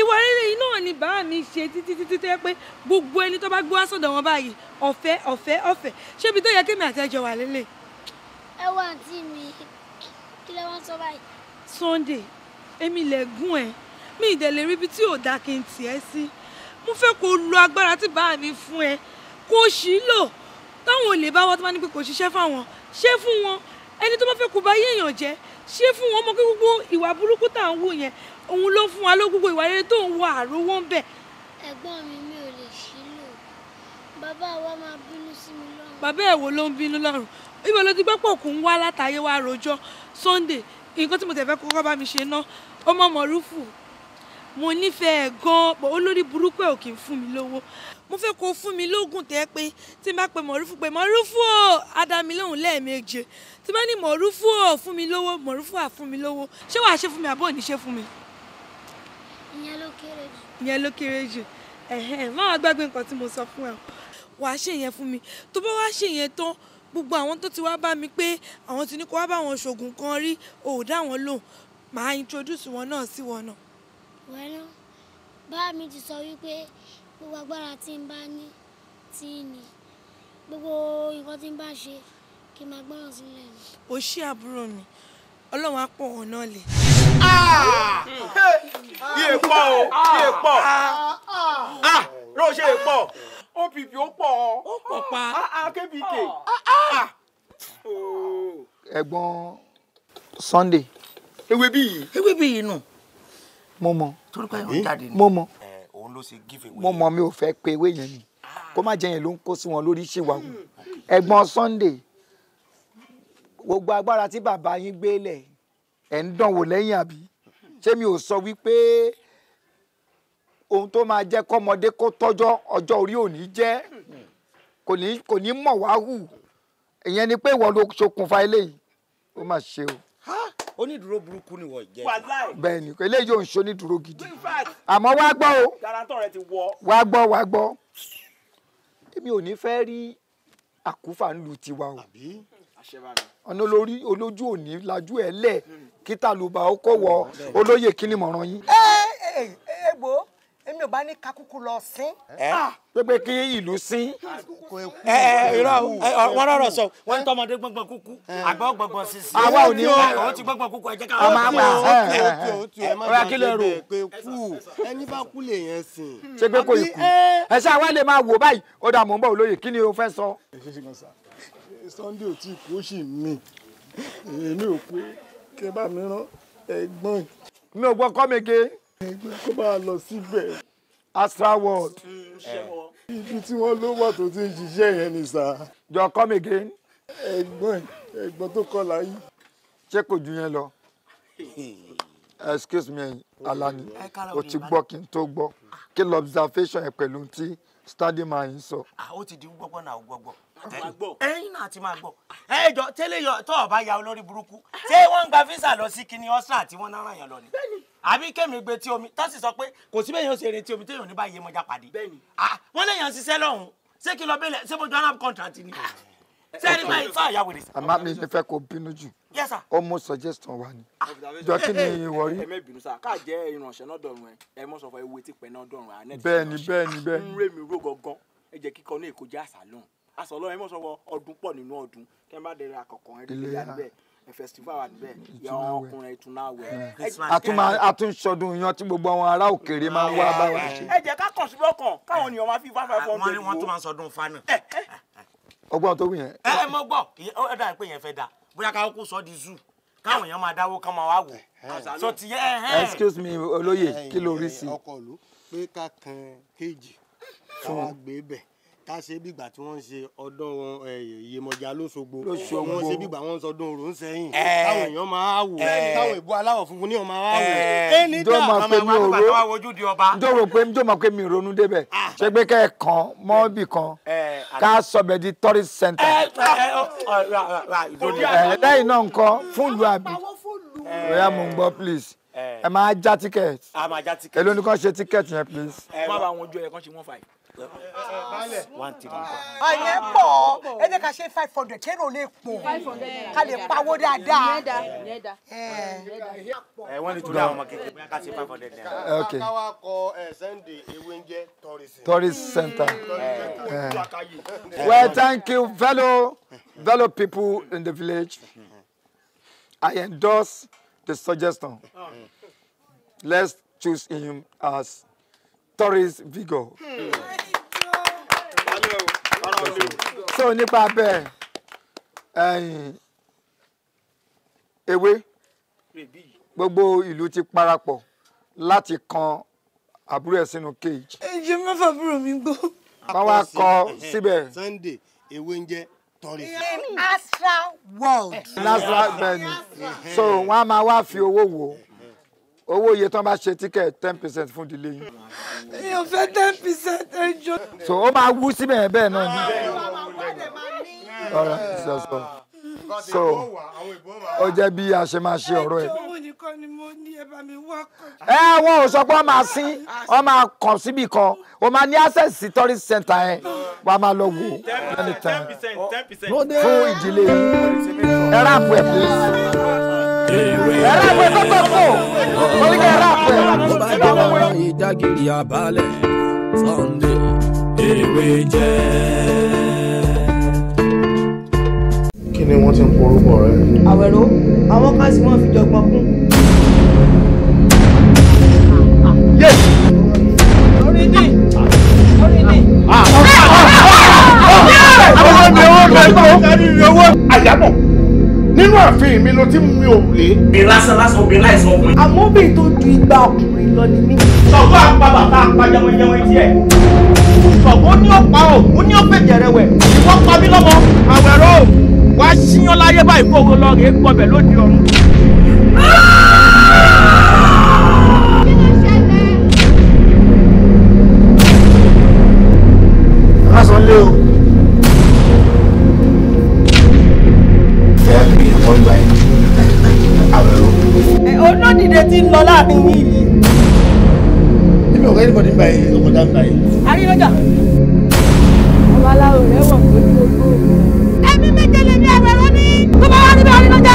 ìwà rere yìí náà ni bàá mi ṣe títí títí tó yẹ pé gbogbo ẹni tó bá gbé wá sọ́dọ̀ wọn báyìí ọ̀fẹ́ ọ̀fẹ́ ọ̀fẹ́ ṣébi tó yẹ kémi àtẹ́jọ wà lélẹ̀. ẹ wá àǹtí mi kí lẹ wọn sọ báyìí. Sunday èmi lè gún ẹ mi ìdẹ̀lẹ̀ ríbi tí ò dáa kí n tì ẹ́ sí mo fẹ́ kó lo agbára tí bàá mi fún ẹ kó ṣì lò táwọn olè bá wá tó bá ní pé kò ṣiṣẹ́ fáwọn ṣé fún wọn ẹni tó bá fẹ́ kó bá yé èèyàn jẹ́ ṣé fún wọn mọ pé gbogbo ìwà burúkú tá à ń wò yẹn òun ló fún wa ló gbogbo ìwà rere tó ń wo àròwọ́ ń bẹ̀. ẹ̀gbọ́n mi mi ò lè ṣílò bàbá wa máa bínú sí mi lọ́rùn. bàbá ẹ̀ wo ló ń bínú lọ́rùn ibà ló ti gbọ́ pọ̀ kó ń wá látàyè wa rojọ́ Sunday nǹkan tí mo tẹ̀ fẹ́ kó kọ́ bá mi ṣe ná ọmọ mọ̀rúfù mo nífẹ̀ẹ́ gan pọ̀ olórí burúkú ẹ̀ ò kì í fún mi lówó mo fẹ́ kó fún mi lóògùn tẹ́ pé tí n bá pe mọ̀rúfù pé mọ̀rúfù o adami lóhùn lẹ́ẹ̀meje tí n bá ní mọ̀rúfù o fún mi lówó mọ̀rúfù à fún mi lówó ṣé wàá ṣe fún mi àbọ̀ ò ní ṣe fún mi. ìyẹn ló kéré jù. ìyẹn ló kéré jù máa gbàgbé nǹkan tí mo sọ fún ẹ wàá ṣe yẹn fún mi tó bá wàá ṣe yẹn tán gbogbo àwọn tó ti wá bá mi pé àwọn ti ní kó wá bá àwọn ṣògùn kan rí òòdà wọn lò máa introduce wọn náà sí wọn náà wẹ́rán bá mi ti sọ wípé gbogbo agbára tí n bá ní tí ní gbogbo nǹkan tí n bá ṣe kí n máa gbọ́ràn sílẹ̀ ni. o ṣí àbúrò mi ọlọ́run á pọ̀ wọn náà lè. bí èpọ̀ e o bí èpọ̀ e rọ́ọ̀ṣẹ́ ah. ah, èpọ̀ opp ó pọ̀ ó pọ̀ pa kbk. Ah, ẹ̀gbọ́n Sunday. ewé bí yìí. ewé bí yìí nù. No mo mọ mo mọ mo mọ mi ò fẹ́ pe ewé yẹn ni kó má jẹ́ yẹn ló ń kó sí wọn lórí ṣèwàwù ẹ̀gbọ́n Sunday gbogbo agbára tí bàbá yín gbé lẹ̀ ẹ̀ ń dánwò lẹ́yìn àbí ṣé mi ò sọ wípé ohun tó máa jẹ́ kọ́mọdé kó tọ́jọ́ ọjọ́ orí òní jẹ́ kò ní kò ní mọ̀ wá hù ìyẹn ni pé ìwọ ló ṣokùnfà eléyìí ó mà ṣe o onídùúró burúkú ni wọ́n jẹ́. bẹ́ẹ̀ ni eléyìí yóò ń ṣe onídùúró gidi àmọ́ wá gbọ́ o wá gbọ́ wá gbọ́ èmi ò ní fẹ́ rí àkúfà ń lu tiwa o ọ̀nà olórí olójú òní lajú ẹ̀ lẹ̀ kíta ló bá ó kọ̀ wọ olóyè kínímọ̀ràn yín. ẹ ẹ ẹ gbòó èmi ò bá ní kakúkú lọ sín. ẹ ah! pépé kí ìlú sín. ẹ ẹ irọ́ wọn rọrọ sọ wọn ń tọmọdé gbọngbọn kúkú àgbà gbọngbọn sísí. àwa ò ní wá àwọn ti gbọngbọn kúkú ẹ jẹ káwọn. ọmọ àgbà ẹ ẹ ọ̀rọ̀ akílẹ̀ rò. ẹni bá kú lè yẹn sìn. ṣé pé kò ì kú ẹ ṣe àwa lè máa wò báyìí ó dà mọ́ ń bọ̀ olóyè kí ni o fẹ́ sọ. Sunday ò tí kú ó sì mí èmi ò kú kẹ bá mi rán ẹgbẹ́ kó bá a lọ síbẹ̀ Astra World ibi tí wọ́n ló wà tó ti ń ṣiṣẹ́ yẹn ni sà. jọ come again. ẹ̀gbọ́n ẹ̀gbọ́n tó kọ láyé. ṣé kò ju yẹn lọ excuse me Alani o ti gbọ́ kí n tó gbọ́ kí lọ observation ẹ pẹ̀lú ti stadium ayin sọ. ó ti di gbọ́gbọ́ náà gbọ́gbọ́ ẹyin náà ti máa gbọ́ ẹ jọ tẹ́lẹ̀ yọ tó ọba ya olórí burúkú ṣé wọ́n ń gba físà lọ sí kíní Australia tí wọ́n náà ràn yàn lọ ni àbí kẹ́mi gbé tí omi tọ́sí sọ pé kò sí bẹ́yìn òṣèré tí omi téèyàn ní báyìí mọ́jà pàdé. bẹ́ẹ̀ni. wọ́n léèyàn ṣiṣẹ́ lọ́hùn ṣé kí lọ bẹ́lẹ̀ ṣé mo jọ anam contract ni. sẹ́ni ah. báyìí fún àyàwó rẹ̀. àmọ́ mi ní fẹ́ kó bínú jù. ọmọ suggestion wa ni. Ah. jọ kí ni ìwọ rí. ẹ mẹ́ sá ká jẹ́ ìrànṣẹ́ náà dọ̀rùn ẹ ẹ mọ́ sọ fún ẹ. bẹ́ẹ̀ni bẹ́ẹ̀ni ah, bẹ́ẹ̀ni. náà èkó ẹ festival àdìbẹ yẹ ọkùnrin ìtúná àtúnṣọdún yan tí gbogbo àwọn ará òkèèrè máa ń wá bá wa. ẹ jẹ́ ká kàn sí lọ́kàn káwọn ènìyàn máa fi fáfá fọ́ ọ́n bẹ̀rù. wọ́n tún máa ń sọdún fa náà. ọgbọ́n tó wù yẹn. ẹ ẹ mọ gbọ́ ọ dà pé yẹn fẹ́ da bóyá káwọn kò sọ di zoo káwọn èèyàn máa dáwó kán máa wá wò. sọ ti yẹ ẹ. excuse me olóyè kí ló rí sí i. ọkọ ìlú pé ká kan kéèjì káwá gbé bẹ́ẹ̀ ká ṣe bí ìgbà tí wọ́n ń ṣe ọdún wọn Yemọja lóṣogbo wọ́n ṣe bí wọ́n ń sọdún òrò ń sẹ́yìn táwọn èèyàn máa wò táwọn èèbó aláwọ̀ funfun ní ọmọ wa wò. ẹni dá àwọn ọmọ wa wà wojú di ọba. dọ́wọ́ ah. pé mi dọ́mọ̀ pé mi ronú débẹ̀ ṣé kẹ́ ẹ̀ kan mọ́ bì kan ká sọbẹ̀ di tourist center. lẹ́yìn náà nǹkan fún ìlú àbí ọ̀yà mò ń gbọ́ please ẹ máa já ticket èló ni kàn ṣe ticket yẹn please. má bàa wọn ojú ẹ kàn ṣe one five one three. àyẹ̀ ah, ah, pọ̀ ẹ jẹ́ ká ṣe five hundred kẹ́rò lè pọ̀ ká lè pawó dáadáa. ẹ wọ́n lè tura àwọn ọmọ kékeré bóyá ká ṣe five hundred naira. ok káwá kọ Sunday Ewenje tourism. tourist center. Eh, eh. well thank you fellow fellow people in the village I endorse the suggestion let's choose him as tourist vigor. Hmm so nípa bẹ́ẹ̀ ewé gbogbo ìlú ti parapọ̀ láti kan àbúrò ẹ̀ sínú cage. ẹ̀jẹ̀ mẹ́fà búrò mi gbó. wọ́n wá kọ síbẹ̀. Sunday ewé ń jẹ́ tọ́lẹ̀. in Astra world. in Astra so wọ́n á máa wá fi owó wò ó owó iye tán bá ṣe tíkẹ̀ ten percent fún ìdílé yín. èèyàn fẹ́ ten percent ẹjọ́. so ó máa wú síbẹ̀ bẹ́ẹ̀ náà ni. ọ̀rọ̀ ìṣẹ̀ṣọ. so ó jẹ́ bí a ṣe máa ṣe ọ̀rọ̀ ẹ̀. ẹ wọn ò sọ pé ọ máa sín ọ máa kàn síbì kan o máa ní access sí tourist center yẹn wà á máa lọ wò anytime fún ìdílé ẹ ráàpù ẹ please ẹ̀rẹ́gbẹ́ tọ́tọ̀ kò oríkẹ́ ẹ̀rẹ́gbẹ́. ó bá dọ̀rọ̀ ìdágìrì àbálẹ̀ Sunday ewé jẹ́. kí ni wọ́n ti ń porúkọ rẹ. àwẹ̀rọ àwọn kan sì wọ́n fi jọgbọ́n kún. yes. orí ni orí ni. àwọn ọmọ mi owó mi owó. àyàbọ̀ nínú ààfin mi ló ti mi ò lé. bí lásán lásán obìnrin láìsàn ọkùnrin. àmọ́ obìnrin tó ju igba ọkùnrin lọ ni mí. ṣọ̀gbọ́n àpá bàbá àpá jẹmọ́jẹmọ́ tiẹ̀. ṣọ̀gbọ́n ní ọ̀pá o ó ní ọ̀pẹ̀jẹ̀ rẹ wẹ̀ ìwọ pa mí lọ́mọ. àwẹ̀rọ o wàá ṣíyán láyé báyìí kó o lọ rèé gbọbẹ̀ lóde ọ̀run. lásán lé o. mi yìí ni. èmi ò rẹ́ni bọ̀dé báyìí ọkọ̀ dá báyìí. àríyànjọ. ọba aláwọ̀ rẹ̀ wọ̀ tó ní ogbó. ẹbí méje lè ní ẹgbẹ̀rún ní. tó bá wá níbi àríyànjọ.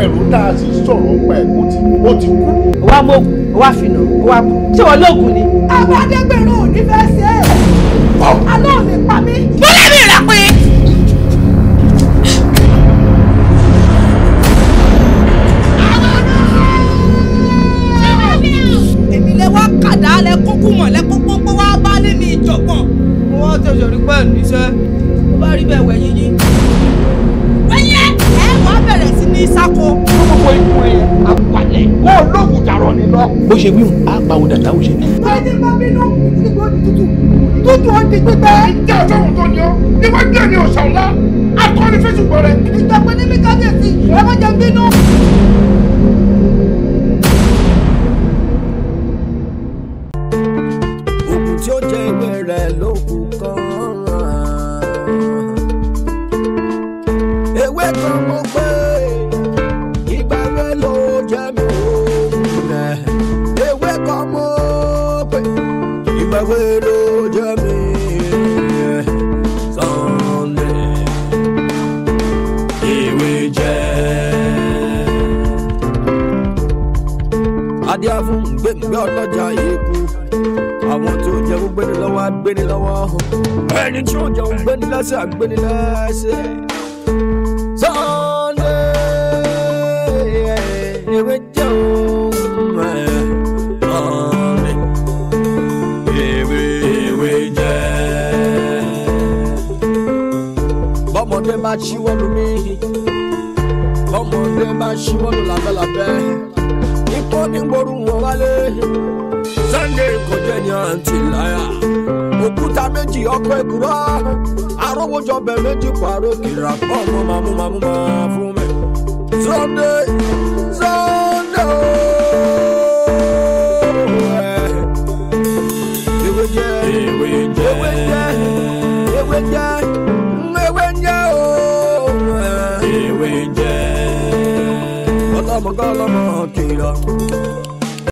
ẹ̀rú tá a sì sọ̀rọ̀ pẹ̀lú ti kú. wàá mọ̀ ó wá fi nà ó wá bù ṣé wọn lóògùn ni. àwọn adẹ́gbẹ̀rún ò ní fẹ́ ṣe é. àlọ́ ò pa mí. bọ́lá mi rà pé. bó ṣe wíwù á pa òun dàtà òṣè ni. wáyé bá bínú nígbà òdì tútù tútù òdì gbígbẹ. ìjà ọlọ́run tó ní ọ níwájú ẹni ọ̀sà ọ̀la akọni fẹsùn gbọrẹ. ìtọ́pẹ́ nílé kábíyèsí ẹ má bínú. lẹ́sẹ̀ àgbéni lẹ́sẹ̀. Sunday èrè jẹ́ òun ọ̀rọ̀ mi. Èrè èrè jẹ́. Bọ́mọdé bá ṣíwọ́ lu mí. Bọ́mọdé bá ṣíwọ́ lu lábẹ́lábẹ́. Ikọ́ ní gbóru wọn wálé. Sunday kò jẹ́ àǹtí láyà. Òkúta méjì ọkọ̀ èkúrọ́ kówó jọ bẹ méjì pàrọ̀ kìrà ọmọ màmú màmú máa fún mi. Sunday Sunday ooo. Oh. Ewé jẹ́ ewé jẹ́ ewé jẹ́ ewé jẹ́ ewé jẹ́ ooo. Ewé jẹ́. Oh. Ọlọ́mọ kọ́ ọlọ́mọ